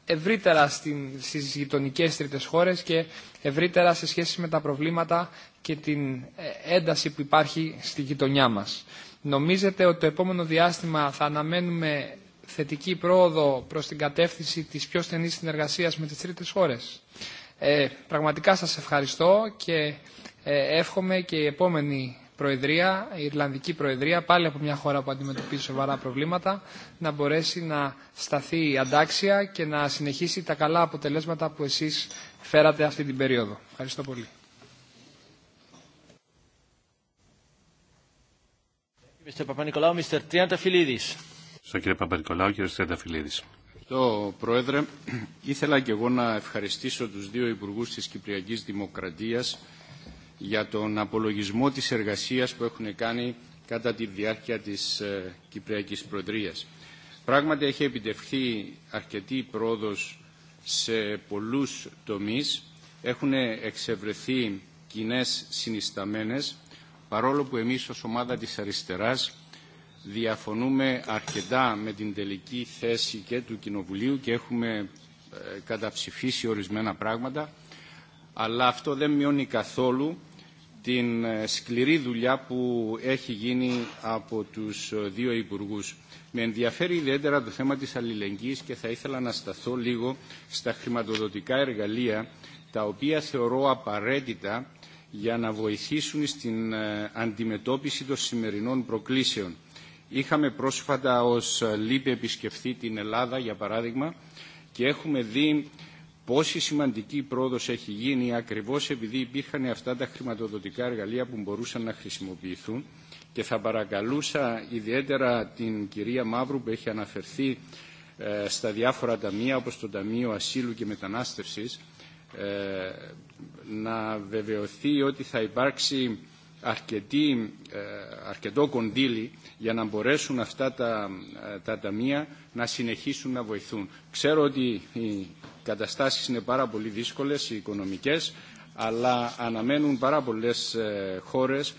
ευρύτερα στις γειτονικές τρίτες χώρες και ευρύτερα σε σχέση με τα προβλήματα και την ε, ένταση που υπάρχει στη γειτονιά μας. Νομίζετε ότι το επόμενο διάστημα θα αναμένουμε θετική πρόοδο προς την κατεύθυνση της πιο στενής συνεργασίας με τις τρίτες χώρες. Ε, πραγματικά σας ευχαριστώ και ε, εύχομαι και η επόμενη Προεδρία, η Ιρλανδική Προεδρία, πάλι από μια χώρα που αντιμετωπίζει σοβαρά προβλήματα, να μπορέσει να σταθεί αντάξια και να συνεχίσει τα καλά αποτελέσματα που εσείς φέρατε αυτή την περίοδο. Ευχαριστώ πολύ. Mr. Στον κυριο Παπαρικολάου, κύριο Το Πρόεδρε, ήθελα και εγώ να ευχαριστήσω τους δύο Υπουργούς της Κυπριακής Δημοκρατίας για τον απολογισμό της εργασίας που έχουν κάνει κατά τη διάρκεια της ε, Κυπριακής Προεδρίας. Πράγματι έχει επιτευχθεί αρκετή πρόοδος σε πολλούς τομείς. Έχουν εξευρεθεί κοινέ συνισταμένες, παρόλο που εμείς ως ομάδα της αριστεράς διαφωνούμε αρκετά με την τελική θέση και του Κοινοβουλίου και έχουμε ε, καταψηφίσει ορισμένα πράγματα, αλλά αυτό δεν μειώνει καθόλου την ε, σκληρή δουλειά που έχει γίνει από τους ε, δύο Υπουργούς. Με ενδιαφέρει ιδιαίτερα το θέμα της αλληλεγγύης και θα ήθελα να σταθώ λίγο στα χρηματοδοτικά εργαλεία, τα οποία θεωρώ απαραίτητα για να βοηθήσουν στην αντιμετώπιση των σημερινών προκλήσεων. Είχαμε πρόσφατα ως ΛΥΠΕ επισκεφθεί την Ελλάδα, για παράδειγμα, και έχουμε δει πόση σημαντική πρόοδος έχει γίνει ακριβώς επειδή υπήρχαν αυτά τα χρηματοδοτικά εργαλεία που μπορούσαν να χρησιμοποιηθούν και θα παρακαλούσα ιδιαίτερα την κυρία Μαύρου που έχει αναφερθεί ε, στα διάφορα ταμεία όπως το Ταμείο Ασύλου και Μετανάστευσης ε, να βεβαιωθεί ότι θα υπάρξει αρκετή, ε, αρκετό κονδύλι για να μπορέσουν αυτά τα, ε, τα ταμεία να συνεχίσουν να βοηθούν. Ξέρω ότι οι καταστάσεις είναι πάρα πολύ δύσκολες, οι οικονομικές, αλλά αναμένουν πάρα πολλές ε, χώρες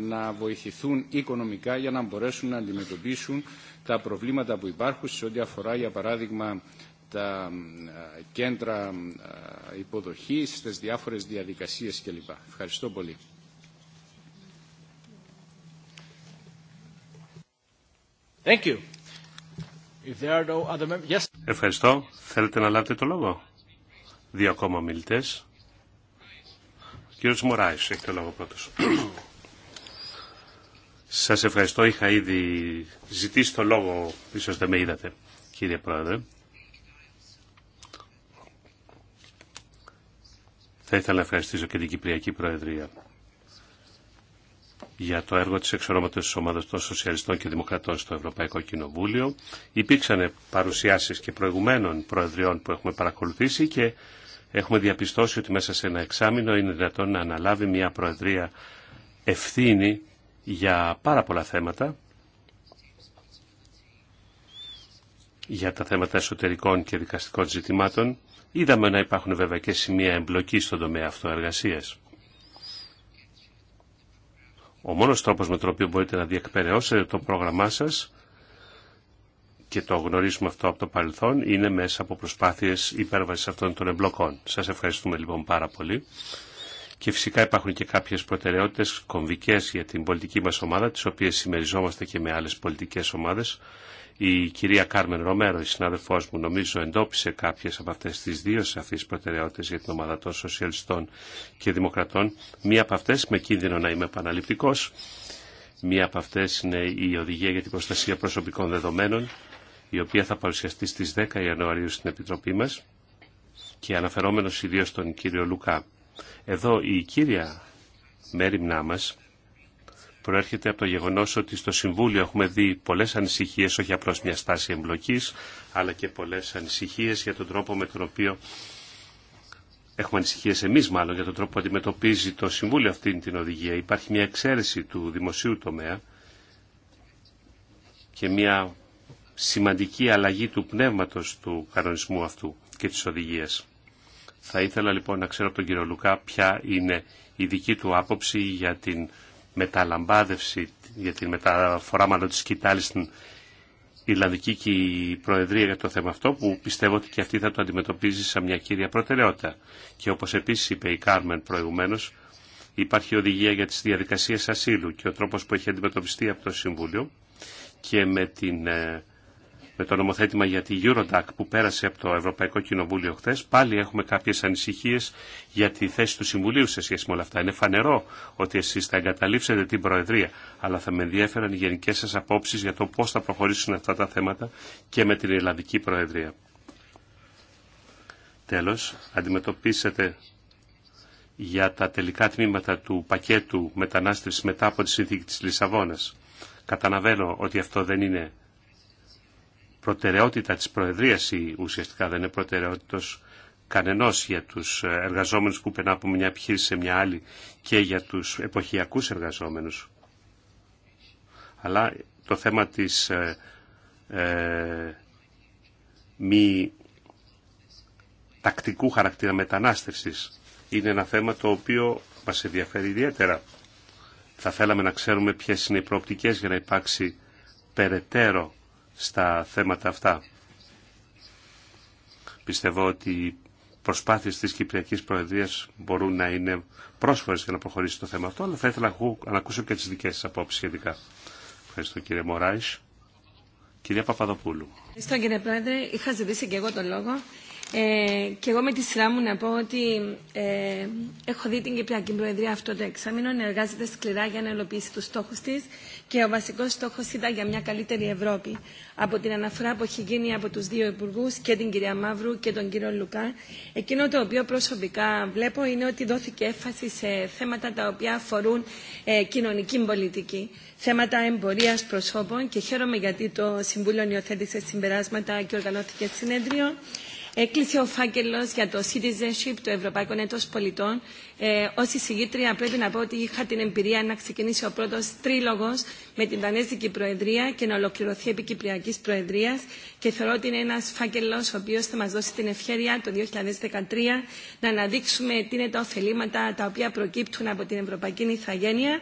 να βοηθηθούν οικονομικά για να μπορέσουν να αντιμετωπίσουν τα προβλήματα που υπάρχουν σε ό,τι αφορά, για παράδειγμα, τα κέντρα υποδοχής, τις διάφορες διαδικασίες κλπ. Ευχαριστώ πολύ. Ευχαριστώ. Θέλετε να λάβετε το λόγο. Δύο ακόμα μιλητές. Ο κύριος έχει το λόγο πρώτος. Σας ευχαριστώ. Είχα ήδη ζητήσει το λόγο. Ίσως δεν με είδατε, κύριε Πρόεδρε. Θα ήθελα να ευχαριστήσω και την Κυπριακή Προεδρία για το έργο της εξορώματος της ομάδας των Σοσιαλιστών και Δημοκρατών στο Ευρωπαϊκό Κοινοβούλιο. Υπήρξαν παρουσιάσεις και προηγουμένων προεδριών που έχουμε παρακολουθήσει και έχουμε διαπιστώσει ότι μέσα σε ένα εξάμεινο είναι δυνατόν να αναλάβει μια προεδρία ευθύνη για πάρα πολλά θέματα, για τα θέματα εσωτερικών και δικαστικών ζητημάτων. Είδαμε να υπάρχουν βέβαια και σημεία εμπλοκή στον τομέα αυτοεργασίας. Ο μόνος τρόπος με τον οποίο μπορείτε να διεκπαιρεώσετε το πρόγραμμά σας και το γνωρίζουμε αυτό από το παρελθόν είναι μέσα από προσπάθειες υπέρβασης αυτών των εμπλοκών. Σας ευχαριστούμε λοιπόν πάρα πολύ και φυσικά υπάρχουν και κάποιες προτεραιότητες κομβικές για την πολιτική μας ομάδα, τις οποίες συμμεριζόμαστε και με άλλες πολιτικές ομάδες. Η κυρία Κάρμεν Ρομέρο, η συνάδελφός μου, νομίζω εντόπισε κάποιες από αυτές τις δύο σαφείς προτεραιότητες για την ομάδα των σοσιαλιστών και δημοκρατών. Μία από αυτές, με κίνδυνο να είμαι επαναληπτικός, μία από αυτές είναι η οδηγία για την προστασία προσωπικών δεδομένων, η οποία θα παρουσιαστεί στις 10 Ιανουαρίου στην Επιτροπή μας και αναφερόμενος ιδίως στον κύριο Λουκά. Εδώ η κύρια μέρημνά μας προέρχεται από το γεγονός ότι στο Συμβούλιο έχουμε δει πολλές ανησυχίες, όχι απλώς μια στάση εμπλοκής, αλλά και πολλές ανησυχίες για τον τρόπο με τον οποίο Έχουμε ανησυχίε εμεί μάλλον για τον τρόπο που αντιμετωπίζει το Συμβούλιο αυτή την οδηγία. Υπάρχει μια εξαίρεση του δημοσίου τομέα και μια σημαντική αλλαγή του πνεύματος του κανονισμού αυτού και της οδηγίας. Θα ήθελα λοιπόν να ξέρω από τον κύριο Λουκά ποια είναι η δική του άποψη για την μεταλαμπάδευση, για την μεταφορά μάλλον της κοιτάλης στην Ιρλανδική και Προεδρία για το θέμα αυτό που πιστεύω ότι και αυτή θα το αντιμετωπίζει σαν μια κύρια προτεραιότητα. Και όπως επίσης είπε η Κάρμεν προηγουμένως, υπάρχει οδηγία για τις διαδικασίες ασύλου και ο τρόπος που έχει αντιμετωπιστεί από το Συμβούλιο και με την ε, με το νομοθέτημα για τη Eurodac που πέρασε από το Ευρωπαϊκό Κοινοβούλιο χθε, πάλι έχουμε κάποιε ανησυχίε για τη θέση του Συμβουλίου σε σχέση με όλα αυτά. Είναι φανερό ότι εσεί θα εγκαταλείψετε την Προεδρία, αλλά θα με ενδιαφέραν οι γενικέ σα απόψει για το πώ θα προχωρήσουν αυτά τα θέματα και με την Ελλαδική Προεδρία. Τέλο, αντιμετωπίσετε για τα τελικά τμήματα του πακέτου μετανάστευση μετά από τη συνθήκη τη Λισαβόνα. Καταλαβαίνω ότι αυτό δεν είναι προτεραιότητα της Προεδρίας ή ουσιαστικά δεν είναι προτεραιότητα κανενός για τους εργαζόμενους που περνά από μια επιχείρηση σε μια άλλη και για τους εποχιακούς εργαζόμενους. Αλλά το θέμα της ε, ε, μη τακτικού χαρακτήρα μετανάστευσης είναι ένα θέμα το οποίο μας ενδιαφέρει ιδιαίτερα. Θα θέλαμε να ξέρουμε ποιες είναι οι προοπτικές για να υπάρξει περαιτέρω στα θέματα αυτά. Πιστεύω ότι οι προσπάθειες της Κυπριακής Προεδρίας μπορούν να είναι πρόσφορες για να προχωρήσει το θέμα αυτό, αλλά θα ήθελα να ακούσω και τις δικές σας απόψεις σχετικά. Ευχαριστώ κύριε Μωράης. Κυρία Παπαδοπούλου. Ευχαριστώ κύριε Πρόεδρε. Είχα ζητήσει και εγώ τον λόγο ε, και εγώ με τη σειρά μου να πω ότι ε, έχω δει την Κυπριακή Προεδρία αυτό το εξάμεινο να εργάζεται σκληρά για να ελοπίσει του στόχου τη και ο βασικό στόχο ήταν για μια καλύτερη Ευρώπη. Από την αναφορά που έχει γίνει από του δύο υπουργού και την κυρία Μαύρου και τον κύριο Λουκά, εκείνο το οποίο προσωπικά βλέπω είναι ότι δόθηκε έφαση σε θέματα τα οποία αφορούν ε, κοινωνική πολιτική, θέματα εμπορία προσώπων και χαίρομαι γιατί το Συμβούλιο νιοθέτησε συμπεράσματα και οργανώθηκε συνέδριο. Έκλεισε ο φάκελο για το citizenship, του Ευρωπαϊκού Έτο Πολιτών. Ε, Ω εισηγήτρια, πρέπει να πω ότι είχα την εμπειρία να ξεκινήσει ο πρώτο τρίλογο με την Δανέζικη Προεδρία και να ολοκληρωθεί επί Κυπριακή Προεδρία. Και θεωρώ ότι είναι ένα φάκελο ο οποίο θα μα δώσει την ευχαίρεια το 2013 να αναδείξουμε τι είναι τα ωφελήματα τα οποία προκύπτουν από την Ευρωπαϊκή Ιθαγένεια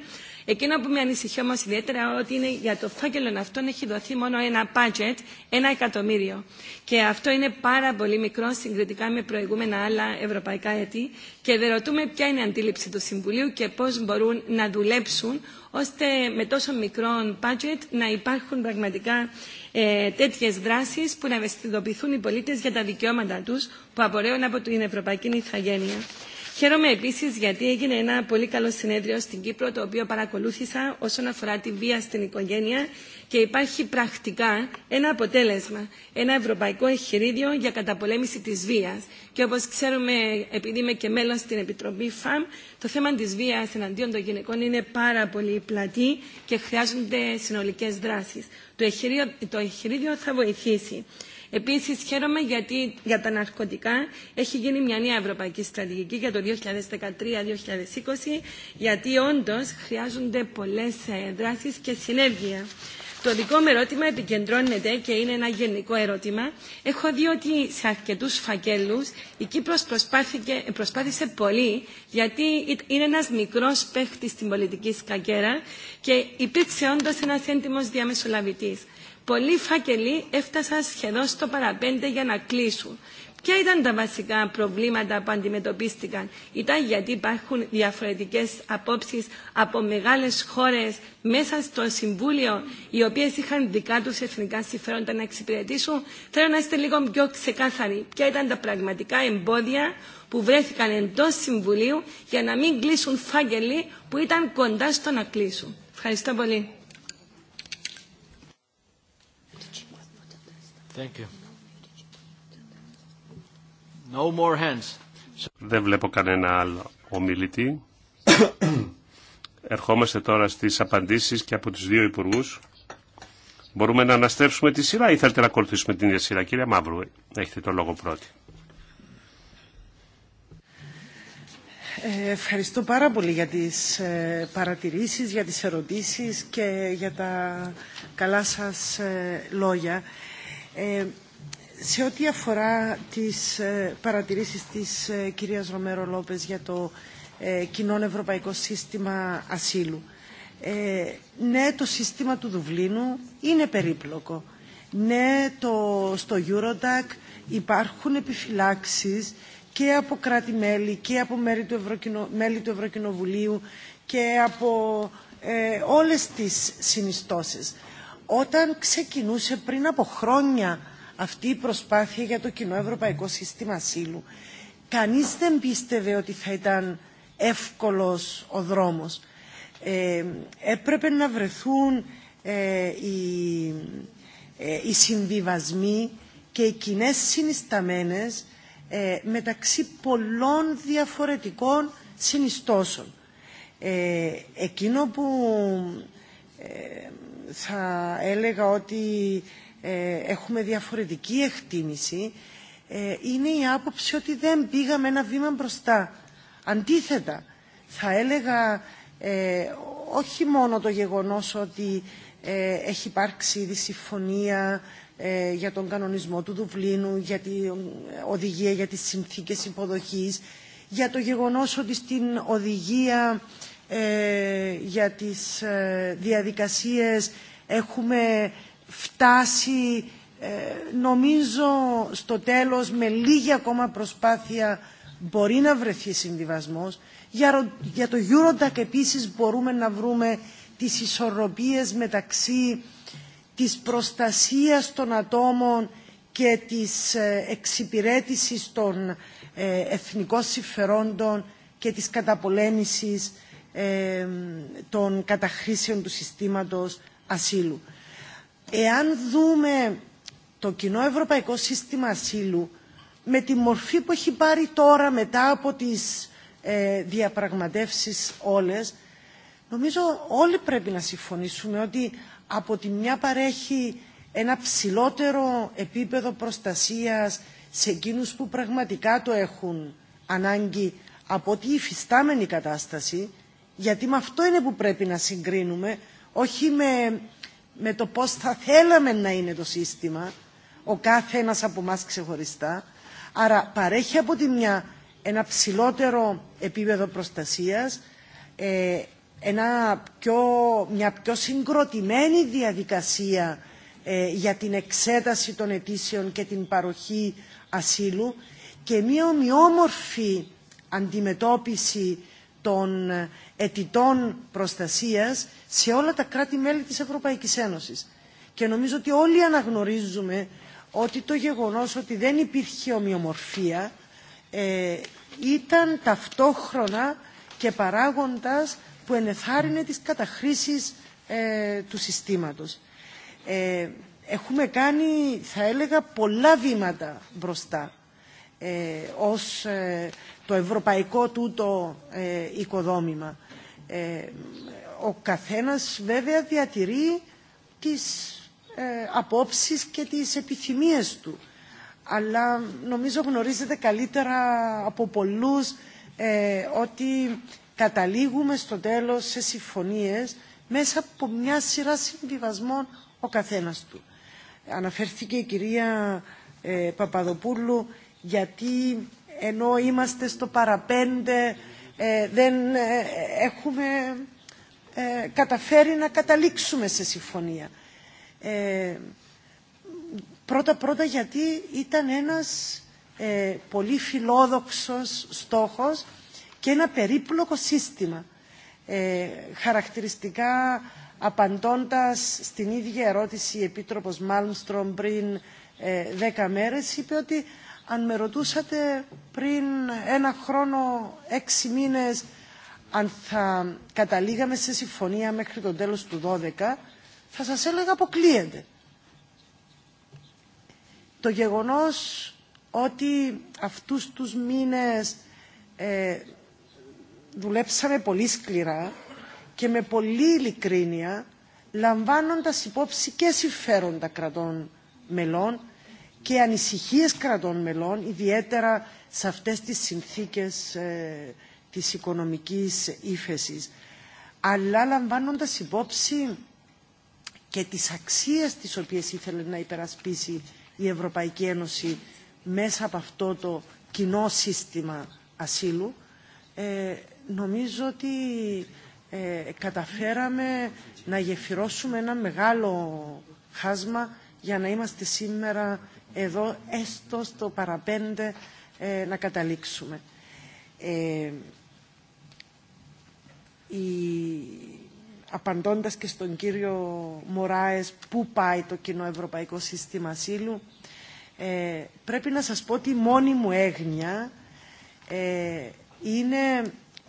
Εκείνο που με ανησυχεί όμω ιδιαίτερα ότι είναι για το φάκελο αυτό έχει δοθεί μόνο ένα budget, ένα εκατομμύριο. Και αυτό είναι πάρα πολύ μικρό συγκριτικά με προηγούμενα άλλα ευρωπαϊκά έτη και δεν ρωτούμε ποια είναι η αντίληψη του Συμβουλίου και πώ μπορούν να δουλέψουν ώστε με τόσο μικρό budget να υπάρχουν πραγματικά ε, τέτοιε δράσει που να ευαισθητοποιηθούν οι πολίτε για τα δικαιώματα του που απορρέουν από την Ευρωπαϊκή Ιθαγένεια. Χαίρομαι επίσης γιατί έγινε ένα πολύ καλό συνέδριο στην Κύπρο, το οποίο παρακολούθησα όσον αφορά τη βία στην οικογένεια και υπάρχει πρακτικά ένα αποτέλεσμα, ένα ευρωπαϊκό εχειρίδιο για καταπολέμηση της βίας. Και όπως ξέρουμε, επειδή είμαι και μέλο στην Επιτροπή ΦΑΜ, το θέμα της βίας εναντίον των γυναικών είναι πάρα πολύ πλατή και χρειάζονται συνολικέ δράσει. Το εγχειρίδιο θα βοηθήσει. Επίση, χαίρομαι γιατί για τα ναρκωτικά έχει γίνει μια νέα ευρωπαϊκή στρατηγική για το 2013-2020 γιατί όντω χρειάζονται πολλέ ε, δράσει και συνέργεια. Το δικό μου ερώτημα επικεντρώνεται και είναι ένα γενικό ερώτημα. Έχω δει ότι σε αρκετού φακέλου η Κύπρος προσπάθησε πολύ, γιατί είναι ένα μικρό παίχτη στην πολιτική σκακέρα και υπήρξε όντω ένα έντιμο διαμεσολαβητή. Πολλοί φάκελοι έφτασαν σχεδόν στο παραπέντε για να κλείσουν. Ποια ήταν τα βασικά προβλήματα που αντιμετωπίστηκαν. Ήταν γιατί υπάρχουν διαφορετικές απόψεις από μεγάλες χώρες μέσα στο Συμβούλιο, οι οποίες είχαν δικά τους εθνικά συμφέροντα να εξυπηρετήσουν. Θέλω να είστε λίγο πιο ξεκάθαροι. Ποια ήταν τα πραγματικά εμπόδια που βρέθηκαν εντός Συμβουλίου για να μην κλείσουν φάκελοι που ήταν κοντά στο να κλείσουν. Ευχαριστώ πολύ. Thank you. No more hands. Δεν βλέπω κανένα άλλο ομιλητή. Ερχόμαστε τώρα στις απαντήσεις και από τους δύο υπουργούς. Μπορούμε να αναστρέψουμε τη σειρά ή θέλετε να ακολουθήσουμε την ίδια σειρά. Κύριε Μαύρου, έχετε το λόγο πρώτη. Ε, ευχαριστώ πάρα πολύ για τις ε, παρατηρήσεις, για τις ερωτήσεις και για τα καλά σας ε, λόγια. Ε, σε ό,τι αφορά τις ε, παρατηρήσεις της ε, κυρίας Ρομέρο Λόπες για το ε, κοινό ευρωπαϊκό σύστημα ασύλου, ε, ναι, το σύστημα του Δουβλίνου είναι περίπλοκο. Ναι, το, στο Eurodac υπάρχουν επιφυλάξεις και από κράτη-μέλη και από μέλη του, Ευρωκοινο... Ευρωκοινοβουλίου και από όλες τις συνιστώσεις. Όταν ξεκινούσε πριν από χρόνια αυτή η προσπάθεια για το κοινό ευρωπαϊκό σύστημα ασύλου, κανείς δεν πίστευε ότι θα ήταν εύκολος ο δρόμος. Ε, έπρεπε να βρεθούν ε, οι, ε, οι συμβιβασμοί και οι κοινέ συνισταμένες ε, μεταξύ πολλών διαφορετικών συνιστώσεων. Ε, εκείνο που θα έλεγα ότι ε, έχουμε διαφορετική εκτίμηση ε, είναι η άποψη ότι δεν πήγαμε ένα βήμα μπροστά. Αντίθετα, θα έλεγα ε, όχι μόνο το γεγονός ότι έχει υπάρξει ήδη συμφωνία για τον κανονισμό του Δουβλίνου, για την οδηγία για τις συνθήκες υποδοχής, για το γεγονός ότι στην οδηγία ε, για τις ε, διαδικασίες έχουμε φτάσει ε, νομίζω στο τέλος με λίγη ακόμα προσπάθεια μπορεί να βρεθεί συνδυασμός Για το Eurodac επίσης μπορούμε να βρούμε τις ισορροπίες μεταξύ της προστασίας των ατόμων και της εξυπηρέτησης των εθνικών συμφερόντων και της καταπολέμησης των καταχρήσεων του συστήματος ασύλου. Εάν δούμε το κοινό ευρωπαϊκό σύστημα ασύλου με τη μορφή που έχει πάρει τώρα μετά από τις ε, διαπραγματεύσεις όλες, νομίζω όλοι πρέπει να συμφωνήσουμε ότι από τη μια παρέχει ένα ψηλότερο επίπεδο προστασίας σε εκείνους που πραγματικά το έχουν ανάγκη από τη υφιστάμενη κατάσταση γιατί με αυτό είναι που πρέπει να συγκρίνουμε, όχι με, με το πώς θα θέλαμε να είναι το σύστημα, ο κάθε ένας από εμά ξεχωριστά. Άρα παρέχει από τη μια ένα ψηλότερο επίπεδο προστασίας, ε, ένα πιο, μια πιο συγκροτημένη διαδικασία ε, για την εξέταση των αιτήσεων και την παροχή ασύλου και μια ομοιόμορφη αντιμετώπιση των αιτητών προστασίας σε όλα τα κράτη-μέλη της Ευρωπαϊκής Ένωσης. Και νομίζω ότι όλοι αναγνωρίζουμε ότι το γεγονός ότι δεν υπήρχε ομοιομορφία ε, ήταν ταυτόχρονα και παράγοντας που ενεθάρρυνε τις καταχρήσεις ε, του συστήματος. Ε, έχουμε κάνει, θα έλεγα, πολλά βήματα μπροστά. Ε, ως ε, το ευρωπαϊκό τούτο ε, οικοδόμημα. Ο καθένας βέβαια διατηρεί τις απόψεις και τις επιθυμίες του. Αλλά νομίζω γνωρίζετε καλύτερα από πολλούς ότι καταλήγουμε στο τέλος σε συμφωνίες μέσα από μια σειρά συμβιβασμών ο καθένας του. Αναφέρθηκε η κυρία Παπαδοπούλου γιατί ενώ είμαστε στο παραπέντε ε, δεν ε, έχουμε ε, καταφέρει να καταλήξουμε σε συμφωνία. Πρώτα-πρώτα γιατί ήταν ένας πολύ φιλόδοξος στόχος και ένα περίπλοκο σύστημα. Χαρακτηριστικά απαντώντας στην ίδια ερώτηση η Επίτροπος Μάλμστρομ πριν δέκα μέρες είπε ότι αν με ρωτούσατε πριν ένα χρόνο, έξι μήνες, αν θα καταλήγαμε σε συμφωνία μέχρι το τέλος του 12, θα σας έλεγα αποκλείεται. Το γεγονός ότι αυτούς τους μήνες ε, δουλέψαμε πολύ σκληρά και με πολύ ειλικρίνεια, λαμβάνοντας υπόψη και συμφέροντα κρατών μελών, και ανησυχίες κρατών μελών, ιδιαίτερα σε αυτές τις συνθήκες ε, της οικονομικής ύφεσης. Αλλά λαμβάνοντας υπόψη και τις αξίες τις οποίες ήθελε να υπερασπίσει η Ευρωπαϊκή Ένωση μέσα από αυτό το κοινό σύστημα ασύλου, ε, νομίζω ότι ε, καταφέραμε να γεφυρώσουμε ένα μεγάλο χάσμα για να είμαστε σήμερα εδώ έστω στο παραπέντε ε, να καταλήξουμε. Ε, η, απαντώντας και στον κύριο Μωράες πού πάει το κοινό ευρωπαϊκό σύστημα ασύλου, ε, πρέπει να σας πω ότι η μόνη μου έγνοια ε, είναι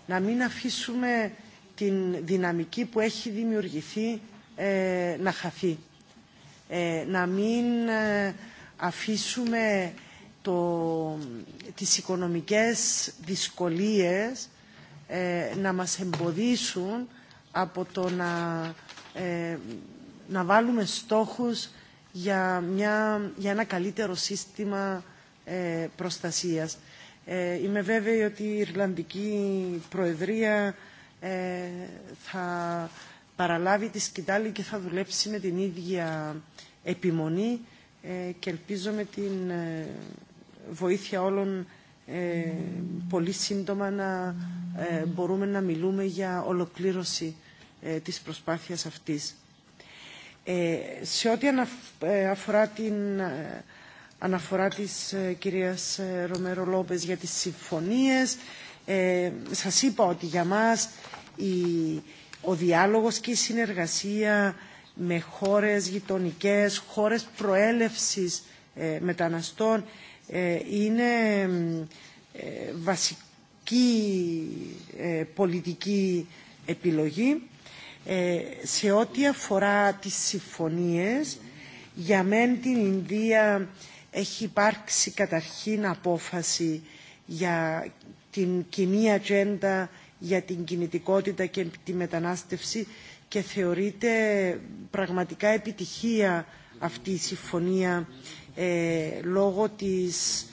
να μην αφήσουμε την δυναμική που έχει δημιουργηθεί να χαθεί. να μην αφήσουμε το, τις οικονομικές δυσκολίες ε, να μας εμποδίσουν από το να, ε, να βάλουμε στόχους για, μια, για ένα καλύτερο σύστημα ε, προστασίας. Ε, είμαι βέβαιη ότι η Ιρλανδική Προεδρία θα παραλάβει τη σκητάλη και θα δουλέψει με την ίδια επιμονή ε, και ελπίζω με την ε, βοήθεια όλων ε, πολύ σύντομα να μπορούμε να μιλούμε για ολοκλήρωση της προσπάθειας αυτής. Σε ό,τι αφορά την αναφορά της κυρίας Ρομέρο Λόπες για τις συμφωνίες, σας είπα ότι για μας ο διάλογος και η συνεργασία με χώρες γειτονικές, χώρες προέλευσης ε, μεταναστών ε, είναι ε, βασική πολιτική επιλογή. Σε ό,τι αφορά τις συμφωνίες, για μεν την Ινδία έχει υπάρξει καταρχήν απόφαση για την κοινή ατζέντα για την κινητικότητα και τη μετανάστευση και θεωρείται πραγματικά επιτυχία αυτή η συμφωνία ε, λόγω της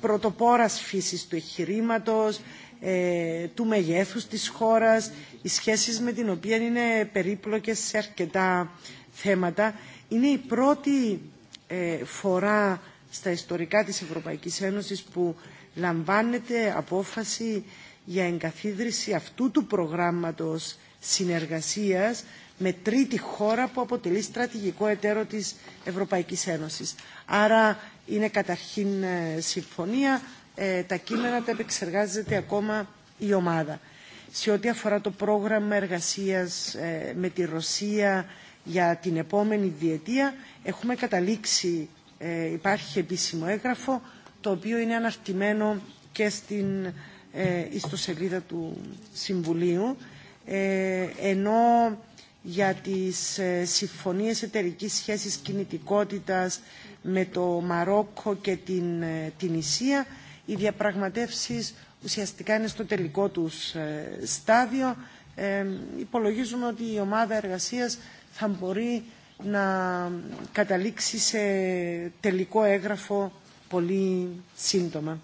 πρωτοπόρας φύσης του εχειρήματος, ε, του μεγέθους της χώρας, οι σχέσεις με την οποία είναι περίπλοκες σε αρκετά θέματα. Είναι η πρώτη ε, φορά στα ιστορικά της Ευρωπαϊκής Ένωσης που λαμβάνεται απόφαση για εγκαθίδρυση αυτού του προγράμματος συνεργασίας με τρίτη χώρα που αποτελεί στρατηγικό εταίρο της Ευρωπαϊκής Ένωσης. Άρα είναι καταρχήν ε, συμφωνία, ε, τα κείμενα τα επεξεργάζεται ακόμα η ομάδα. Σε ό,τι αφορά το πρόγραμμα εργασίας ε, με τη Ρωσία για την επόμενη διετία, έχουμε καταλήξει, υπάρχει επίσημο έγγραφο, το οποίο είναι αναρτημένο και στην ιστοσελίδα του Συμβουλίου ε, ενώ για τις ε, συμφωνίες εταιρικής σχέσης κινητικότητας με το Μαρόκο και την, ε, Ισία οι διαπραγματεύσεις ουσιαστικά είναι στο τελικό τους στάδιο. υπολογίζουμε ότι η ομάδα εργασίας θα μπορεί να καταλήξει σε τελικό έγγραφο πολύ σύντομα.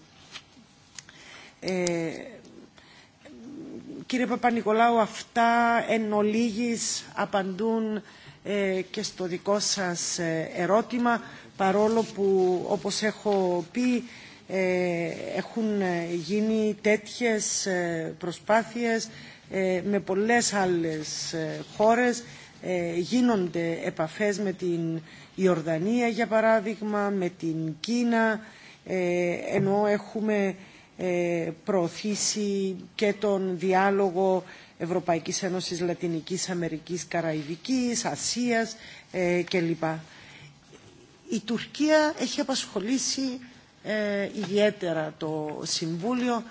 Κύριε Παπα-Νικολάου, αυτά εν ολίγης απαντούν ε, και στο δικό σας ε, ερώτημα, παρόλο που, όπως έχω πει, ε, έχουν γίνει τέτοιες προσπάθειες με πολλές άλλες χώρες. Γίνονται επαφές με την Ιορδανία, για παράδειγμα, με την Κίνα, ενώ έχουμε ε, προωθήσει και τον διάλογο Ευρωπαϊκής Ένωσης Λατινικής Αμερικής, Καραϊβικής, Ασίας ε, κλπ. Η Τουρκία έχει απασχολήσει ε, ιδιαίτερα το Συμβούλιο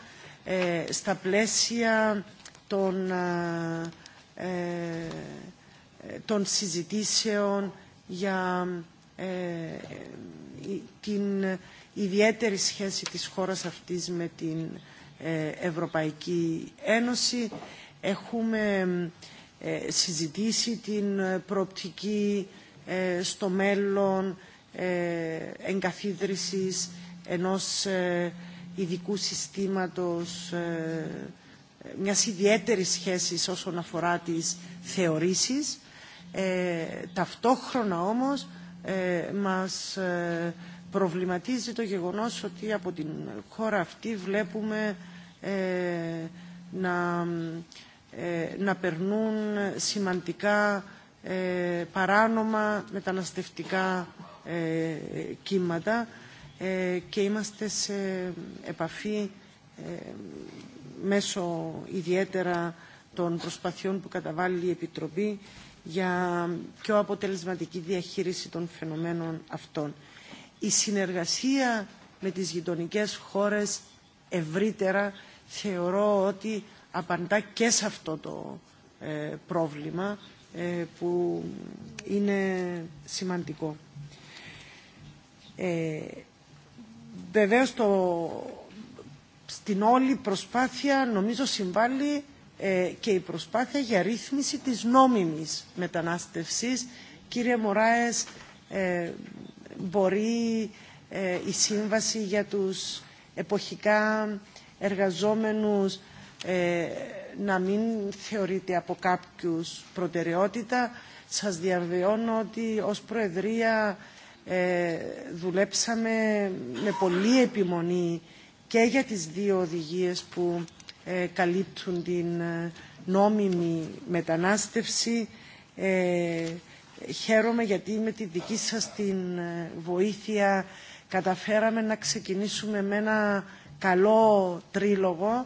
στα πλαίσια των, των συζητήσεων για την ιδιαίτερη σχέση της χώρας αυτής με την ε, Ευρωπαϊκή Ένωση. Έχουμε ε, συζητήσει την ε, προοπτική στο μέλλον εγκαθίδρυσης ενός ειδικού συστήματος μια ιδιαίτερη σχέση όσον αφορά τις θεωρήσεις. ταυτόχρονα όμως μας προβληματίζει το γεγονός ότι από την χώρα αυτή βλέπουμε ε, να, ε, να περνούν σημαντικά ε, παράνομα μεταναστευτικά κύματα και είμαστε σε επαφή μέσω ιδιαίτερα των προσπαθειών που καταβάλει η Επιτροπή για πιο αποτελεσματική διαχείριση των φαινομένων αυτών η συνεργασία με τις γειτονικές χώρες ευρύτερα θεωρώ ότι απαντά και σε αυτό το ε, πρόβλημα ε, που είναι σημαντικό. Ε, βεβαίως το, στην όλη προσπάθεια νομίζω συμβάλλει ε, και η προσπάθεια για ρύθμιση της νόμιμης μετανάστευσης. Κύριε Μωράες, ε, μπορεί ε, η σύμβαση για τους εποχικά εργαζόμενους ε, να μην θεωρείται από κάποιους προτεραιότητα. Σας διαβεβαιώνω ότι ως Προεδρία ε, δουλέψαμε με πολλή επιμονή και για τις δύο οδηγίες που καλύπτουν την νόμιμη μετανάστευση Χαίρομαι γιατί με τη δική σας την ε, βοήθεια καταφέραμε να ξεκινήσουμε με ένα καλό τρίλογο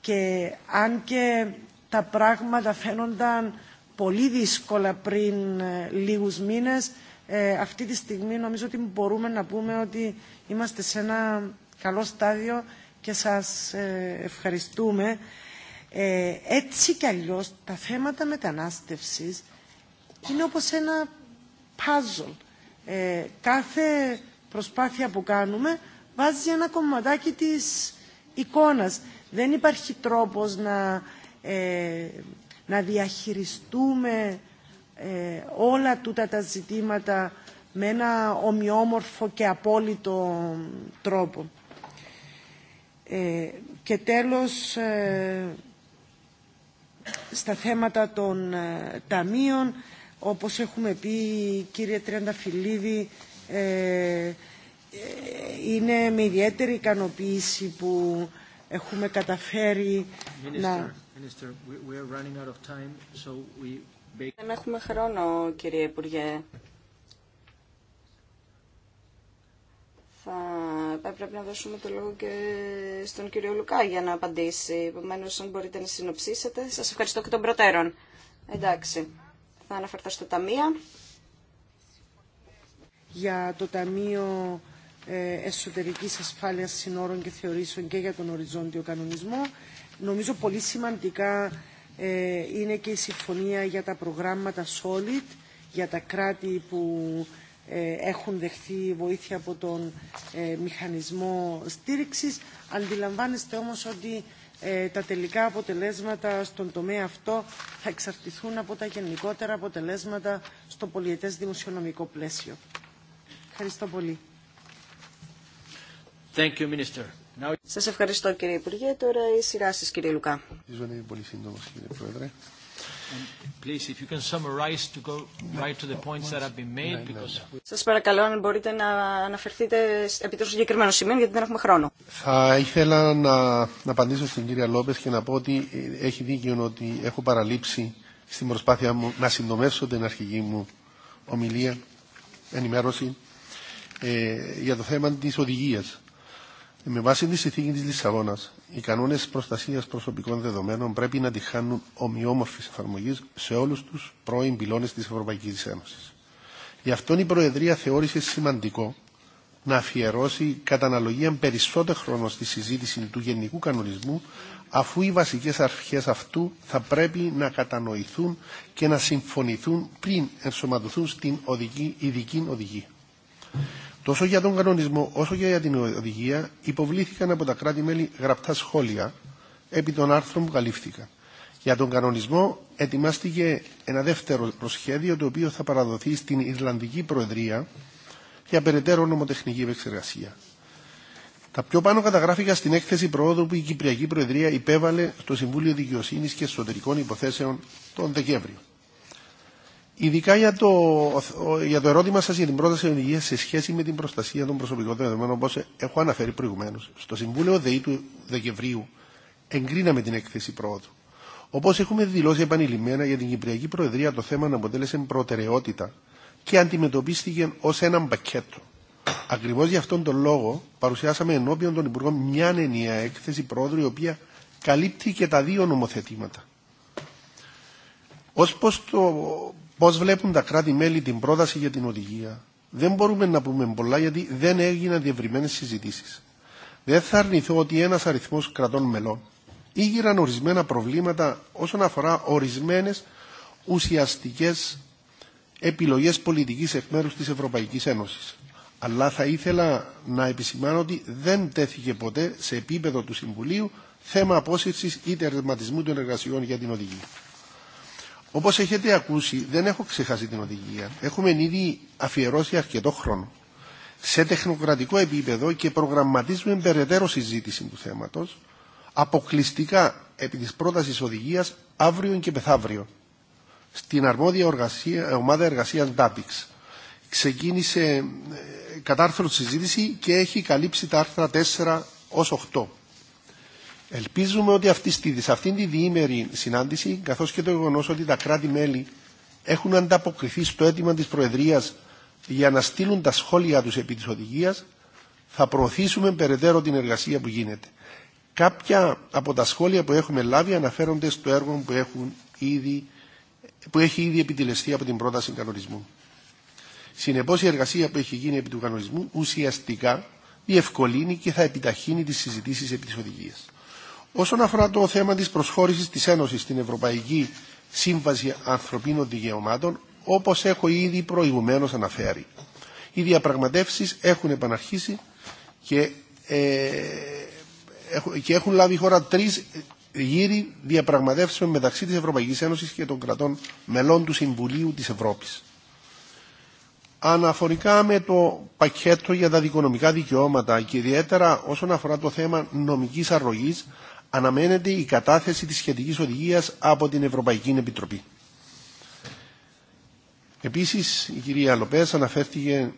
και αν και τα πράγματα φαίνονταν πολύ δύσκολα πριν ε, λίγους μήνες, ε, αυτή τη στιγμή νομίζω ότι μπορούμε να πούμε ότι είμαστε σε ένα καλό στάδιο και σας ευχαριστούμε. Έτσι κι αλλιώς τα θέματα μετανάστευσης είναι όπως ένα puzzle. Ε, κάθε προσπάθεια που κάνουμε βάζει ένα κομματάκι της εικόνας. Δεν υπάρχει τρόπος να, ε, να διαχειριστούμε ε, όλα τούτα τα ζητήματα με ένα ομοιόμορφο και απόλυτο τρόπο. και τέλος, στα θέματα των ταμείων, όπως έχουμε πει, κύριε Τρενταφυλλίδη, ε, ε, είναι με ιδιαίτερη ικανοποίηση που έχουμε καταφέρει να... time, so we... Δεν έχουμε χρόνο, κύριε Υπουργέ. Θα πρέπει να δώσουμε το λόγο και στον κύριο Λουκά για να απαντήσει. Επομένω, αν μπορείτε να συνοψίσετε. Σας ευχαριστώ και των προτέρων. Εντάξει. Θα αναφερθώ στο Ταμείο. Για το Ταμείο ε, Εσωτερικής Ασφάλειας Συνόρων και Θεωρήσεων και για τον Οριζόντιο Κανονισμό, νομίζω πολύ σημαντικά ε, είναι και η συμφωνία για τα προγράμματα SOLID, για τα κράτη που ε, έχουν δεχθεί βοήθεια από τον μηχανισμό στήριξης. Αντιλαμβάνεστε όμως ότι ε, τα τελικά αποτελέσματα στον τομέα αυτό θα εξαρτηθούν από τα γενικότερα αποτελέσματα στο πολιετές δημοσιονομικό πλαίσιο. Ευχαριστώ πολύ. Thank you, Minister. Now... Σας ευχαριστώ κύριε Υπουργέ. Τώρα η σειρά σας κύριε Λουκά. Πολύ σύντομος κύριε Πρόεδρε. Σας παρακαλώ αν μπορείτε να αναφερθείτε επί τόσο συγκεκριμένο σημείο γιατί δεν έχουμε χρόνο. Θα ήθελα να, να απαντήσω στην κυρία Λόπες και να πω ότι ε, έχει δίκιο ότι έχω παραλείψει στην προσπάθεια μου να συντομεύσω την αρχική μου ομιλία, ενημέρωση ε, για το θέμα της οδηγίας. Ε, με βάση τη συνθήκη τη Λισαβόνα, οι κανόνε προστασία προσωπικών δεδομένων πρέπει να τη χάνουν ομοιόμορφη εφαρμογή σε όλου του πρώην πυλώνε τη Ευρωπαϊκή Ένωση. Γι' αυτόν η Προεδρία θεώρησε σημαντικό να αφιερώσει κατά αναλογία περισσότερο χρόνο στη συζήτηση του γενικού κανονισμού, αφού οι βασικέ αρχέ αυτού θα πρέπει να κατανοηθούν και να συμφωνηθούν πριν ενσωματωθούν στην οδική, ειδική οδηγία. Τόσο για τον κανονισμό όσο και για την οδηγία υποβλήθηκαν από τα κράτη-μέλη γραπτά σχόλια επί των άρθρων που καλύφθηκαν. Για τον κανονισμό ετοιμάστηκε ένα δεύτερο προσχέδιο το οποίο θα παραδοθεί στην Ιρλανδική Προεδρία για περαιτέρω νομοτεχνική επεξεργασία. Τα πιο πάνω καταγράφηκα στην έκθεση προόδου που η Κυπριακή Προεδρία υπέβαλε στο Συμβούλιο Δικαιοσύνη και Εσωτερικών Υποθέσεων τον Δεκέμβριο. Ειδικά για το, για το ερώτημα σας για την πρόταση οδηγία σε σχέση με την προστασία των προσωπικών δεδομένων, όπως έχω αναφέρει προηγουμένως, στο Συμβούλιο ΔΕΗ του Δεκεμβρίου εγκρίναμε την έκθεση πρόοδου. Όπω έχουμε δηλώσει επανειλημμένα για την Κυπριακή Προεδρία, το θέμα να αποτέλεσε προτεραιότητα και αντιμετωπίστηκε ω ένα πακέτο. Ακριβώ για αυτόν τον λόγο παρουσιάσαμε ενώπιον των Υπουργών μια ενιαία έκθεση πρόοδου η οποία καλύπτει και τα δύο νομοθετήματα. Ω προ το Πώ βλέπουν τα κράτη-μέλη την πρόταση για την οδηγία, δεν μπορούμε να πούμε πολλά γιατί δεν έγιναν διευρυμένε συζητήσει. Δεν θα αρνηθώ ότι ένα αριθμό κρατών μελών ήγηραν ορισμένα προβλήματα όσον αφορά ορισμένε ουσιαστικέ επιλογέ πολιτική εκ μέρου τη Ευρωπαϊκή Ένωση. Αλλά θα ήθελα να επισημάνω ότι δεν τέθηκε ποτέ σε επίπεδο του Συμβουλίου θέμα απόσυρση ή τερματισμού των εργασιών για την οδηγία. Όπω έχετε ακούσει, δεν έχω ξεχάσει την οδηγία. Έχουμε ήδη αφιερώσει αρκετό χρόνο σε τεχνοκρατικό επίπεδο και προγραμματίζουμε περαιτέρω συζήτηση του θέματο αποκλειστικά επί τη πρόταση οδηγία αύριο και πεθαύριο» στην αρμόδια οργασία, ομάδα εργασία DAPIX. Ξεκίνησε ε, κατάρθρο συζήτηση και έχει καλύψει τα άρθρα 4 ως 8. Ελπίζουμε ότι αυτή, σε αυτήν τη διήμερη συνάντηση, καθώ και το γεγονό ότι τα κράτη-μέλη έχουν ανταποκριθεί στο αίτημα τη Προεδρία για να στείλουν τα σχόλια του επί τη οδηγία, θα προωθήσουμε περαιτέρω την εργασία που γίνεται. Κάποια από τα σχόλια που έχουμε λάβει αναφέρονται στο έργο που, έχουν ήδη, που έχει ήδη επιτελεστεί από την πρόταση κανονισμού. Συνεπώ, η εργασία που έχει γίνει επί του κανονισμού ουσιαστικά διευκολύνει και θα επιταχύνει τι συζητήσει επί τη οδηγία. Όσον αφορά το θέμα της προσχώρησης της Ένωσης στην Ευρωπαϊκή Σύμβαση Ανθρωπίνων Δικαιωμάτων, όπως έχω ήδη προηγουμένως αναφέρει. Οι διαπραγματεύσεις έχουν επαναρχίσει και, ε, και έχουν λάβει χώρα τρεις γύρι διαπραγματεύσεων μεταξύ της Ευρωπαϊκής Ένωσης και των κρατών μελών του Συμβουλίου της Ευρώπης. Αναφορικά με το πακέτο για τα δικονομικά δικαιώματα και ιδιαίτερα όσον αφορά το θέμα νομικής αρρωγής, αναμένεται η κατάθεση της σχετικής οδηγίας από την Ευρωπαϊκή Επιτροπή. Επίσης, η κυρία Λοπές αναφέρθηκε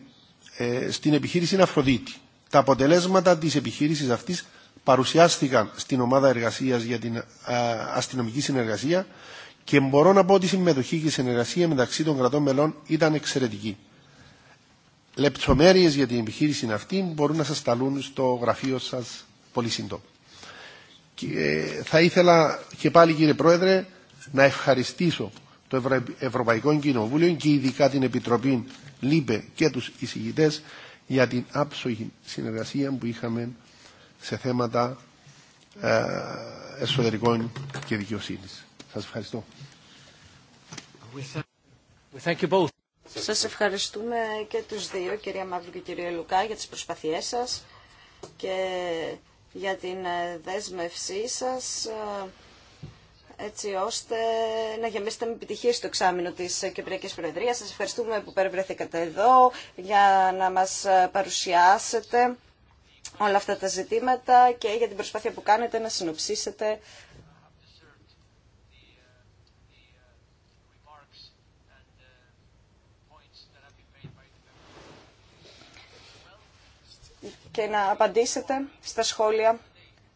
ε, στην επιχείρηση Αφροδίτη. Τα αποτελέσματα της επιχείρησης αυτής παρουσιάστηκαν στην ομάδα εργασίας για την ε, αστυνομική συνεργασία και μπορώ να πω ότι η συμμετοχή και η συνεργασία μεταξύ των κρατών μελών ήταν εξαιρετική. Λεπτομέρειες για την επιχείρηση αυτή μπορούν να σας σταλούν στο γραφείο σας πολύ σύντομα. Ε, θα ήθελα και πάλι κύριε Πρόεδρε να ευχαριστήσω το Ευρωπαϊκό Κοινοβούλιο και ειδικά την Επιτροπή ΛΥΠΕ και τους εισηγητές για την άψογη συνεργασία που είχαμε σε θέματα ε, εσωτερικών και δικαιοσύνης. Σας ευχαριστώ. Σας ευχαριστούμε και τους δύο, κυρία Μαύρου και κυρία Λουκά, για τις προσπαθίες σας και για την ε, δέσμευσή σας ε, έτσι ώστε να γεμίσετε με επιτυχία στο εξάμεινο της ε, Κυπριακής Προεδρίας. Σας ευχαριστούμε που περιβρεθήκατε εδώ για να μας παρουσιάσετε όλα αυτά τα ζητήματα και για την προσπάθεια που κάνετε να συνοψίσετε και να απαντήσετε στα σχόλια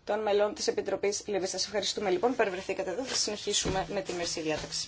των μελών της Επιτροπής Λίβης. Σας ευχαριστούμε λοιπόν, Περιβρεθήκατε εδώ, θα συνεχίσουμε με τη μέση διάταξη.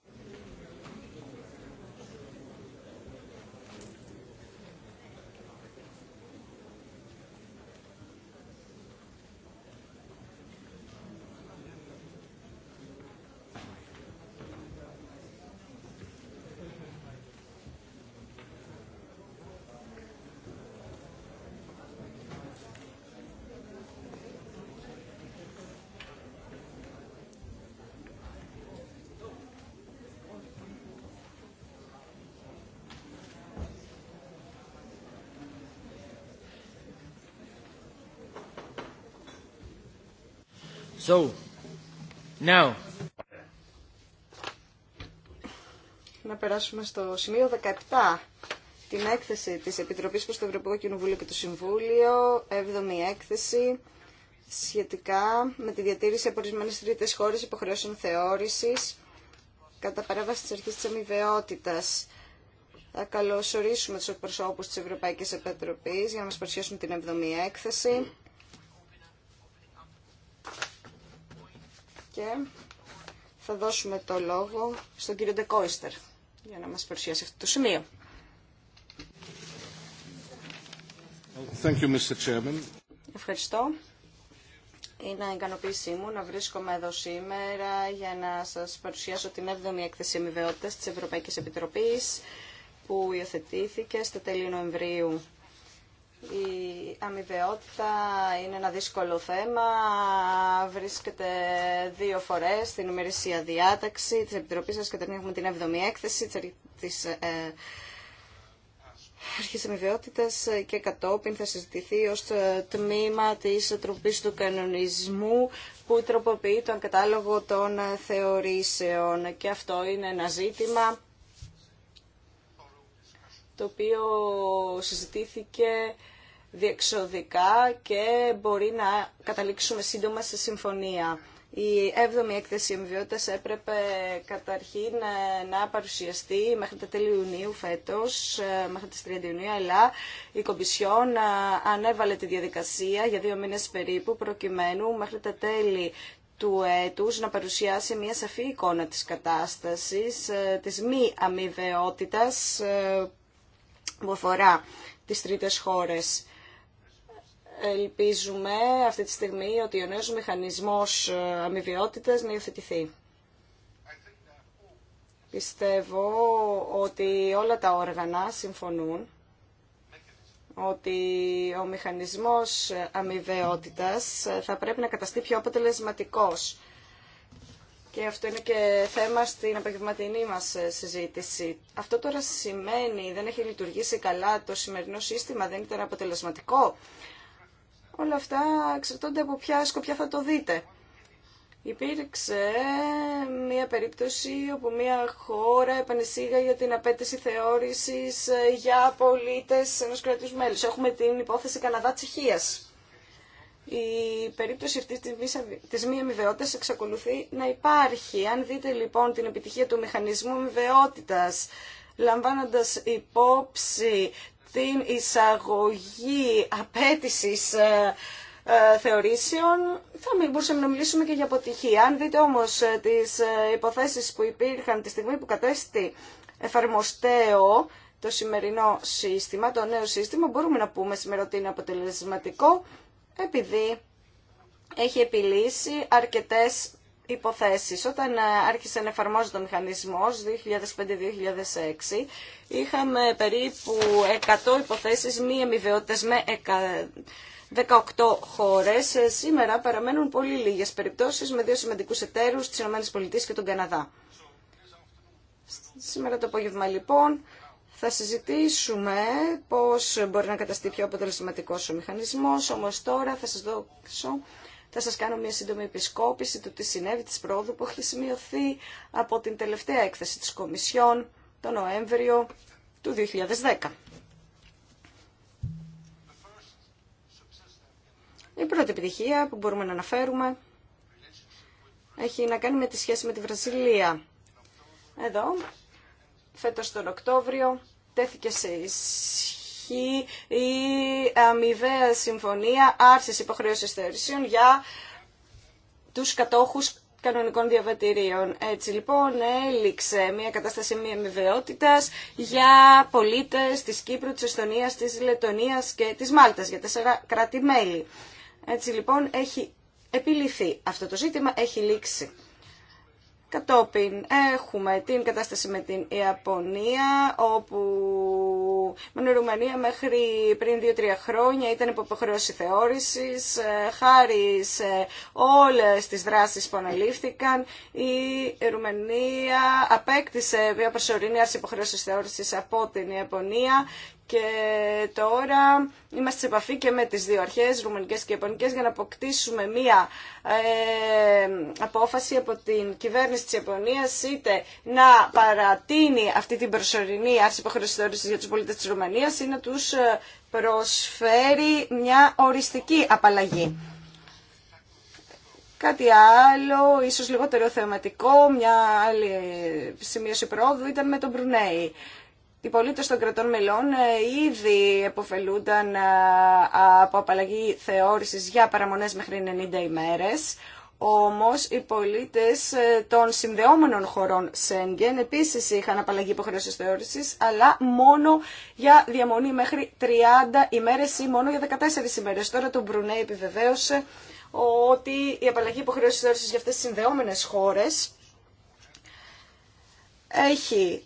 So, now. Να περάσουμε στο σημείο 17, την έκθεση της Επιτροπής προς το Ευρωπαϊκό Κοινοβούλιο και το Συμβούλιο, 7η έκθεση, σχετικά με τη διατήρηση από ορισμένες τρίτες χώρες υποχρεώσεων θεώρησης κατά παράβαση της αρχής της αμοιβαιότητας. Θα καλωσορίσουμε τους εκπροσώπους της Ευρωπαϊκής Επιτροπής για να μας παρουσιάσουν την 7η έκθεση. και θα δώσουμε το λόγο στον κύριο Ντεκόιστερ για να μας παρουσιάσει αυτό το σημείο. Thank you, Mr. Ευχαριστώ. Είναι ικανοποίησή μου να βρίσκομαι εδώ σήμερα για να σας παρουσιάσω την 7η έκθεση αμοιβαιότητας της Ευρωπαϊκής Επιτροπής που υιοθετήθηκε στα τέλη Νοεμβρίου η αμοιβαιότητα είναι ένα δύσκολο θέμα. Βρίσκεται δύο φορές στην ημερησία διάταξη της Επιτροπής σας. Καταρχήν έχουμε την 7η έκθεση της ε, και κατόπιν θα συζητηθεί ως ε, τμήμα τη τροπής του κανονισμού που τροποποιεί τον κατάλογο των ε, θεωρήσεων. Και αυτό είναι ένα ζήτημα το οποίο συζητήθηκε διεξοδικά και μπορεί να καταλήξουμε σύντομα σε συμφωνία. Η 7η έκθεση εμβιότητας έπρεπε καταρχήν ε, να παρουσιαστεί μέχρι τα τέλη Ιουνίου φέτος, ε, μέχρι τις 30 Ιουνίου, αλλά η Κομπισιόν ε, ανέβαλε τη διαδικασία για δύο μήνες περίπου, προκειμένου μέχρι τα τέλη του έτους να παρουσιάσει μια σαφή εικόνα της κατάστασης, της μη αμοιβαιότητας που αφορά τις τρίτες χώρες ελπίζουμε αυτή τη στιγμή ότι ο νέος μηχανισμός ε, αμοιβαιότητας να υιοθετηθεί. Πιστεύω ότι όλα τα όργανα συμφωνούν ότι ο μηχανισμός αμοιβαιότητας ε, θα πρέπει να καταστεί πιο αποτελεσματικός. Και αυτό είναι και θέμα στην απογευματινή μας ε, συζήτηση. Αυτό τώρα σημαίνει δεν έχει λειτουργήσει καλά το σημερινό σύστημα, δεν ήταν αποτελεσματικό. Όλα αυτά εξαρτώνται από ποια σκοπιά θα το δείτε. Υπήρξε μια περίπτωση όπου μια χώρα επανεσύγα για την απέτηση θεώρησης ε, για πολίτες ενός κρατούς μέλους. Έχουμε την υπόθεση Καναδά-Τσεχίας. Η περίπτωση αυτή της μη αμοιβαιότητα εξακολουθεί να υπάρχει. Αν δείτε λοιπόν την επιτυχία του μηχανισμού αμοιβαιότητα, λαμβανοντα υπόψη την εισαγωγή απέτησης ε, ε, θεωρήσεων θα μπορούσαμε να μιλήσουμε και για αποτυχία. Αν δείτε όμως ε, τις υποθέσεις που υπήρχαν τη στιγμή που κατέστη εφαρμοστέο το σημερινό σύστημα, το νέο σύστημα, μπορούμε να πούμε σήμερα ότι είναι αποτελεσματικό επειδή έχει επιλύσει αρκετές υποθέσεις. Όταν ε, άρχισε να εφαρμόζεται ο μηχανισμο 2005 2005-2006, είχαμε περίπου 100 υποθέσεις μη αμοιβαιότητες με 18 χώρες. Ε, σήμερα παραμένουν πολύ λίγες περιπτώσεις με δύο σημαντικούς εταίρους, τι ΗΠΑ και τον Καναδά. Σήμερα το απόγευμα λοιπόν θα συζητήσουμε πώς μπορεί να καταστεί πιο αποτελεσματικός ο μηχανισμός, όμως τώρα θα σας δώσω θα σας κάνω μια σύντομη επισκόπηση του τι συνέβη της πρόοδου που έχει σημειωθεί από την τελευταία έκθεση της Κομισιόν το Νοέμβριο του 2010. Η πρώτη επιτυχία που μπορούμε να αναφέρουμε έχει να κάνει με τη σχέση με τη Βραζιλία. Εδώ, φέτος τον Οκτώβριο, τέθηκε σε ισχύ η αμοιβαία συμφωνία άρσης υποχρεωση θεωρησίων για τους κατόχους κανονικών διαβατηρίων. Έτσι λοιπόν έληξε μια κατάσταση μια αμοιβαιότητας για πολίτες της Κύπρου, της Εστονίας, της Λετωνίας και της Μάλτας για τέσσερα κράτη-μέλη. Έτσι λοιπόν έχει επιληθεί αυτό το ζήτημα, έχει λήξει. Κατόπιν έχουμε την κατάσταση με την Ιαπωνία, όπου η Ρουμανία μέχρι πριν 2-3 χρόνια ήταν υπό υποχρεώση θεώρησης, ε, χάρη σε όλες τις δράσεις που αναλήφθηκαν, η Ρουμανία απέκτησε μια προσωρινή άρση θεώρησης από την Ιαπωνία και τώρα είμαστε σε επαφή και με τις δύο αρχές, ρουμανικές και ιαπωνικές, για να αποκτήσουμε μία ε, απόφαση από την κυβέρνηση της Ιαπωνίας, είτε να παρατείνει αυτή την προσωρινή άρση υποχρεωσιτόρησης για τους πολίτες της Ρουμανίας ή να τους ε, προσφέρει μια οριστική απαλλαγή. Κάτι άλλο, ίσως λιγότερο θεματικό, μια άλλη σημείωση πρόοδου ήταν με τον Μπρουνέη οι πολίτες των κρατών μελών ε, ήδη εποφελούνταν ε, από απαλλαγή θεώρησης για παραμονές μέχρι 90 ημέρες. Όμως οι πολίτες ε, των συνδεόμενων χωρών Σέγγεν επίσης είχαν απαλλαγή υποχρέωσης θεώρησης, αλλά μόνο για διαμονή μέχρι 30 ημέρες ή μόνο για 14 ημέρες. Τώρα το Μπρουνέ επιβεβαίωσε ότι η απαλλαγή υποχρέωσης θεώρησης για αυτές τις συνδεόμενες χώρες έχει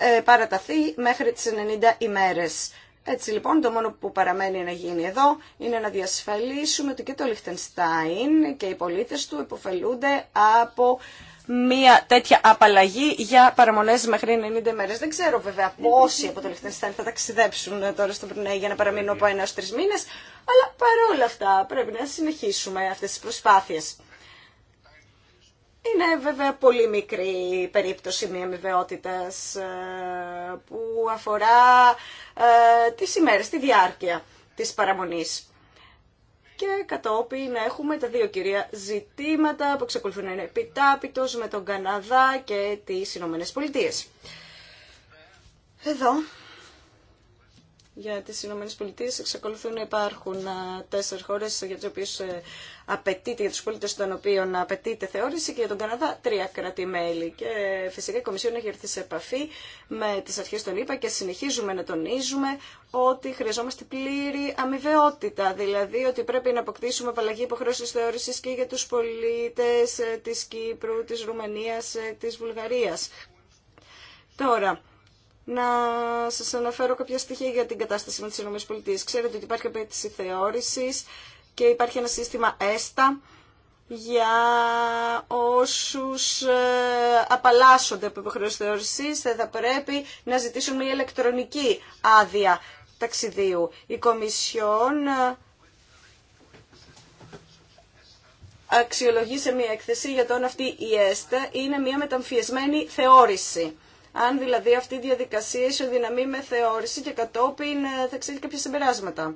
ε, παραταθεί μέχρι τις 90 ημέρες. Έτσι λοιπόν το μόνο που παραμένει να γίνει εδώ είναι να διασφαλίσουμε ότι και το Λιχτενστάιν και οι πολίτες του υποφελούνται από μια τέτοια απαλλαγή για παραμονές μέχρι 90 ημέρες Δεν ξέρω βέβαια πόσοι από το Λιχτενστάιν θα ταξιδέψουν τώρα στο Πρινέ για να παραμείνουν από ένα ως τρεις μήνες, αλλά παρόλα αυτά πρέπει να συνεχίσουμε αυτές τις προσπάθειες. Είναι βέβαια πολύ μικρή περίπτωση μια αμοιβαιότητας ε, που αφορά ε, τις ημέρες, τη διάρκεια της παραμονής. Και κατόπιν έχουμε τα δύο κυρία ζητήματα που εξακολουθούν να είναι επιτάπητος με τον Καναδά και τις Ηνωμένε Πολιτείε. Εδώ για τις Ηνωμένε Πολιτείε εξακολουθούν να υπάρχουν ε, τέσσερι χώρες για τις οποίες απαιτείται για τους πολίτες των οποίων απαιτείται θεώρηση και για τον Καναδά τρία κράτη-μέλη. Και φυσικά η Κομισιόν έχει έρθει σε επαφή με τις αρχές των ΗΠΑ και συνεχίζουμε να τονίζουμε ότι χρειαζόμαστε πλήρη αμοιβαιότητα, δηλαδή ότι πρέπει να αποκτήσουμε απαλλαγή υποχρέωση θεώρηση και για τους πολίτες της Κύπρου, της Ρουμανίας, της Βουλγαρίας. Τώρα, να σας αναφέρω κάποια στοιχεία για την κατάσταση με τις ΗΠΑ. Ξέρετε ότι υπάρχει απέτηση θεώρησης και υπάρχει ένα σύστημα ΕΣΤΑ για όσους ε, απαλλάσσονται από υποχρεώσεις θεώρησης θα πρέπει να ζητήσουν μια ηλεκτρονική άδεια ταξιδίου. Η Κομισιόν ε, αξιολογεί σε μια έκθεση για το αν αυτή η ΕΣΤΑ είναι μια μεταμφιεσμένη θεώρηση. Αν δηλαδή αυτή η διαδικασία ισοδυναμεί με θεώρηση και κατόπιν ε, θα ξέρει κάποια συμπεράσματα.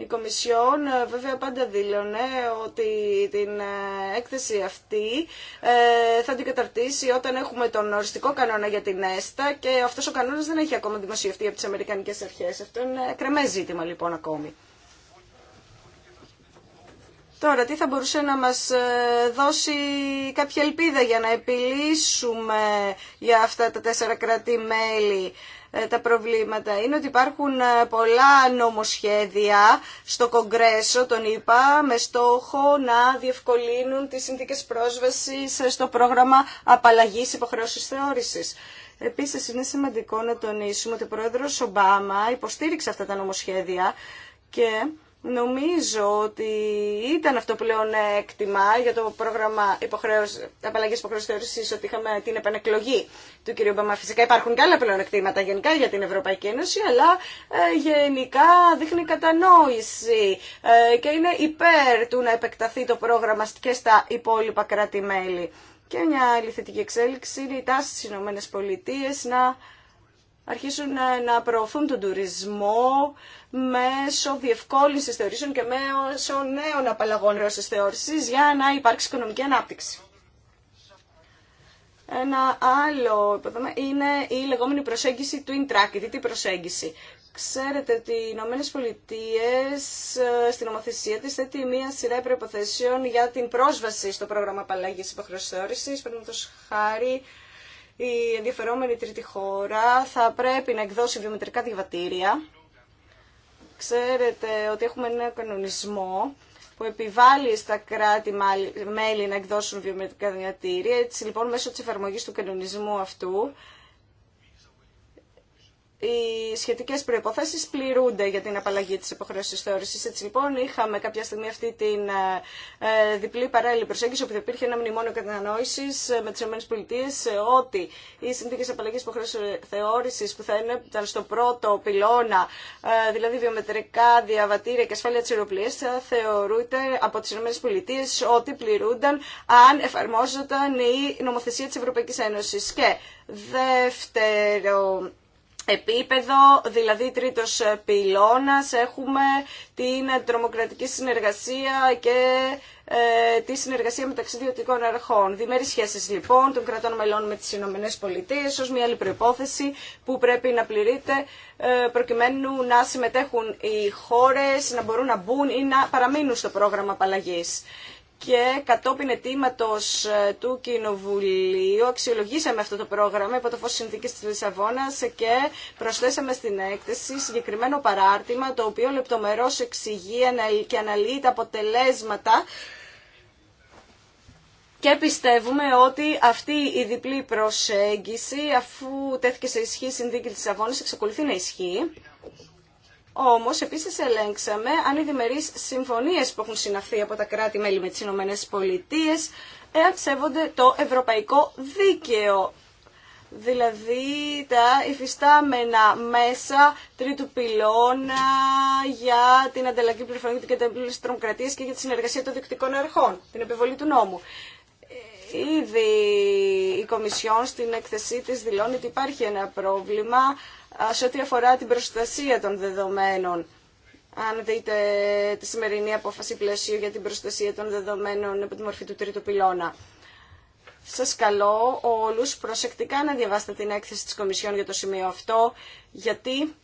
Η Κομισιόν ε, βέβαια πάντα δήλωνε ότι την ε, έκθεση αυτή ε, θα την καταρτήσει όταν έχουμε τον οριστικό κανόνα για την ΕΣΤΑ και αυτός ο κανόνας δεν έχει ακόμα δημοσιευτεί από τις Αμερικανικές Αρχές. Αυτό είναι κρεμέ ζήτημα λοιπόν ακόμη. Τώρα, τι θα μπορούσε να μας δώσει κάποια ελπίδα για να επιλύσουμε για αυτά τα τέσσερα κράτη-μέλη ε, τα προβλήματα είναι ότι υπάρχουν ε, πολλά νομοσχέδια στο Κογκρέσο, τον είπα, με στόχο να διευκολύνουν τις συνθήκες πρόσβασης ε, στο πρόγραμμα απαλλαγής υποχρεώσεις θεώρησης. Επίσης είναι σημαντικό να τονίσουμε ότι ο πρόεδρος Ομπάμα υποστήριξε αυτά τα νομοσχέδια και Νομίζω ότι ήταν αυτό πλέον έκτιμα για το πρόγραμμα απαλλαγή υποχρέωση θεωρήση ότι είχαμε την επανεκλογή του κ. Μπαμά. Φυσικά υπάρχουν και άλλα πλέον γενικά για την Ευρωπαϊκή Ένωση, αλλά ε, γενικά δείχνει κατανόηση ε, και είναι υπέρ του να επεκταθεί το πρόγραμμα και στα υπόλοιπα κράτη-μέλη. Και μια άλλη θετική εξέλιξη είναι η τάση στι ΗΠΑ να αρχίσουν ε, να προωθούν τον τουρισμό μέσω διευκόλυνσης θεωρήσεων και μέσω νέων απαλλαγών ρώσης θεώρησης για να υπάρξει οικονομική ανάπτυξη. Ένα άλλο υποδόμα είναι η λεγόμενη προσέγγιση του track, η δίτη προσέγγιση. Ξέρετε ότι οι Ηνωμένε Πολιτείε ε, στην νομοθεσία τη θέτει μία σειρά προποθέσεων για την πρόσβαση στο πρόγραμμα απαλλαγή θεώρηση. Παραδείγματο χάρη, η ενδιαφερόμενη τρίτη χώρα θα πρέπει να εκδώσει βιομετρικά διαβατήρια. Ξέρετε ότι έχουμε ένα κανονισμό που επιβάλλει στα κράτη-μέλη να εκδώσουν βιομετρικά διαβατήρια. Έτσι λοιπόν μέσω της εφαρμογής του κανονισμού αυτού οι σχετικέ προποθέσει πληρούνται για την απαλλαγή τη υποχρέωση θεώρηση. Έτσι λοιπόν είχαμε κάποια στιγμή αυτή την ε, ε, διπλή παράλληλη προσέγγιση όπου υπήρχε ένα μνημόνιο κατανόηση ε, με τι ΗΠΑ ότι οι συνθήκε απαλλαγή υποχρέωση θεώρηση που θα ήταν στο πρώτο πυλώνα, δηλαδή βιομετρικά, διαβατήρια και ασφάλεια τη αεροπλία, θα θεωρούνται από τις ΗΠΑ ότι πληρούνταν αν εφαρμόζονταν η νομοθεσία τη Ευρωπαϊκή Ένωση. Και δεύτερο επίπεδο, δηλαδή τρίτος πυλώνας, έχουμε την τρομοκρατική συνεργασία και ε, τη συνεργασία μεταξύ ιδιωτικών αρχών. Διμέρει σχέσεις λοιπόν των κρατών μελών με τις Ηνωμένες Πολιτείες ως μια άλλη προϋπόθεση που πρέπει να πληρείται ε, προκειμένου να συμμετέχουν οι χώρες, να μπορούν να μπουν ή να παραμείνουν στο πρόγραμμα απαλλαγής και κατόπιν αιτήματο ε, του Κοινοβουλίου αξιολογήσαμε αυτό το πρόγραμμα υπό το φως συνθήκης της Λισαβόνας και προσθέσαμε στην έκθεση συγκεκριμένο παράρτημα το οποίο λεπτομερώς εξηγεί και αναλύει τα αποτελέσματα και πιστεύουμε ότι αυτή η διπλή προσέγγιση αφού τέθηκε σε ισχύ η συνθήκη της Λισαβόνας εξακολουθεί να ισχύει Όμω, επίση ελέγξαμε αν οι διμερεί συμφωνίε που έχουν συναυθεί από τα κράτη-μέλη με τι Ηνωμένες Πολιτείες εάν το ευρωπαϊκό δίκαιο. Δηλαδή τα υφιστάμενα μέσα τρίτου πυλώνα για την ανταλλαγή πληροφοριών και την καταπλήρωση τρομοκρατίας και για τη συνεργασία των διοικητικών αρχών, την επιβολή του νόμου. Ήδη η Κομισιόν στην έκθεσή της δηλώνει ότι υπάρχει ένα πρόβλημα σε ό,τι αφορά την προστασία των δεδομένων. Αν δείτε τη σημερινή απόφαση πλαισίου για την προστασία των δεδομένων από τη μορφή του τρίτου πυλώνα. Σας καλώ όλους προσεκτικά να διαβάσετε την έκθεση της Κομισιόν για το σημείο αυτό, γιατί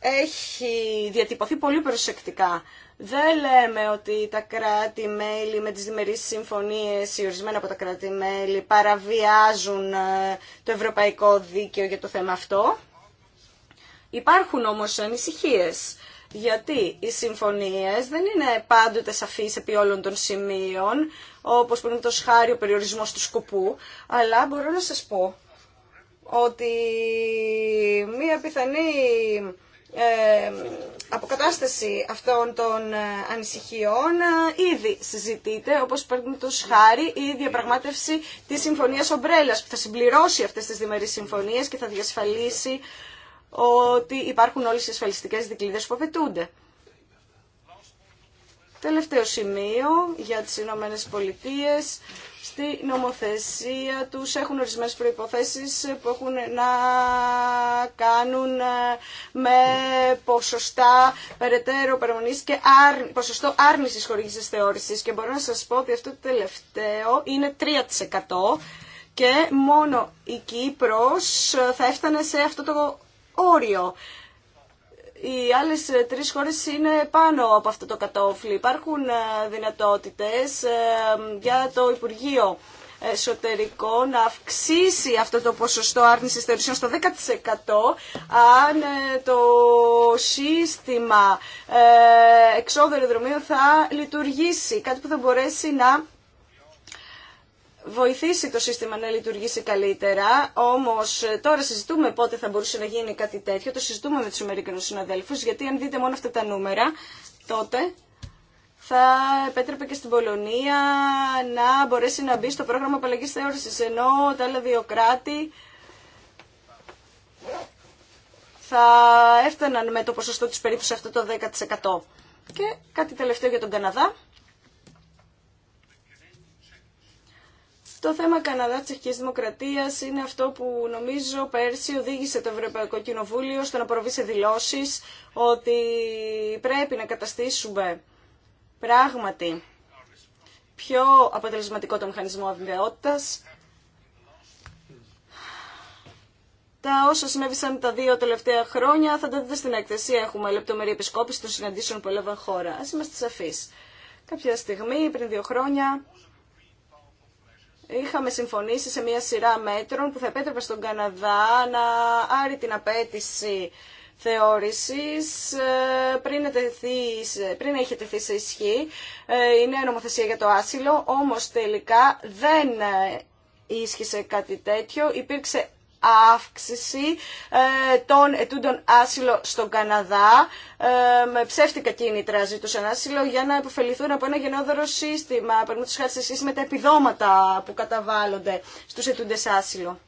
έχει διατυπωθεί πολύ προσεκτικά. Δεν λέμε ότι τα κράτη-μέλη με τις διμερείς συμφωνίες ή ορισμένα από τα κράτη-μέλη παραβιάζουν ε, το ευρωπαϊκό δίκαιο για το θέμα αυτό. Υπάρχουν όμως ανησυχίες γιατί οι συμφωνίες δεν είναι πάντοτε σαφείς επί όλων των σημείων, όπως να το σχάρι ο περιορισμός του σκοπού, αλλά μπορώ να σας πω ότι μία πιθανή ε, αποκατάσταση αυτών των ε, ανησυχιών ε, ήδη συζητείται, όπως παίρνει το χάρη η διαπραγμάτευση της Συμφωνίας Ομπρέλας, που θα συμπληρώσει αυτές τις διμερείς συμφωνίες και θα διασφαλίσει ότι υπάρχουν όλες οι ασφαλιστικές δικλείδες που απαιτούνται. Τελευταίο σημείο για τις Ηνωμένε Πολιτείε. Στη νομοθεσία τους έχουν ορισμένες προϋποθέσεις που έχουν να κάνουν ε, με ποσοστά περαιτέρω παραμονής και ποσοστό άρνησης χορήγησης θεώρησης. Και μπορώ να σας πω ότι αυτό το τελευταίο είναι 3% και μόνο η Κύπρος θα έφτανε σε αυτό το όριο. Οι άλλες τρεις χώρες είναι πάνω από αυτό το κατόφλι. Υπάρχουν ε, δυνατότητες ε, για το Υπουργείο εσωτερικό να αυξήσει αυτό το ποσοστό άρνησης θεωρησιών στο 10% αν ε, το σύστημα εξόδου αεροδρομίου θα λειτουργήσει, κάτι που θα μπορέσει να βοηθήσει το σύστημα να λειτουργήσει καλύτερα, Όμω, ε, τώρα συζητούμε πότε θα μπορούσε να γίνει κάτι τέτοιο, το συζητούμε με τους Αμερικανού συναδέλφους, γιατί αν δείτε μόνο αυτά τα νούμερα, τότε θα επέτρεπε και στην Πολωνία να μπορέσει να μπει στο πρόγραμμα απαλλαγή θεώρηση. ενώ τα άλλα δύο κράτη θα έφταναν με το ποσοστό της περίπου σε αυτό το 10%. Και κάτι τελευταίο για τον Καναδά. Το θέμα Καναδά Τσεχική Δημοκρατίας είναι αυτό που νομίζω πέρσι οδήγησε το Ευρωπαϊκό Κοινοβούλιο στο να προβεί σε δηλώσεις ότι πρέπει να καταστήσουμε πράγματι πιο αποτελεσματικό το μηχανισμό αβεβαιότητα. Τα όσα συνέβησαν τα δύο τελευταία χρόνια θα τα δείτε στην έκθεση. Έχουμε λεπτομερή επισκόπηση των συναντήσεων που έλαβαν χώρα. Α είμαστε σαφεί. Κάποια στιγμή, πριν δύο χρόνια, είχαμε συμφωνήσει σε μια σειρά μέτρων που θα επέτρεπε στον Καναδά να άρει την απέτηση θεώρησης ε, πριν, τεθείς πριν έχει τεθεί σε ισχύ. Ε, είναι νομοθεσία για το άσυλο, όμως τελικά δεν ε, ίσχυσε κάτι τέτοιο. Υπήρξε αύξηση ε, των ετούντων άσυλο στον Καναδά ε, με ψεύτικα κίνητρα ζήτουσαν άσυλο για να υποφεληθούν από ένα γενναιόδωρο σύστημα, παραδείγματο χάρη σε σχέση με τα επιδόματα που καταβάλλονται στου ετούντε άσυλο.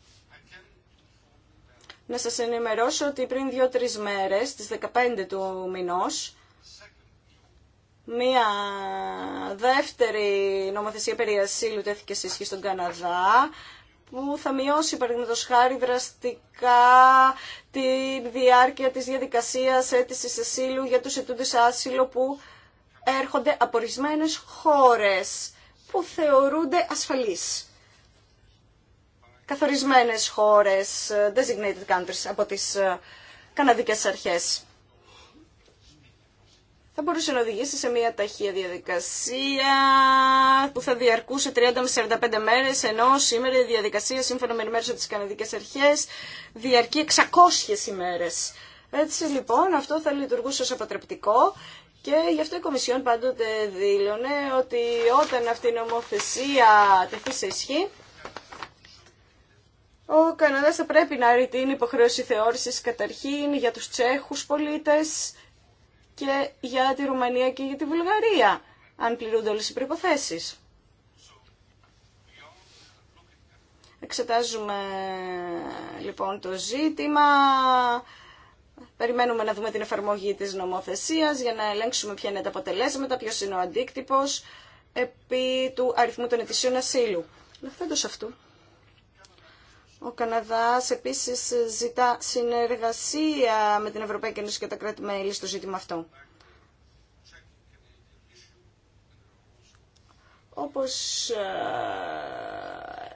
Να σας ενημερώσω ότι πριν δύο-τρεις μέρες, στις 15 του μηνός, μία δεύτερη νομοθεσία περί ασύλου τέθηκε σε ισχύ στον Καναδά που θα μειώσει παραδείγματο χάρη δραστικά τη διάρκεια της διαδικασίας αίτησης ασύλου για τους αιτούντες άσυλο που έρχονται από ορισμένε χώρες που θεωρούνται ασφαλείς. Καθορισμένες χώρες, designated countries από τις ε, καναδικές αρχές θα μπορούσε να οδηγήσει σε μια ταχεία διαδικασία που θα διαρκούσε 30 με 45 μέρε ενώ σήμερα η διαδικασία, σύμφωνα με ενημέρωση από τις Καναδικές Αρχές, διαρκεί 600 ημέρε. Έτσι λοιπόν αυτό θα λειτουργούσε ω αποτρεπτικό και γι' αυτό η Κομισιόν πάντοτε δήλωνε ότι όταν αυτή η νομοθεσία τεθεί σε ισχύ, ο Καναδάς θα πρέπει να ρει την υποχρέωση θεώρησης καταρχήν για τους Τσέχους πολίτες και για τη Ρουμανία και για τη Βουλγαρία, αν πληρούνται όλες οι προϋποθέσεις. Εξετάζουμε λοιπόν το ζήτημα, περιμένουμε να δούμε την εφαρμογή της νομοθεσίας για να ελέγξουμε ποια είναι τα αποτελέσματα, ποιο είναι ο αντίκτυπος επί του αριθμού των ετησίων ασύλου. σε αυτού. Ο Καναδάς επίσης ζητά συνεργασία με την Ευρωπαϊκή Ένωση και τα κράτη-μέλη στο ζήτημα αυτό. Όπως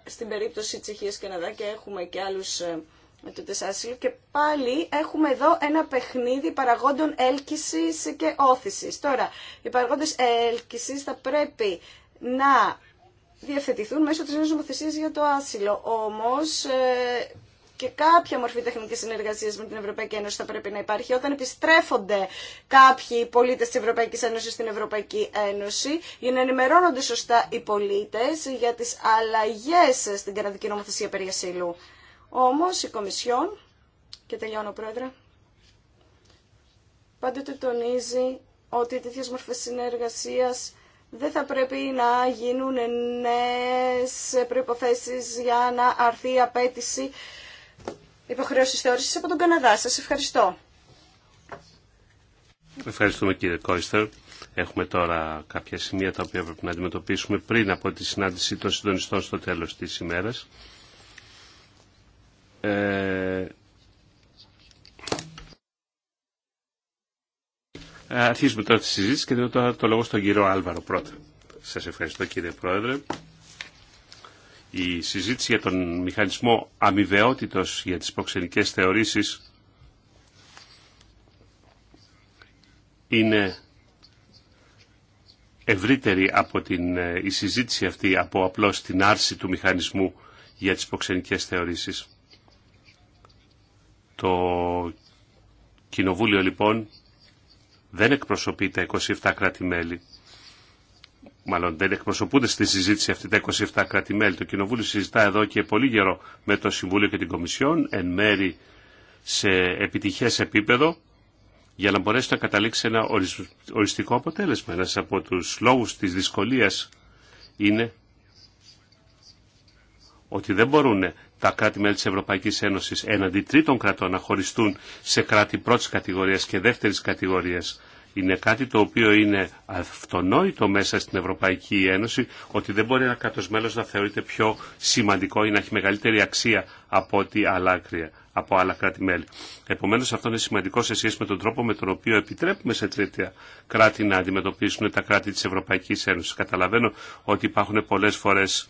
στην περίπτωση Τσεχίας Καναδά και έχουμε και άλλους με το τεσάσιλο και πάλι έχουμε εδώ ένα παιχνίδι παραγόντων έλκυσης και όθησης. Τώρα, οι παραγόντες έλκυσης θα πρέπει να διευθετηθούν μέσω της νομοθεσίας για το άσυλο. Όμως ε, και κάποια μορφή τεχνικής συνεργασίας με την Ευρωπαϊκή Ένωση θα πρέπει να υπάρχει όταν επιστρέφονται κάποιοι πολίτες της Ευρωπαϊκής Ένωσης στην Ευρωπαϊκή Ένωση για να ενημερώνονται σωστά οι πολίτες για τις αλλαγές στην κρατική νομοθεσία περί ασύλου. Όμως η Κομισιόν, και τελειώνω πρόεδρε, πάντοτε τονίζει ότι τέτοιες μορφές συνεργασίας δεν θα πρέπει να γίνουν νέες προϋποθέσεις για να αρθεί η απέτηση υποχρεώσεις θεώρησης από τον Καναδά. Σας ευχαριστώ. Ευχαριστούμε κύριε Κόιστερ. Έχουμε τώρα κάποια σημεία τα οποία πρέπει να αντιμετωπίσουμε πριν από τη συνάντηση των συντονιστών στο τέλος της ημέρας. Ε, Ε, αρχίζουμε τώρα τη συζήτηση και δίνω τώρα το λόγο στον κύριο Άλβαρο πρώτα. Σας ευχαριστώ κύριε Πρόεδρε. Η συζήτηση για τον μηχανισμό αμοιβαιότητος για τις προξενικές θεωρήσεις είναι ευρύτερη από την, ε, η συζήτηση αυτή από απλώς την άρση του μηχανισμού για τις προξενικές θεωρήσεις. Το Κοινοβούλιο λοιπόν δεν εκπροσωπεί τα 27 κράτη-μέλη. Μάλλον δεν εκπροσωπούνται στη συζήτηση αυτή τα 27 κράτη-μέλη. Το Κοινοβούλιο συζητά εδώ και πολύ γερό με το Συμβούλιο και την Κομισιόν, εν μέρη σε επιτυχές επίπεδο, για να μπορέσει να καταλήξει ένα οριστικό αποτέλεσμα. Ένα από τους λόγους της δυσκολία είναι ότι δεν μπορούν τα κράτη-μέλη της Ευρωπαϊκής Ένωσης έναντι τρίτων κρατών να χωριστούν σε κράτη πρώτης κατηγορίας και δεύτερης κατηγορίας είναι κάτι το οποίο είναι αυτονόητο μέσα στην Ευρωπαϊκή Ένωση ότι δεν μπορεί ένα κράτος μέλος να θεωρείται πιο σημαντικό ή να έχει μεγαλύτερη αξία από ό,τι αλάκρια από άλλα κράτη-μέλη. Επομένως αυτό είναι σημαντικό σε σχέση με τον τρόπο με τον οποίο επιτρέπουμε σε τρίτια κράτη να αντιμετωπίσουν τα κράτη της Ευρωπαϊκής Ένωσης. Καταλαβαίνω ότι υπάρχουν πολλές φορές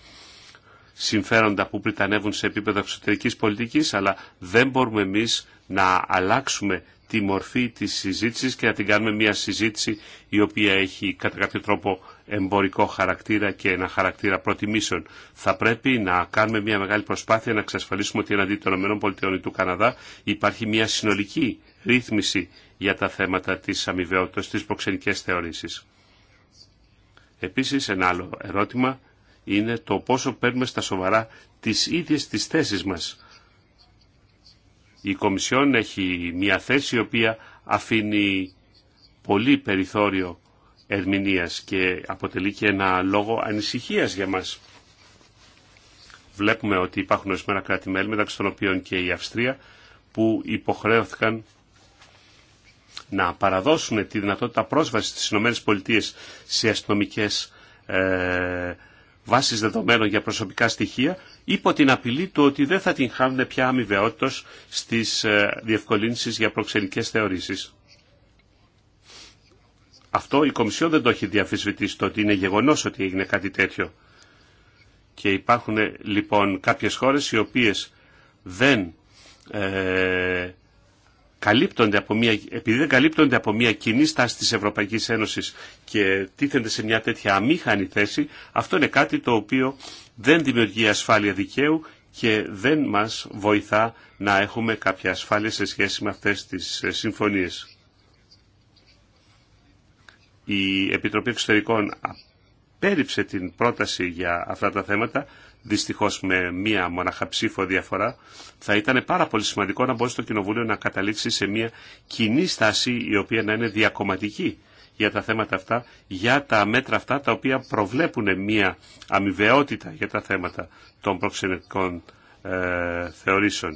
συμφέροντα που πριτανεύουν σε επίπεδο εξωτερικής πολιτικής, αλλά δεν μπορούμε εμείς να αλλάξουμε τη μορφή της συζήτησης και να την κάνουμε μια συζήτηση η οποία έχει κατά κάποιο τρόπο εμπορικό χαρακτήρα και ένα χαρακτήρα προτιμήσεων. Θα πρέπει να κάνουμε μια μεγάλη προσπάθεια να εξασφαλίσουμε ότι εναντί των ΗΠΑ ή του Καναδά υπάρχει μια συνολική ρύθμιση για τα θέματα της αμοιβαιότητας, της προξενικές θεωρήσεις. Επίσης, ένα άλλο ερώτημα είναι το πόσο παίρνουμε στα σοβαρά τις ίδιες τις θέσεις μας. Η Κομισιόν έχει μια θέση η οποία αφήνει πολύ περιθώριο ερμηνείας και αποτελεί και ένα λόγο ανησυχίας για μας. Βλέπουμε ότι υπάρχουν ορισμένα κράτη-μέλη μεταξύ των οποίων και η Αυστρία που υποχρέωθηκαν να παραδώσουν τη δυνατότητα πρόσβασης στις ΗΠΑ σε αστυνομικές ε, βάσεις δεδομένων για προσωπικά στοιχεία υπό την απειλή του ότι δεν θα την χάνουν πια αμοιβαιότητος στις ε, διευκολύνσεις για προξενικές θεωρήσεις. Αυτό η Κομισιόν δεν το έχει διαφυσβητήσει το ότι είναι γεγονός ότι έγινε κάτι τέτοιο. Και υπάρχουν λοιπόν κάποιες χώρες οι οποίες δεν ε, καλύπτονται από μια, επειδή δεν καλύπτονται από μια κοινή στάση της Ευρωπαϊκής Ένωσης και τίθενται σε μια τέτοια αμήχανη θέση, αυτό είναι κάτι το οποίο δεν δημιουργεί ασφάλεια δικαίου και δεν μας βοηθά να έχουμε κάποια ασφάλεια σε σχέση με αυτές τις ε, συμφωνίες. Η Επιτροπή Εξωτερικών απέριψε την πρόταση για αυτά τα θέματα Δυστυχώ με μία μοναχαψήφο διαφορά, θα ήταν πάρα πολύ σημαντικό να μπορεί το Κοινοβούλιο να καταλήξει σε μία κοινή στάση η οποία να είναι διακομματική για τα θέματα αυτά, για τα μέτρα αυτά τα οποία προβλέπουν μία αμοιβαιότητα για τα θέματα των προξενετικών ε, θεωρήσεων.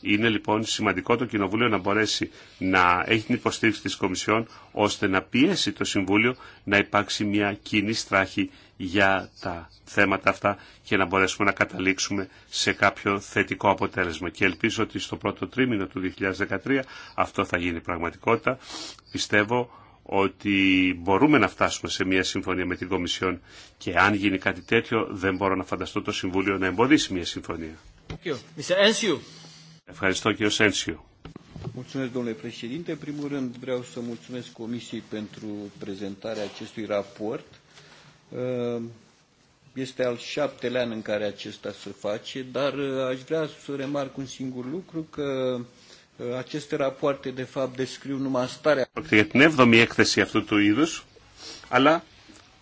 Είναι λοιπόν σημαντικό το Κοινοβούλιο να μπορέσει να έχει την υποστήριξη της Κομισιόν ώστε να πιέσει το Συμβούλιο να υπάρξει μια κοινή στράχη για τα θέματα αυτά και να μπορέσουμε να καταλήξουμε σε κάποιο θετικό αποτέλεσμα. Και ελπίζω ότι στο πρώτο τρίμηνο του 2013 αυτό θα γίνει πραγματικότητα. Πιστεύω ότι μπορούμε να φτάσουμε σε μια συμφωνία με την Κομισιόν και αν γίνει κάτι τέτοιο δεν μπορώ να φανταστώ το Συμβούλιο να εμποδίσει μια συμφωνία. Ευχαριστώ κύριο Σένσιο. Mulțumesc, domnule președinte. În primul rând, vreau să mulțumesc Comisiei pentru prezentarea acestui raport. Este al șaptelea an în care acesta se face, dar aș vrea să remarc un singur lucru, că aceste rapoarte, de fapt, descriu numai starea... Για την έβδομη έκθεση αυτού του είδους, αλλά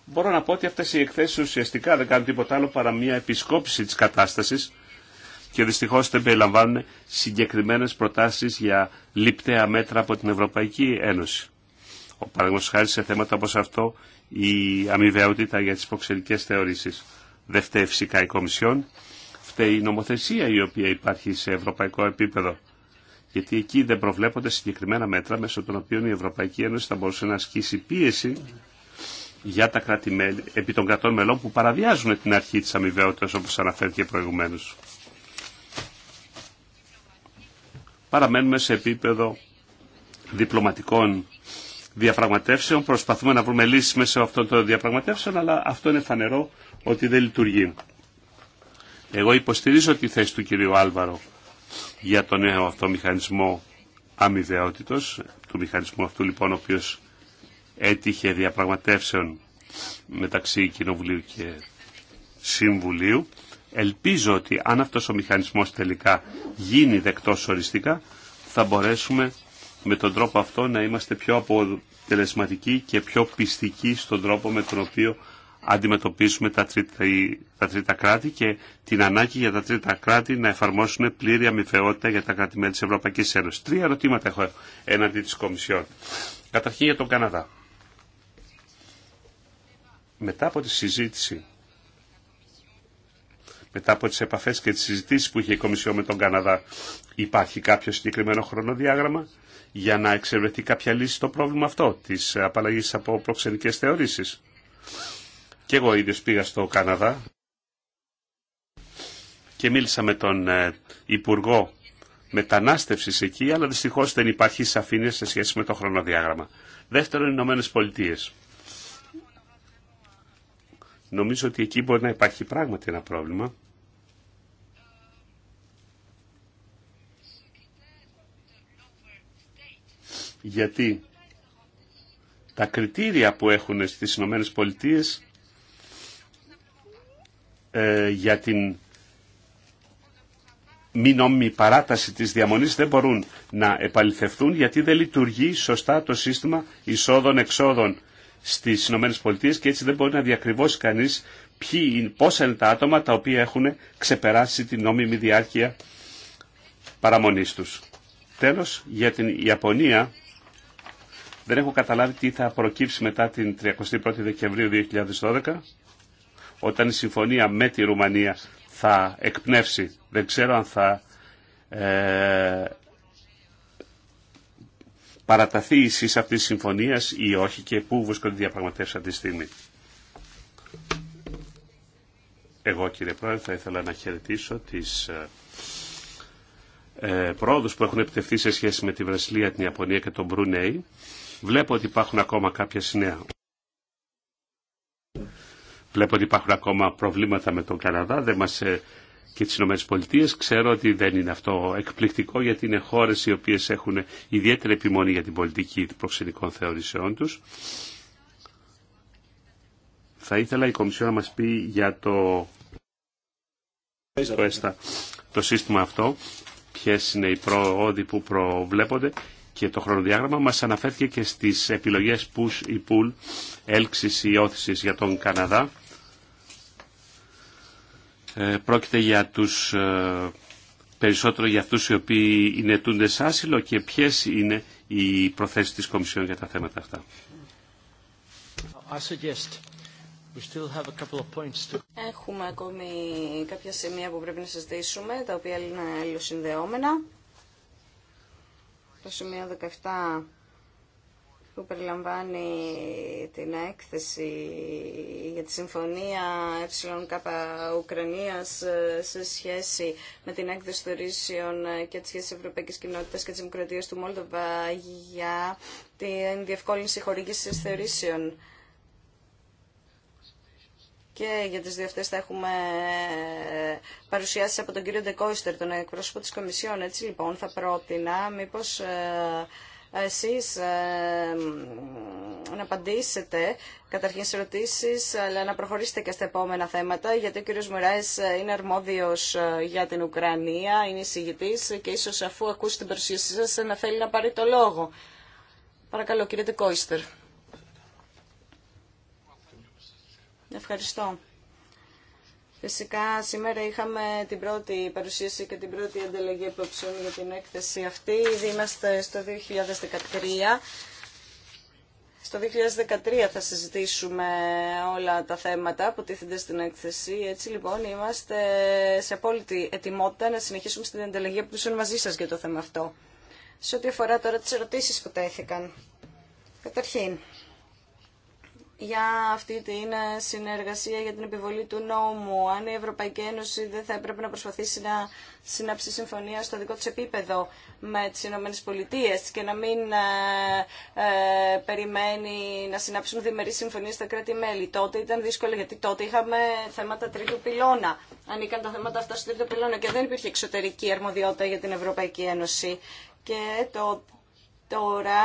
μπορώ να πω ότι αυτές οι εκθέσεις ουσιαστικά δεν κάνουν τίποτα άλλο παρά μια επισκόπηση της κατάστασης και δυστυχώς δεν περιλαμβάνουν συγκεκριμένες προτάσεις για λήπτεα μέτρα από την Ευρωπαϊκή Ένωση. Ο παραδείγματος χάρη σε θέματα όπως αυτό η αμοιβαιότητα για τις υποξενικές θεωρήσεις. Δεν φταίει φυσικά η Κομισιόν, φταίει η νομοθεσία η οποία υπάρχει σε ευρωπαϊκό επίπεδο. Γιατί εκεί δεν προβλέπονται συγκεκριμένα μέτρα μέσω των οποίων η Ευρωπαϊκή Ένωση θα μπορούσε να ασκήσει πίεση για τα κράτη-μέλη επί των κρατών μελών που παραβιάζουν την αρχή της αμοιβαιότητας όπως αναφέρθηκε προηγουμένως. παραμένουμε σε επίπεδο διπλωματικών διαπραγματεύσεων. Προσπαθούμε να βρούμε λύσεις μέσα αυτό των διαπραγματεύσεων, αλλά αυτό είναι φανερό ότι δεν λειτουργεί. Εγώ υποστηρίζω τη θέση του κυρίου Άλβαρο για τον νέο αυτό μηχανισμό αμοιβαιότητος, του μηχανισμού αυτού λοιπόν ο οποίος έτυχε διαπραγματεύσεων μεταξύ Κοινοβουλίου και Συμβουλίου Ελπίζω ότι αν αυτός ο μηχανισμός τελικά γίνει δεκτός οριστικά, θα μπορέσουμε με τον τρόπο αυτό να είμαστε πιο αποτελεσματικοί και πιο πιστικοί στον τρόπο με τον οποίο αντιμετωπίζουμε τα τρίτα, τα τρίτα κράτη και την ανάγκη για τα τρίτα κράτη να εφαρμόσουν πλήρη αμοιβαιότητα για τα κράτη-μέλη της Ευρωπαϊκής Ένωσης. Τρία ερωτήματα έχω έναντι της Κομισιόν. Καταρχήν για τον Καναδά. Μετά από τη συζήτηση μετά από τις επαφές και τις συζητήσεις που είχε η Κομισιό με τον Καναδά, υπάρχει κάποιο συγκεκριμένο χρονοδιάγραμμα για να εξευρεθεί κάποια λύση στο πρόβλημα αυτό της απαλλαγή από προξενικές θεωρήσεις. Και εγώ ίδιος πήγα στο Καναδά και μίλησα με τον ε, Υπουργό Μετανάστευσης εκεί, αλλά δυστυχώς δεν υπάρχει σαφήνεια σε σχέση με το χρονοδιάγραμμα. Δεύτερον, οι Ηνωμένε Πολιτείες. Νομίζω ότι εκεί μπορεί να υπάρχει πράγματι ένα πρόβλημα. Γιατί τα κριτήρια που έχουν στις Πολιτείε Πολιτείες ε, για την μη νόμιμη παράταση της διαμονής δεν μπορούν να επαληθευτούν γιατί δεν λειτουργεί σωστά το σύστημα εισόδων-εξόδων στις ΗΠΑ και έτσι δεν μπορεί να διακριβώσει κανείς ποιοι, πόσα είναι τα άτομα τα οποία έχουν ξεπεράσει την νόμιμη διάρκεια παραμονή του. Τέλος, για την Ιαπωνία δεν έχω καταλάβει τι θα προκύψει μετά την 31η Δεκεμβρίου 2012 όταν η συμφωνία με τη Ρουμανία θα εκπνεύσει. Δεν ξέρω αν θα ε, παραταθεί η ΣΥΣ αυτής της συμφωνίας ή όχι και πού βρίσκονται οι διαπραγματεύσεις αυτή τη στιγμή. Εγώ κύριε Πρόεδρε θα ήθελα να χαιρετήσω τις ε, ε, πρόοδους που έχουν επιτευχθεί σε σχέση με τη Βραζιλία, την Ιαπωνία και τον Μπρουνέι. Βλέπω ότι υπάρχουν ακόμα κάποια συνέα. Βλέπω ότι υπάρχουν ακόμα προβλήματα με τον Καναδά. Δεν μας ε, και τις Ηνωμένες Πολιτείες. Ξέρω ότι δεν είναι αυτό εκπληκτικό γιατί είναι χώρες οι οποίες έχουν ιδιαίτερη επιμονή για την πολιτική προξενικών θεωρήσεών τους. Θα ήθελα η Κομισιό να μας πει για το, το, το σύστημα αυτό, ποιες είναι οι προόδοι που προβλέπονται και το χρονοδιάγραμμα μας αναφέρθηκε και στις επιλογές push ή pull, έλξης ή όθησης για τον Καναδά. Ε, πρόκειται για τους, ε, περισσότερο για αυτούς οι οποίοι είναι σε άσυλο και ποιες είναι οι προθέσεις της Κομισιόν για τα θέματα αυτά. Έχουμε ακόμη κάποια σημεία που πρέπει να συζητήσουμε, τα οποία είναι αλληλοσυνδεόμενα. Το σημείο 17 που περιλαμβάνει την έκθεση για τη Συμφωνία ΕΚΑ Ουκρανίας ε, σε σχέση με την έκθεση θεωρήσεων ε, και τη σχέση Ευρωπαϊκής Κοινότητας και τη Δημοκρατίας του Μόλτοβα για την διευκόλυνση χορήγησης θεωρήσεων. Και για τις δύο αυτές θα έχουμε ε, παρουσιάσει από τον κύριο Ντεκόιστερ, τον εκπρόσωπο της Κομισιόν. Έτσι λοιπόν θα πρότεινα μήπως εσείς ε, να απαντήσετε καταρχήν σε ερωτήσεις, αλλά να προχωρήσετε και στα επόμενα θέματα, γιατί ο κύριος Μουράης ε, είναι αρμόδιος ε, για την Ουκρανία, είναι εισηγητής και ίσως αφού ακούσει την παρουσίασή σας να θέλει να πάρει το λόγο. Παρακαλώ, κύριε Τεκόιστερ. Ευχαριστώ. Φυσικά σήμερα είχαμε την πρώτη παρουσίαση και την πρώτη ανταλλαγή απόψεων για την έκθεση αυτή. Ήδη είμαστε στο 2013. Στο 2013 θα συζητήσουμε όλα τα θέματα που τίθενται στην έκθεση. Έτσι λοιπόν είμαστε σε απόλυτη ετοιμότητα να συνεχίσουμε στην ανταλλαγή απόψεων μαζί σας για το θέμα αυτό. Σε ό,τι αφορά τώρα τις ερωτήσεις που τέθηκαν. Καταρχήν, για αυτή την ε, συνεργασία για την επιβολή του νόμου, αν η Ευρωπαϊκή Ένωση δεν θα έπρεπε να προσπαθήσει να συνάψει συμφωνία στο δικό της επίπεδο με τις Ηνωμένες Πολιτείες και να μην ε, ε, περιμένει να συνάψουν διμερείς συμφωνίες στα κράτη-μέλη. Τότε ήταν δύσκολο γιατί τότε είχαμε θέματα τρίτου πυλώνα. Ανήκαν τα θέματα αυτά στο τρίτο πυλώνα και δεν υπήρχε εξωτερική αρμοδιότητα για την Ευρωπαϊκή Ένωση. Και το τώρα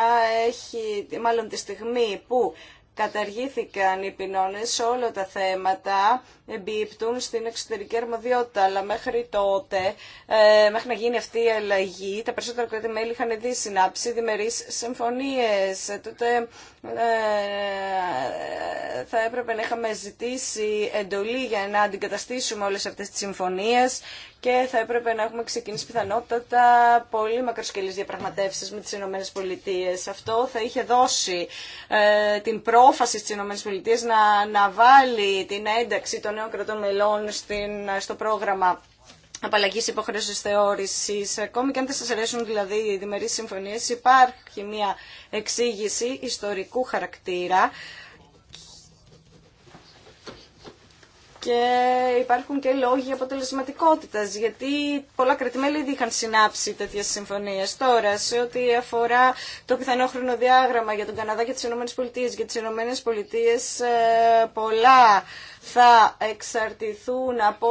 έχει, μάλλον τη στιγμή που καταργήθηκαν οι πινώνες, όλα τα θέματα εμπίπτουν στην εξωτερική αρμοδιότητα, αλλά μέχρι τότε, ε, μέχρι να γίνει αυτή η αλλαγή, τα περισσότερα κράτη-μέλη είχαν δει συνάψει διμερείς συμφωνίες. Ε, τότε ε, θα έπρεπε να είχαμε ζητήσει εντολή για να αντικαταστήσουμε όλες αυτές τις συμφωνίες και θα έπρεπε να έχουμε ξεκινήσει πιθανότατα πολύ μακροσκελείς διαπραγματεύσεις με τις Ηνωμένες Πολιτείες. Αυτό θα είχε δώσει ε, την πρόφαση στις Ηνωμένες Πολιτείες να, να βάλει την ένταξη των νέων κρατών μελών στην, στο πρόγραμμα απαλλαγή υποχρέωση θεώρηση. Ακόμη και αν δεν σα αρέσουν δηλαδή οι διμερεί συμφωνίε, υπάρχει μια εξήγηση ιστορικού χαρακτήρα. Και υπάρχουν και λόγοι αποτελεσματικότητα, γιατί πολλά κρατημέλη ήδη είχαν συνάψει τέτοιε συμφωνίε. Τώρα, σε ό,τι αφορά το πιθανό χρονοδιάγραμμα για τον Καναδά και τι ΗΠΑ, για τι ΗΠΑ ε, πολλά θα εξαρτηθούν από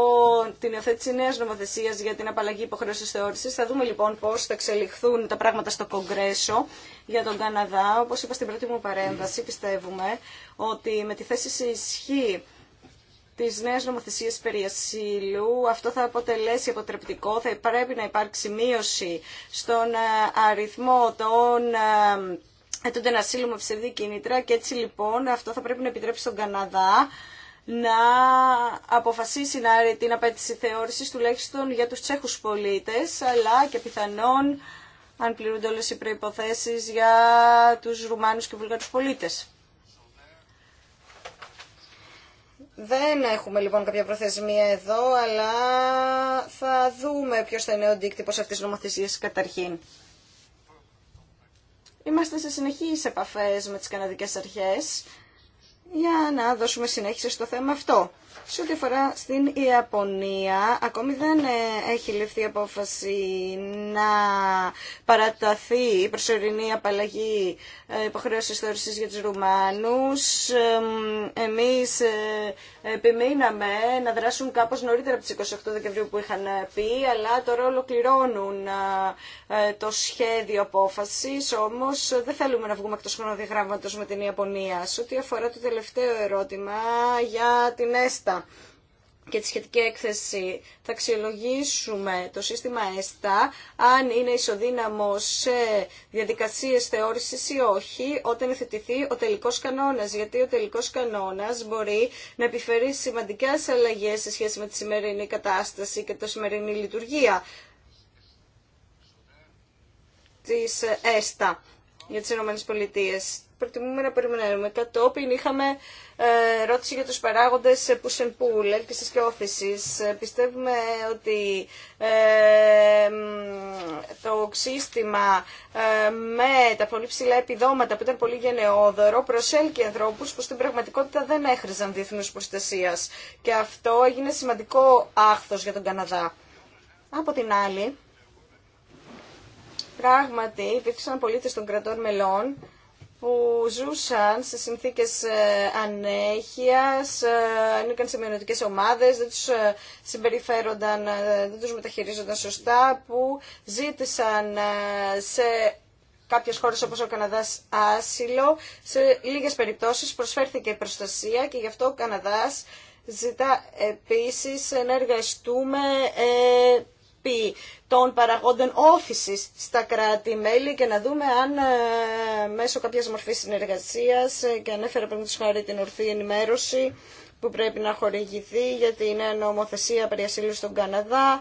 την υιοθέτηση νέα νομοθεσία για την απαλλαγή υποχρέωση θεώρηση. Θα δούμε λοιπόν πώ θα εξελιχθούν τα πράγματα στο Κογκρέσο για τον Καναδά. Όπω είπα στην πρώτη μου παρέμβαση, πιστεύουμε ότι με τη θέση σε ισχύ τη νέα νομοθεσία περί ασύλου. Αυτό θα αποτελέσει αποτρεπτικό. Θα πρέπει να υπάρξει μείωση στον ε, αριθμό των ε, τον ασύλου με ψευδή κίνητρα και έτσι λοιπόν αυτό θα πρέπει να επιτρέψει στον Καναδά να αποφασίσει να την απέτηση θεώρησης τουλάχιστον για τους Τσέχους πολίτες, αλλά και πιθανόν αν πληρούνται όλες οι προϋποθέσεις για τους Ρουμάνους και Βουλγαρούς πολίτες. Δεν έχουμε λοιπόν κάποια προθεσμία εδώ, αλλά θα δούμε ποιος θα είναι ο δίκτυπος αυτής της νομοθεσίας καταρχήν. Είμαστε σε συνεχείς επαφές με τις καναδικές αρχές για να δώσουμε συνέχιση στο θέμα αυτό. Σε ό,τι αφορά στην Ιαπωνία, ακόμη δεν ε, έχει ληφθεί απόφαση να παραταθεί η προσωρινή απαλλαγή ε, υποχρέωσης θεώρησης για τους Ρουμάνους. Εμείς ε, επιμείναμε να δράσουν κάπως νωρίτερα από τις 28 Δεκεμβρίου που είχαν πει, αλλά τώρα ολοκληρώνουν το σχέδιο απόφασης, όμως δεν θέλουμε να βγούμε εκτός χρονοδιαγράμματος με την Ιαπωνία. Σε ό,τι αφορά το τελευταίο ερώτημα για την ΕΣΤΑ, και τη σχετική έκθεση θα αξιολογήσουμε το σύστημα ΕΣΤΑ αν είναι ισοδύναμο σε διαδικασίες θεώρησης ή όχι όταν εθετηθεί ο τελικός κανόνας γιατί ο τελικός κανόνας μπορεί να επιφέρει σημαντικές αλλαγές σε σχέση με τη σημερινή κατάσταση και τη σημερινή λειτουργία της ΕΣΤΑ για τις ΗΠΑ προτιμούμε να περιμένουμε. Κατόπιν είχαμε ε, ερώτηση για τους παράγοντες που ε, pull, έλκυσης και όθησης. Ε, πιστεύουμε ότι το σύστημα με τα πολύ ψηλά επιδόματα που ήταν πολύ γενναιόδωρο προσέλκυε ανθρώπους που στην πραγματικότητα δεν έχριζαν διεθνούς προστασίας. Και αυτό έγινε σημαντικό άχθος για τον Καναδά. Από την άλλη, πράγματι υπήρξαν πολίτες των κρατών μελών που ζούσαν σε συνθήκες ε, ανέχειας, ε, ανήκαν σε μειονοτικές ομάδες, δεν τους ε, συμπεριφέρονταν, δεν τους μεταχειρίζονταν σωστά, που ζήτησαν σε κάποιες χώρες όπως ο Καναδάς άσυλο. Σε λίγες περιπτώσεις προσφέρθηκε προστασία και γι' αυτό ο Καναδάς ζητά επίσης να εργαστούμε Επιτροπή των Παραγόντων όφηση στα κράτη-μέλη και να δούμε αν ε, μέσω κάποια μορφή συνεργασία ε, και ανέφερα πριν του χάρη την ορθή ενημέρωση που πρέπει να χορηγηθεί για την νομοθεσία περί ασύλου στον Καναδά.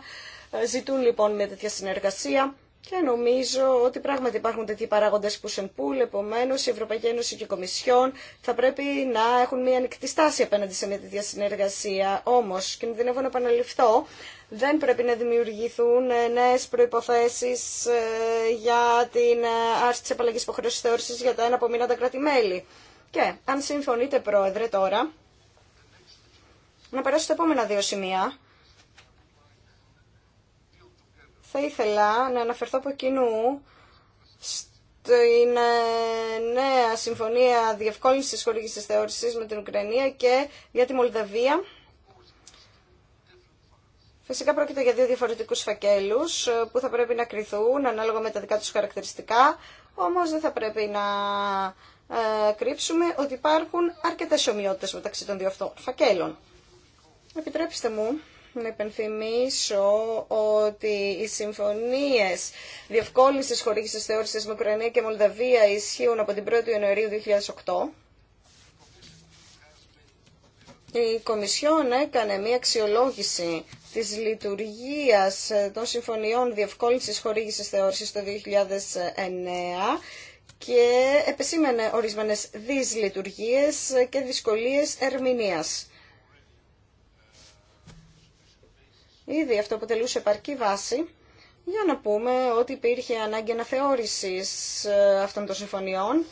Ε, ζητούν λοιπόν μια τέτοια συνεργασία. Και νομίζω ότι πράγματι υπάρχουν τέτοιοι παράγοντε που σε πουλ. Επομένω, η Ευρωπαϊκή Ένωση και η Κομισιόν θα πρέπει να έχουν μια ανοιχτή στάση απέναντι σε μια τέτοια συνεργασία. Όμω, κινδυνεύω να επαναληφθώ, δεν πρέπει να δημιουργηθούν ε, νέες προποθέσει ε, για την ε, άρση τη επαλλαγής υποχρέωση θεώρηση για τα ένα από μήνα τα κράτη-μέλη. Και αν συμφωνείτε πρόεδρε τώρα, να περάσω στα επόμενα δύο σημεία. Θα ήθελα να αναφερθώ από κοινού στην νέα συμφωνία διευκόλυνσης χορήγησης θεώρησης με την Ουκρανία και για τη Μολδαβία Φυσικά πρόκειται για δύο διαφορετικούς φακέλους ε, που θα πρέπει να κρυθούν ανάλογα με τα δικά τους χαρακτηριστικά, όμως δεν θα πρέπει να ε, κρύψουμε ότι υπάρχουν αρκετέ ομοιότητες μεταξύ των δύο αυτών φακέλων. Επιτρέψτε μου να υπενθυμίσω ότι οι συμφωνίες διευκόλυνση χορήγηση θεώρηση με Ουκρανία και Μολδαβία ισχύουν από την 1η Ιανουαρίου 2008 η Κομισιόν έκανε μια αξιολόγηση της λειτουργίας ε, των συμφωνιών διευκόλυνσης χορήγησης θεώρησης το 2009 και επεσήμενε ορισμένες δυσλειτουργίες και δυσκολίες ερμηνείας. Ήδη αυτό αποτελούσε επαρκή βάση για να πούμε ότι υπήρχε ανάγκη αναθεώρησης ε, αυτών των συμφωνιών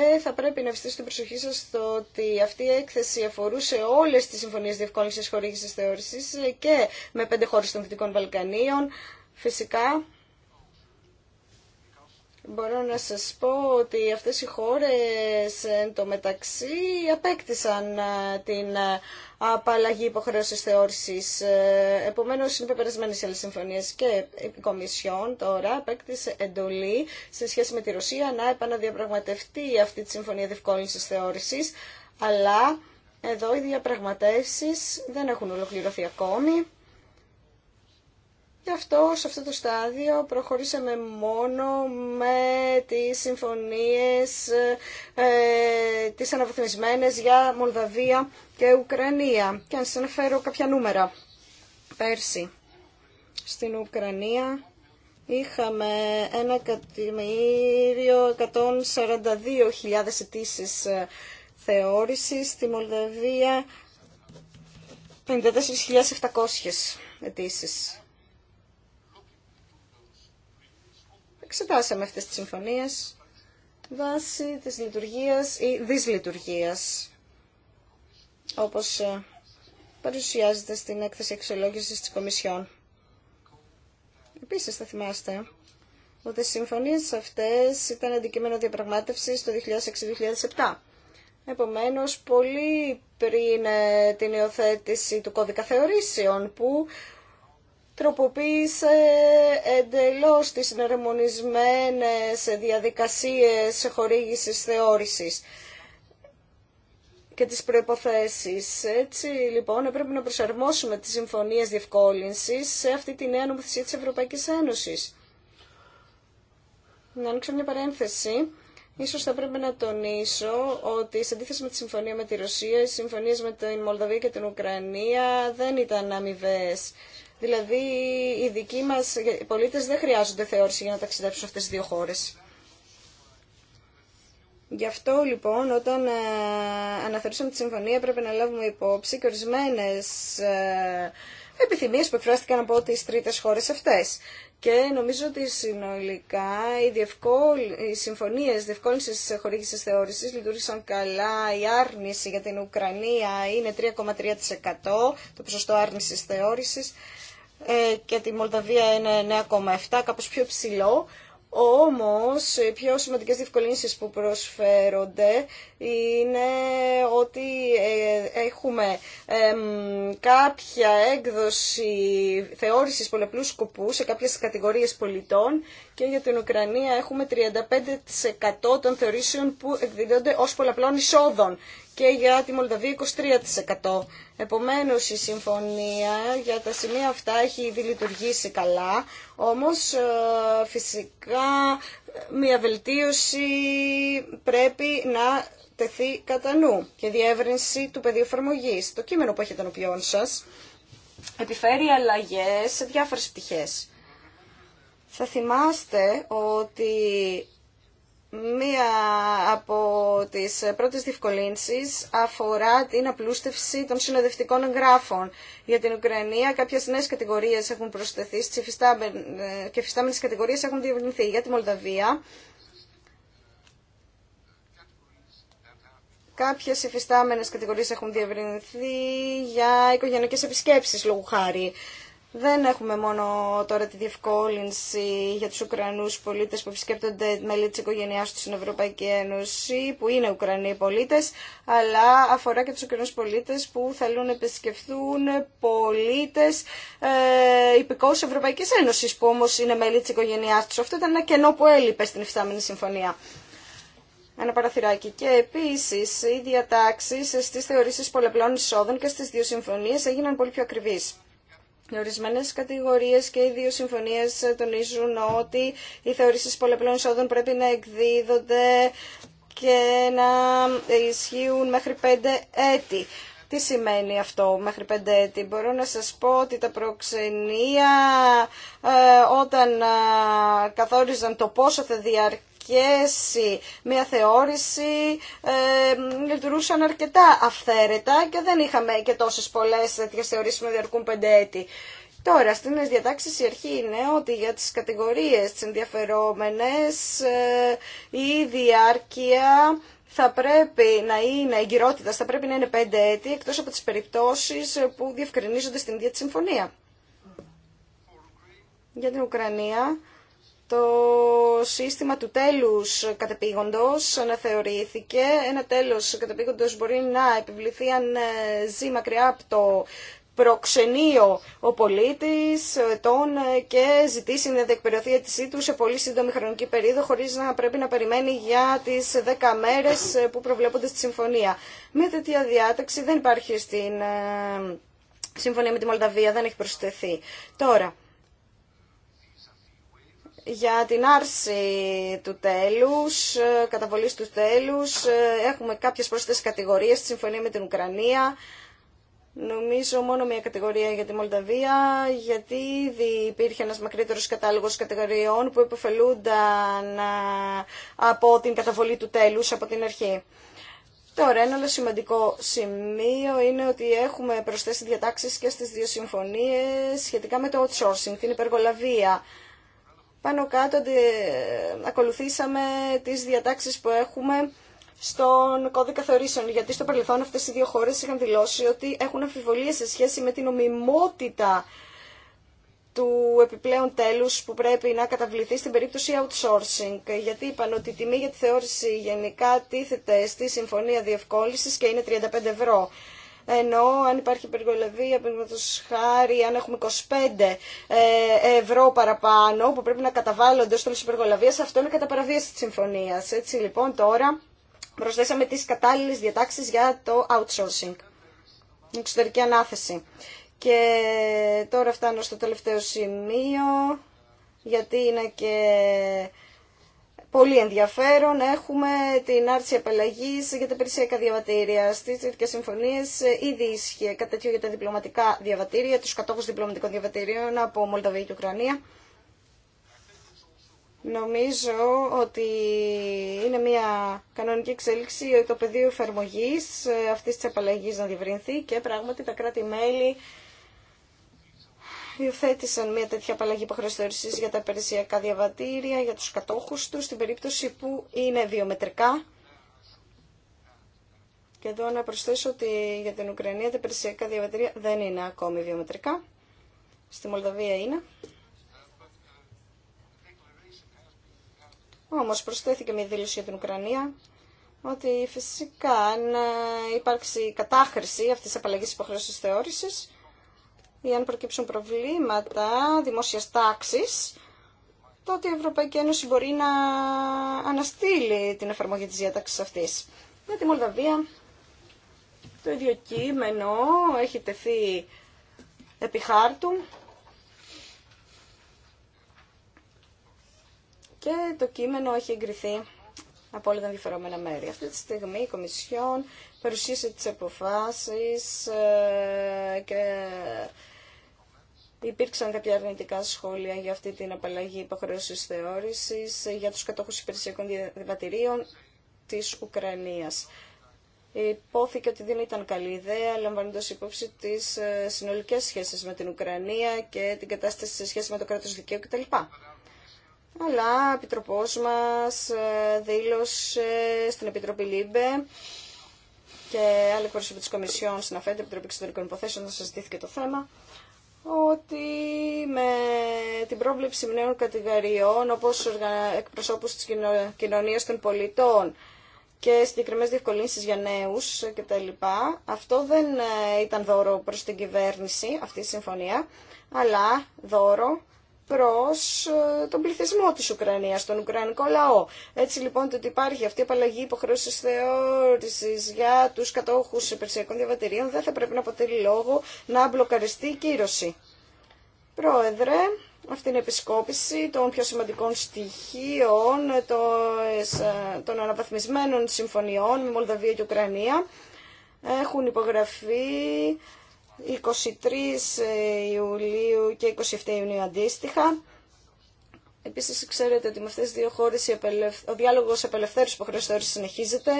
και θα πρέπει να ευστήσω την προσοχή σας στο ότι αυτή η έκθεση αφορούσε όλες τις συμφωνίες διευκόλυνσης χορήγησης θεώρησης και με πέντε χώρες των Δυτικών Βαλκανίων. Φυσικά Μπορώ να σας πω ότι αυτές οι χώρες εν μεταξύ απέκτησαν ε, την ε, απαλλαγή υποχρέωσης θεώρησης. Ε, επομένως, είναι πεπερασμένες οι συμφωνίες και η Κομισιόν τώρα απέκτησε εντολή σε σχέση με τη Ρωσία να επαναδιαπραγματευτεί αυτή τη συμφωνία διευκόλυνσης θεώρησης, αλλά εδώ οι διαπραγματεύσεις δεν έχουν ολοκληρωθεί ακόμη. Γι' αυτό σε αυτό το στάδιο προχωρήσαμε μόνο με τις συμφωνίες ε, τις αναβαθμισμένες για Μολδαβία και Ουκρανία. Και αν σας αναφέρω κάποια νούμερα. Πέρσι στην Ουκρανία είχαμε 1.142.000 αιτήσει θεώρηση. στη Μολδαβία 54.700 αιτήσει Εξετάσαμε αυτές τις συμφωνίες βάσει της λειτουργίας ή δυσλειτουργίας, όπως ε, παρουσιάζεται στην έκθεση αξιολόγησης της Κομισιόν. Επίσης θα θυμάστε ότι οι συμφωνίες αυτές ήταν αντικείμενο διαπραγμάτευσης το 2006-2007. Επομένως, πολύ πριν ε, την υιοθέτηση του κώδικα θεωρήσεων που τροποποίησε εντελώς τις συνερεμονισμένες διαδικασίες χορήγησης θεώρησης και τις προϋποθέσεις. Έτσι, λοιπόν, έπρεπε να προσαρμόσουμε τις συμφωνίες διευκόλυνσης σε αυτή τη νέα νομοθεσία της Ευρωπαϊκής Ένωσης. Να ανοίξω μια παρένθεση. Ίσως θα πρέπει να τονίσω ότι σε αντίθεση με τη συμφωνία με τη Ρωσία, οι συμφωνίες με την Μολδαβία και την Ουκρανία δεν ήταν αμοιβές. Δηλαδή οι δικοί μα πολίτε δεν χρειάζονται θεώρηση για να ταξιδέψουν σε αυτές τις δύο χώρε. Γι' αυτό λοιπόν όταν ε, αναθεωρήσαμε τη συμφωνία πρέπει να λάβουμε υπόψη και ορισμένες ε, επιθυμίε που εκφράστηκαν από τι τρίτε χώρε αυτέ. Και νομίζω ότι συνολικά οι, διευκόλ... οι συμφωνίες διευκόλυνσης χορήγησης θεώρησης λειτουργήσαν καλά. Η άρνηση για την Ουκρανία είναι 3,3%. Το ποσοστό άρνησης θεώρηση. Ε, και τη Μολδαβία είναι 9,7, κάπως πιο ψηλό. Όμως, οι πιο σημαντικές διευκολύνσεις που προσφέρονται είναι ότι ε, έχουμε κάποια έκδοση θεώρησης πολλαπλού σκοπού σε κάποιες κατηγορίες πολιτών και για την Ουκρανία έχουμε 35% των θεωρήσεων που εκδίδονται ως πολλαπλών εισόδων και για τη Μολδαβία 23%. Επομένως η συμφωνία για τα σημεία αυτά έχει ήδη λειτουργήσει καλά, όμως ε, φυσικά μια βελτίωση πρέπει να τεθεί κατά νου και διεύρυνση του πεδίου Το κείμενο που έχετε ενωπιόν σα επιφέρει αλλαγέ σε διάφορε πτυχέ. Θα θυμάστε ότι Μία από τις πρώτες διευκολύνσεις αφορά την απλούστευση των συνοδευτικών εγγράφων. Για την Ουκρανία κάποιες νέες κατηγορίες έχουν προσθεθεί στις και φυστάμενες κατηγορίες έχουν διευρυνθεί. Για τη Μολδαβία Κάποιες υφιστάμενες κατηγορίες έχουν διευρυνθεί για οικογενειακές επισκέψεις λόγου χάρη. Δεν έχουμε μόνο τώρα τη διευκόλυνση για τους Ουκρανούς πολίτες που επισκέπτονται μέλη της οικογένειάς τους στην Ευρωπαϊκή Ένωση, που είναι Ουκρανοί πολίτες, αλλά αφορά και τους Ουκρανούς πολίτες που θέλουν να επισκεφθούν πολίτες ε, υπηκόους Ευρωπαϊκής Ένωσης, που όμως είναι μέλη της οικογένειάς τους. Αυτό ήταν ένα κενό που έλειπε στην εφτάμενη συμφωνία ένα παραθυράκι. Και επίση οι διατάξει στι θεωρήσει πολλαπλών εισόδων και στι δύο συμφωνίε έγιναν πολύ πιο ακριβεί. Ορισμένε κατηγορίε και οι δύο συμφωνίε τονίζουν ότι οι θεωρήσει πολλαπλών εισόδων πρέπει να εκδίδονται και να ισχύουν μέχρι πέντε έτη. Τι σημαίνει αυτό μέχρι πέντε έτη. Μπορώ να σας πω ότι τα προξενία ε, όταν ε, καθόριζαν το πόσο θα διαρκεί σχέση με αθεώρηση ε, λειτουργούσαν αρκετά αυθαίρετα και δεν είχαμε και τόσες πολλές τέτοιες θεωρήσεις που διαρκούν πέντε έτη. Τώρα, στις διατάξεις η αρχή είναι ότι για τις κατηγορίες τις ενδιαφερόμενες ε, η διάρκεια θα πρέπει να είναι η εγκυρότητα, θα πρέπει να είναι πέντε έτη, εκτός από τις περιπτώσεις που διευκρινίζονται στην ίδια τη συμφωνία. Για την Ουκρανία, το σύστημα του τέλους κατεπήγοντος αναθεωρήθηκε. Ένα τέλος κατεπήγοντος μπορεί να επιβληθεί αν ε, ζει μακριά από το προξενείο ο πολίτης ετών ε, και ζητήσει να διεκπαιρεωθεί αίτησή του σε πολύ σύντομη χρονική περίοδο χωρίς να πρέπει να περιμένει για τις 10 μέρες ε, που προβλέπονται στη συμφωνία. Με τέτοια διάταξη δεν υπάρχει στην συμφωνία με τη Μολδαβία, δεν έχει προσθεθεί. Τώρα, για την άρση του τέλους, ε, καταβολής του τέλους. Ε, έχουμε κάποιες πρόσθετες κατηγορίες στη συμφωνία με την Ουκρανία. Νομίζω μόνο μια κατηγορία για τη Μολδαβία, γιατί ήδη υπήρχε ένας μακρύτερος κατάλογος κατηγοριών που υποφελούνταν ε, από την καταβολή του τέλους από την αρχή. Τώρα, ένα άλλο σημαντικό σημείο είναι ότι έχουμε προσθέσει διατάξεις και στις δύο συμφωνίες σχετικά με το outsourcing, την υπεργολαβία πάνω κάτω ε, ακολουθήσαμε τις διατάξεις που έχουμε στον κώδικα θεωρήσεων, γιατί στο παρελθόν αυτές οι δύο χώρες είχαν δηλώσει ότι έχουν αμφιβολίες σε σχέση με την ομιμότητα του επιπλέον τέλους που πρέπει να καταβληθεί στην περίπτωση outsourcing, γιατί είπαν ότι η τιμή για τη θεώρηση γενικά τίθεται στη Συμφωνία Διευκόλυσης και είναι 35 ευρώ ενώ αν υπάρχει υπεργολαβία, π.χ. χάρη, αν έχουμε 25 ε, ευρώ παραπάνω που πρέπει να καταβάλλονται ω τέλο υπεργολαβία, αυτό είναι κατά παραβίαση τη συμφωνία. Έτσι λοιπόν τώρα προσθέσαμε τις κατάλληλε διατάξεις για το outsourcing, την εξωτερική ανάθεση. Και τώρα φτάνω στο τελευταίο σημείο, γιατί είναι και πολύ ενδιαφέρον. Έχουμε την άρση απαλλαγή για τα περισσιακά διαβατήρια. Στι τέτοιε συμφωνίε ε, ήδη ίσχυε κάτι τέτοιο για τα διπλωματικά διαβατήρια, του κατόχου διπλωματικών διαβατηρίων από Μολδαβία και Ουκρανία. Νομίζω ότι είναι μια κανονική εξέλιξη το πεδίο εφαρμογή ε, αυτή τη απαλλαγή να διευρυνθεί και πράγματι τα κράτη-μέλη υιοθέτησαν μια τέτοια απαλλαγή για τα υπηρεσιακά διαβατήρια, για τους κατόχους του στην περίπτωση που είναι βιομετρικά. Και εδώ να προσθέσω ότι για την Ουκρανία τα υπηρεσιακά διαβατήρια δεν είναι ακόμη βιομετρικά. Στη Μολδαβία είναι. Όμως προσθέθηκε μια δήλωση για την Ουκρανία ότι φυσικά αν υπάρξει κατάχρηση αυτής της απαλλαγής υποχρέωσης θεώρησης ή αν προκύψουν προβλήματα δημόσιας τάξης, τότε η Ευρωπαϊκή Ένωση μπορεί να αναστείλει την εφαρμογή της διάταξη αυτής. Με τη Μολδαβία το ίδιο κείμενο έχει τεθεί επί χάρτου και το κείμενο έχει εγκριθεί από όλα τα ενδιαφερόμενα μέρη. Αυτή τη στιγμή η Κομισιόν παρουσίασε τις αποφάσεις ε, και Υπήρξαν κάποια αρνητικά σχόλια για αυτή την απαλλαγή υποχρέωση θεώρηση ε, για του κατόχου υπηρεσιακών διαβατηρίων τη Ουκρανία. Υπόθηκε ότι δεν ήταν καλή ιδέα, λαμβάνοντα υπόψη τι ε, συνολικέ σχέσει με την Ουκρανία και την κατάσταση σε σχέση με το κράτο δικαίου κτλ. Αλλά ο Επιτροπό μα ε, δήλωσε στην Επιτροπή ΛΥΜΠΕ και άλλοι εκπρόσωποι τη Κομισιόν στην ΑΦΕΤ, Επιτροπή Εξωτερικών Υποθέσεων, να συζητήθηκε το θέμα, ότι με την πρόβλεψη νέων κατηγοριών όπως εκπροσώπους της κοινωνίας των πολιτών και συγκεκριμένες διευκολύνσεις για νέους κτλ. Αυτό δεν ε, ήταν δώρο προς την κυβέρνηση αυτή η συμφωνία, αλλά δώρο προς ε, τον πληθυσμό της Ουκρανίας, τον Ουκρανικό λαό. Έτσι λοιπόν το ότι υπάρχει αυτή η απαλλαγή υποχρέωσης θεώρησης για τους κατόχους υπερσιακών διαβατηρίων δεν θα πρέπει να αποτελεί λόγο να μπλοκαριστεί η κύρωση. Πρόεδρε, αυτή είναι η επισκόπηση των πιο σημαντικών στοιχείων ε, ε, των αναβαθμισμένων συμφωνιών με Μολδαβία και Ουκρανία. Έχουν υπογραφεί 23 ε, Ιουλίου και 27 Ιουνίου αντίστοιχα. Επίσης ξέρετε ότι με αυτές τις δύο χώρες ο διάλογος απελευθέρωσης που συνεχίζεται.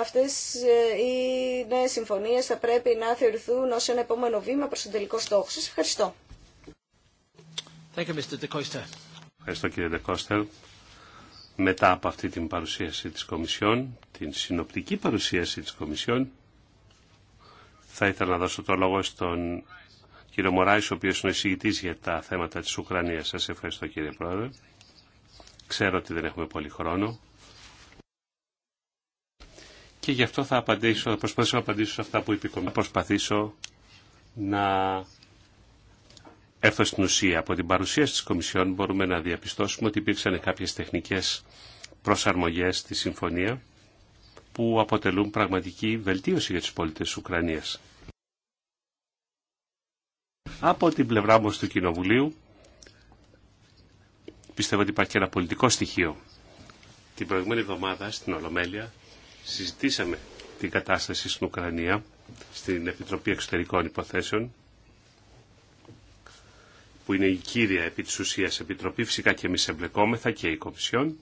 Αυτές οι ε, νέες συμφωνίες θα πρέπει να θεωρηθούν ως ένα επόμενο βήμα προς τον τελικό στόχο. Σας ευχαριστώ. ευχαριστώ κύριε Ντεκόστερ. Μετά από αυτή την παρουσίαση της Κομισιόν, την συνοπτική παρουσίαση της Κομισιόν, θα ήθελα να δώσω το λόγο στον κύριο Μωράης, ο οποίος είναι εισηγητής για τα θέματα της Ουκρανίας. Σας ευχαριστώ κύριε Πρόεδρε. Ξέρω ότι δεν έχουμε πολύ χρόνο. Και γι' αυτό θα, απαντήσω, θα προσπαθήσω να απαντήσω σε αυτά που είπε η Θα προσπαθήσω να έρθω στην ουσία. Από την παρουσίαση της Κομισιόν μπορούμε να διαπιστώσουμε ότι υπήρξαν κάποιες τεχνικές προσαρμογές στη Συμφωνία που αποτελούν πραγματική βελτίωση για τους πολίτες της Ουκρανίας. Από την πλευρά μας του Κοινοβουλίου πιστεύω ότι υπάρχει ένα πολιτικό στοιχείο. Την προηγούμενη εβδομάδα στην Ολομέλεια συζητήσαμε την κατάσταση στην Ουκρανία στην Επιτροπή Εξωτερικών Υποθέσεων που είναι η κύρια επί της ουσίας επιτροπή, φυσικά και εμείς εμπλεκόμεθα και η Κομισιόν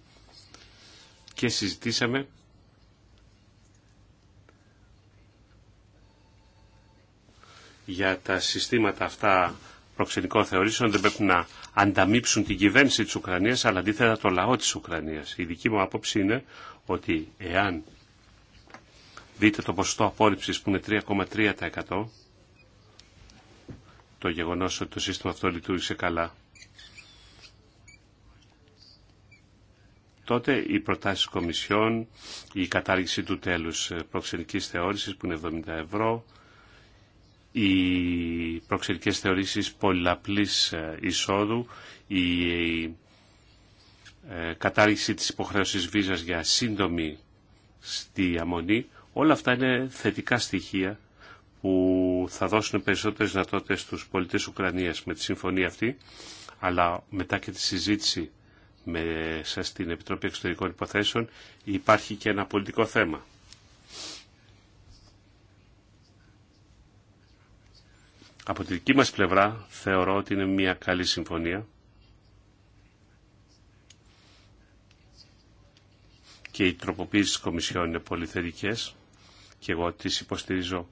και συζητήσαμε για τα συστήματα αυτά προξενικών θεωρήσεων δεν πρέπει να ανταμείψουν την κυβέρνηση της Ουκρανίας αλλά αντίθετα το λαό της Ουκρανίας. Η δική μου άποψη είναι ότι εάν δείτε το ποσοστό απόρριψης που είναι 3,3% το γεγονός ότι το σύστημα αυτό λειτουργήσε καλά τότε οι προτάσει κομισιών, η κατάργηση του τέλους ε, προξενικής θεώρησης που είναι 70 ευρώ, οι προξερικές θεωρήσεις πολλαπλής ε, εισόδου, η ε, κατάργηση της υποχρέωσης βίζας για σύντομη αμονή, όλα αυτά είναι θετικά στοιχεία που θα δώσουν περισσότερες δυνατότητε στους πολίτες Ουκρανίας με τη συμφωνία αυτή, αλλά μετά και τη συζήτηση μέσα στην Επιτροπή Εξωτερικών Υποθέσεων υπάρχει και ένα πολιτικό θέμα. Από τη δική μας πλευρά θεωρώ ότι είναι μια καλή συμφωνία και οι τροποποίησεις της Κομισιόν είναι πολύ θετικέ και εγώ τις υποστηρίζω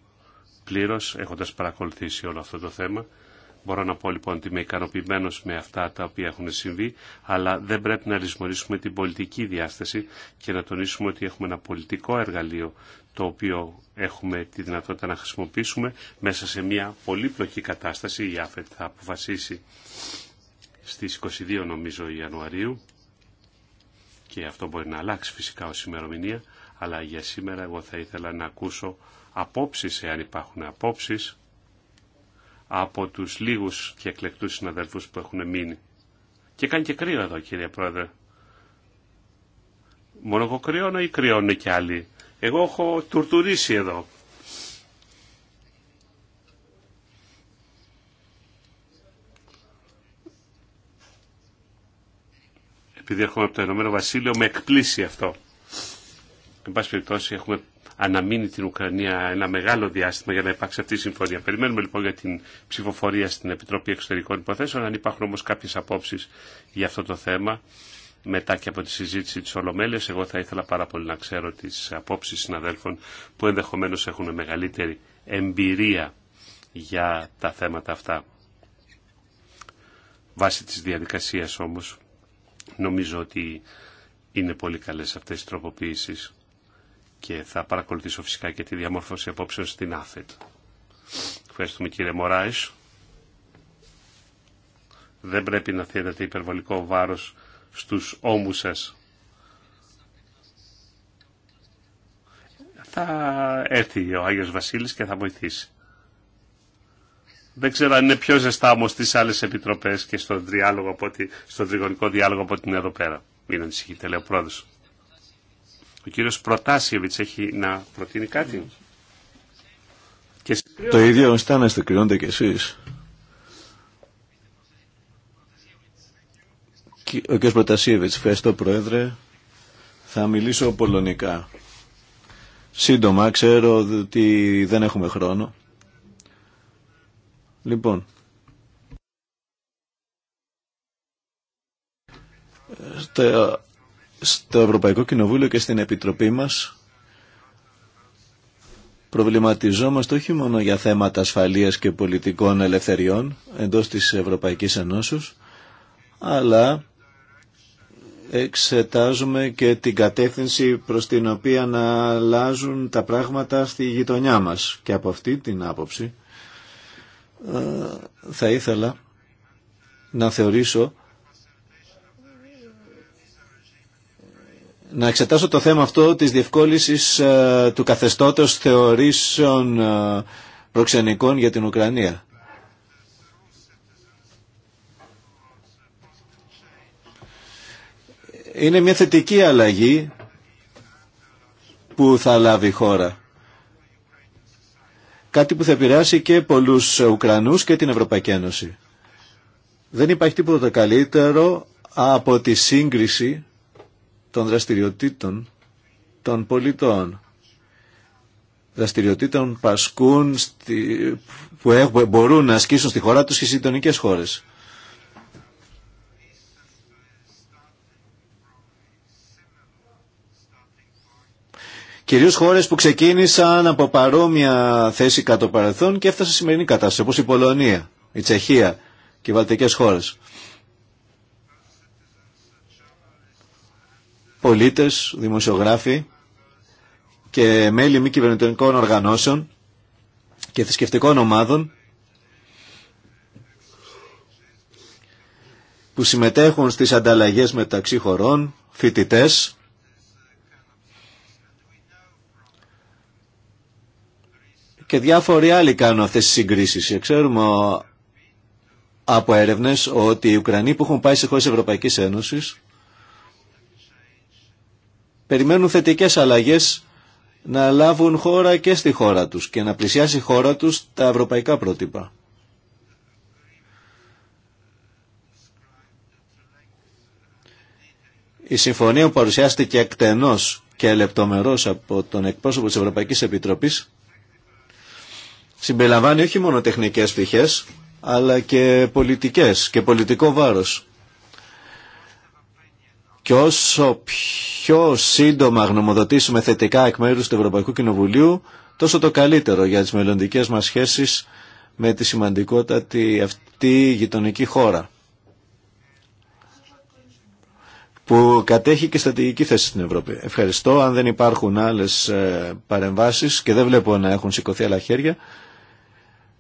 πλήρως έχοντας παρακολουθήσει όλο αυτό το θέμα Μπορώ να πω λοιπόν ότι είμαι ικανοποιημένο με αυτά τα οποία έχουν συμβεί, αλλά δεν πρέπει να λησμονήσουμε την πολιτική διάσταση και να τονίσουμε ότι έχουμε ένα πολιτικό εργαλείο το οποίο έχουμε τη δυνατότητα να χρησιμοποιήσουμε μέσα σε μια πολύπλοκη κατάσταση. Η ΑΦΕΤ θα αποφασίσει στις 22 νομίζω Ιανουαρίου και αυτό μπορεί να αλλάξει φυσικά ως ημερομηνία, αλλά για σήμερα εγώ θα ήθελα να ακούσω απόψεις, εάν υπάρχουν απόψεις, από τους λίγους και εκλεκτούς συναδελφούς που έχουν μείνει. Και κάνει και κρύο εδώ κύριε Πρόεδρε. Μόνο εγώ κρυώνω ή κρυώνουν και άλλοι. Εγώ έχω τουρτουρίσει εδώ. Επειδή έρχομαι από το Ηνωμένο Βασίλειο με εκπλήσει αυτό. Εν πάση περιπτώσει έχουμε αναμείνει την Ουκρανία ένα μεγάλο διάστημα για να υπάρξει αυτή η συμφωνία. Περιμένουμε λοιπόν για την ψηφοφορία στην Επιτροπή Εξωτερικών Υποθέσεων. Αν υπάρχουν όμω κάποιε απόψει για αυτό το θέμα, μετά και από τη συζήτηση τη Ολομέλεια, εγώ θα ήθελα πάρα πολύ να ξέρω τι απόψει συναδέλφων που ενδεχομένω έχουν μεγαλύτερη εμπειρία για τα θέματα αυτά. Βάσει της διαδικασίας όμως, νομίζω ότι είναι πολύ καλές αυτές οι τροποποίησεις και θα παρακολουθήσω φυσικά και τη διαμόρφωση απόψεων στην ΑΦΕΤ. Ευχαριστούμε κύριε Μωράης. Δεν πρέπει να θέλετε υπερβολικό βάρος στους ώμους σας. Θα έρθει ο Άγιος Βασίλης και θα βοηθήσει. Δεν ξέρω αν είναι πιο ζεστά όμως στις άλλες επιτροπές και στον, διάλογο τριγωνικό διάλογο από την εδώ πέρα. Μην ανησυχείτε, λέει ο πρόεδρος. Ο κύριος Προτάσιεβιτς έχει να προτείνει κάτι. Το ίδιο αισθάνεστε, κρυώνετε κι εσείς. Ο κύριο Προτασίεβιτς, ευχαριστώ Πρόεδρε. Θα μιλήσω πολωνικά. Σύντομα, ξέρω ότι δεν έχουμε χρόνο. Λοιπόν, ε, στο Ευρωπαϊκό Κοινοβούλιο και στην Επιτροπή μας προβληματιζόμαστε όχι μόνο για θέματα ασφαλείας και πολιτικών ελευθεριών εντός της Ευρωπαϊκής Ενώσεως, αλλά εξετάζουμε και την κατεύθυνση προς την οποία να αλλάζουν τα πράγματα στη γειτονιά μας. Και από αυτή την άποψη ε, θα ήθελα να θεωρήσω να εξετάσω το θέμα αυτό της διευκόλυνσης ε, του καθεστώτος θεωρήσεων ε, προξενικών για την Ουκρανία. Είναι μια θετική αλλαγή που θα λάβει η χώρα. Κάτι που θα επηρεάσει και πολλούς Ουκρανούς και την Ευρωπαϊκή Ένωση. Δεν υπάρχει τίποτα καλύτερο από τη σύγκριση των δραστηριοτήτων των πολιτών. Δραστηριοτήτων που, στη, που, έχουν, μπορούν να ασκήσουν στη χώρα τους και στις χώρες. Κυρίως χώρες που ξεκίνησαν από παρόμοια θέση κατ' παρελθόν και έφτασαν σε σημερινή κατάσταση, όπως η Πολωνία, η Τσεχία και οι Βαλτικές χώρες. πολίτες, δημοσιογράφοι και μέλη μη κυβερνητικών οργανώσεων και θρησκευτικών ομάδων που συμμετέχουν στις ανταλλαγές μεταξύ χωρών, φοιτητές, και διάφοροι άλλοι κάνουν αυτές τις συγκρίσεις. Ξέρουμε από έρευνες ότι οι Ουκρανοί που έχουν πάει σε χώρες Ευρωπαϊκής Ένωσης περιμένουν θετικές αλλαγές να λάβουν χώρα και στη χώρα τους και να πλησιάσει η χώρα τους τα ευρωπαϊκά πρότυπα. Η συμφωνία που παρουσιάστηκε εκτενώς και λεπτομερώς από τον εκπρόσωπο της Ευρωπαϊκής Επιτροπής συμπεριλαμβάνει όχι μόνο τεχνικές πτυχές αλλά και πολιτικές και πολιτικό βάρος. Και όσο πιο σύντομα γνωμοδοτήσουμε θετικά εκ μέρου του Ευρωπαϊκού Κοινοβουλίου, τόσο το καλύτερο για τις μελλοντικέ μας σχέσεις με τη σημαντικότατη αυτή γειτονική χώρα που κατέχει και στρατηγική θέση στην Ευρώπη. Ευχαριστώ. Αν δεν υπάρχουν άλλες ε, παρεμβάσεις και δεν βλέπω να έχουν σηκωθεί άλλα χέρια,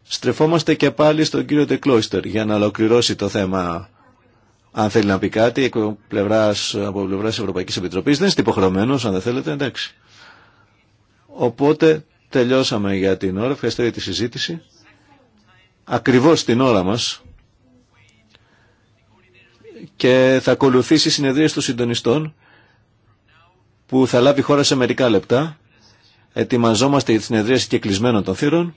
στρεφόμαστε και πάλι στον κύριο Τεκλόιστερ για να ολοκληρώσει το θέμα αν θέλει να πει κάτι από πλευρά τη Ευρωπαϊκής Επιτροπής, δεν είστε υποχρεωμένο, αν δεν θέλετε, εντάξει. Οπότε τελειώσαμε για την ώρα. Ευχαριστώ για τη συζήτηση. Ακριβώ την ώρα μα. και θα ακολουθήσει η συνεδρία των συντονιστών που θα λάβει χώρα σε μερικά λεπτά. Ετοιμαζόμαστε για τη συνεδρία και των θύρων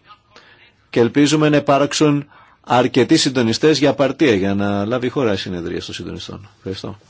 και ελπίζουμε να υπάρξουν αρκετοί συντονιστές για απαρτία για να λάβει χώρα η συνεδρία των συντονιστών. Ευχαριστώ.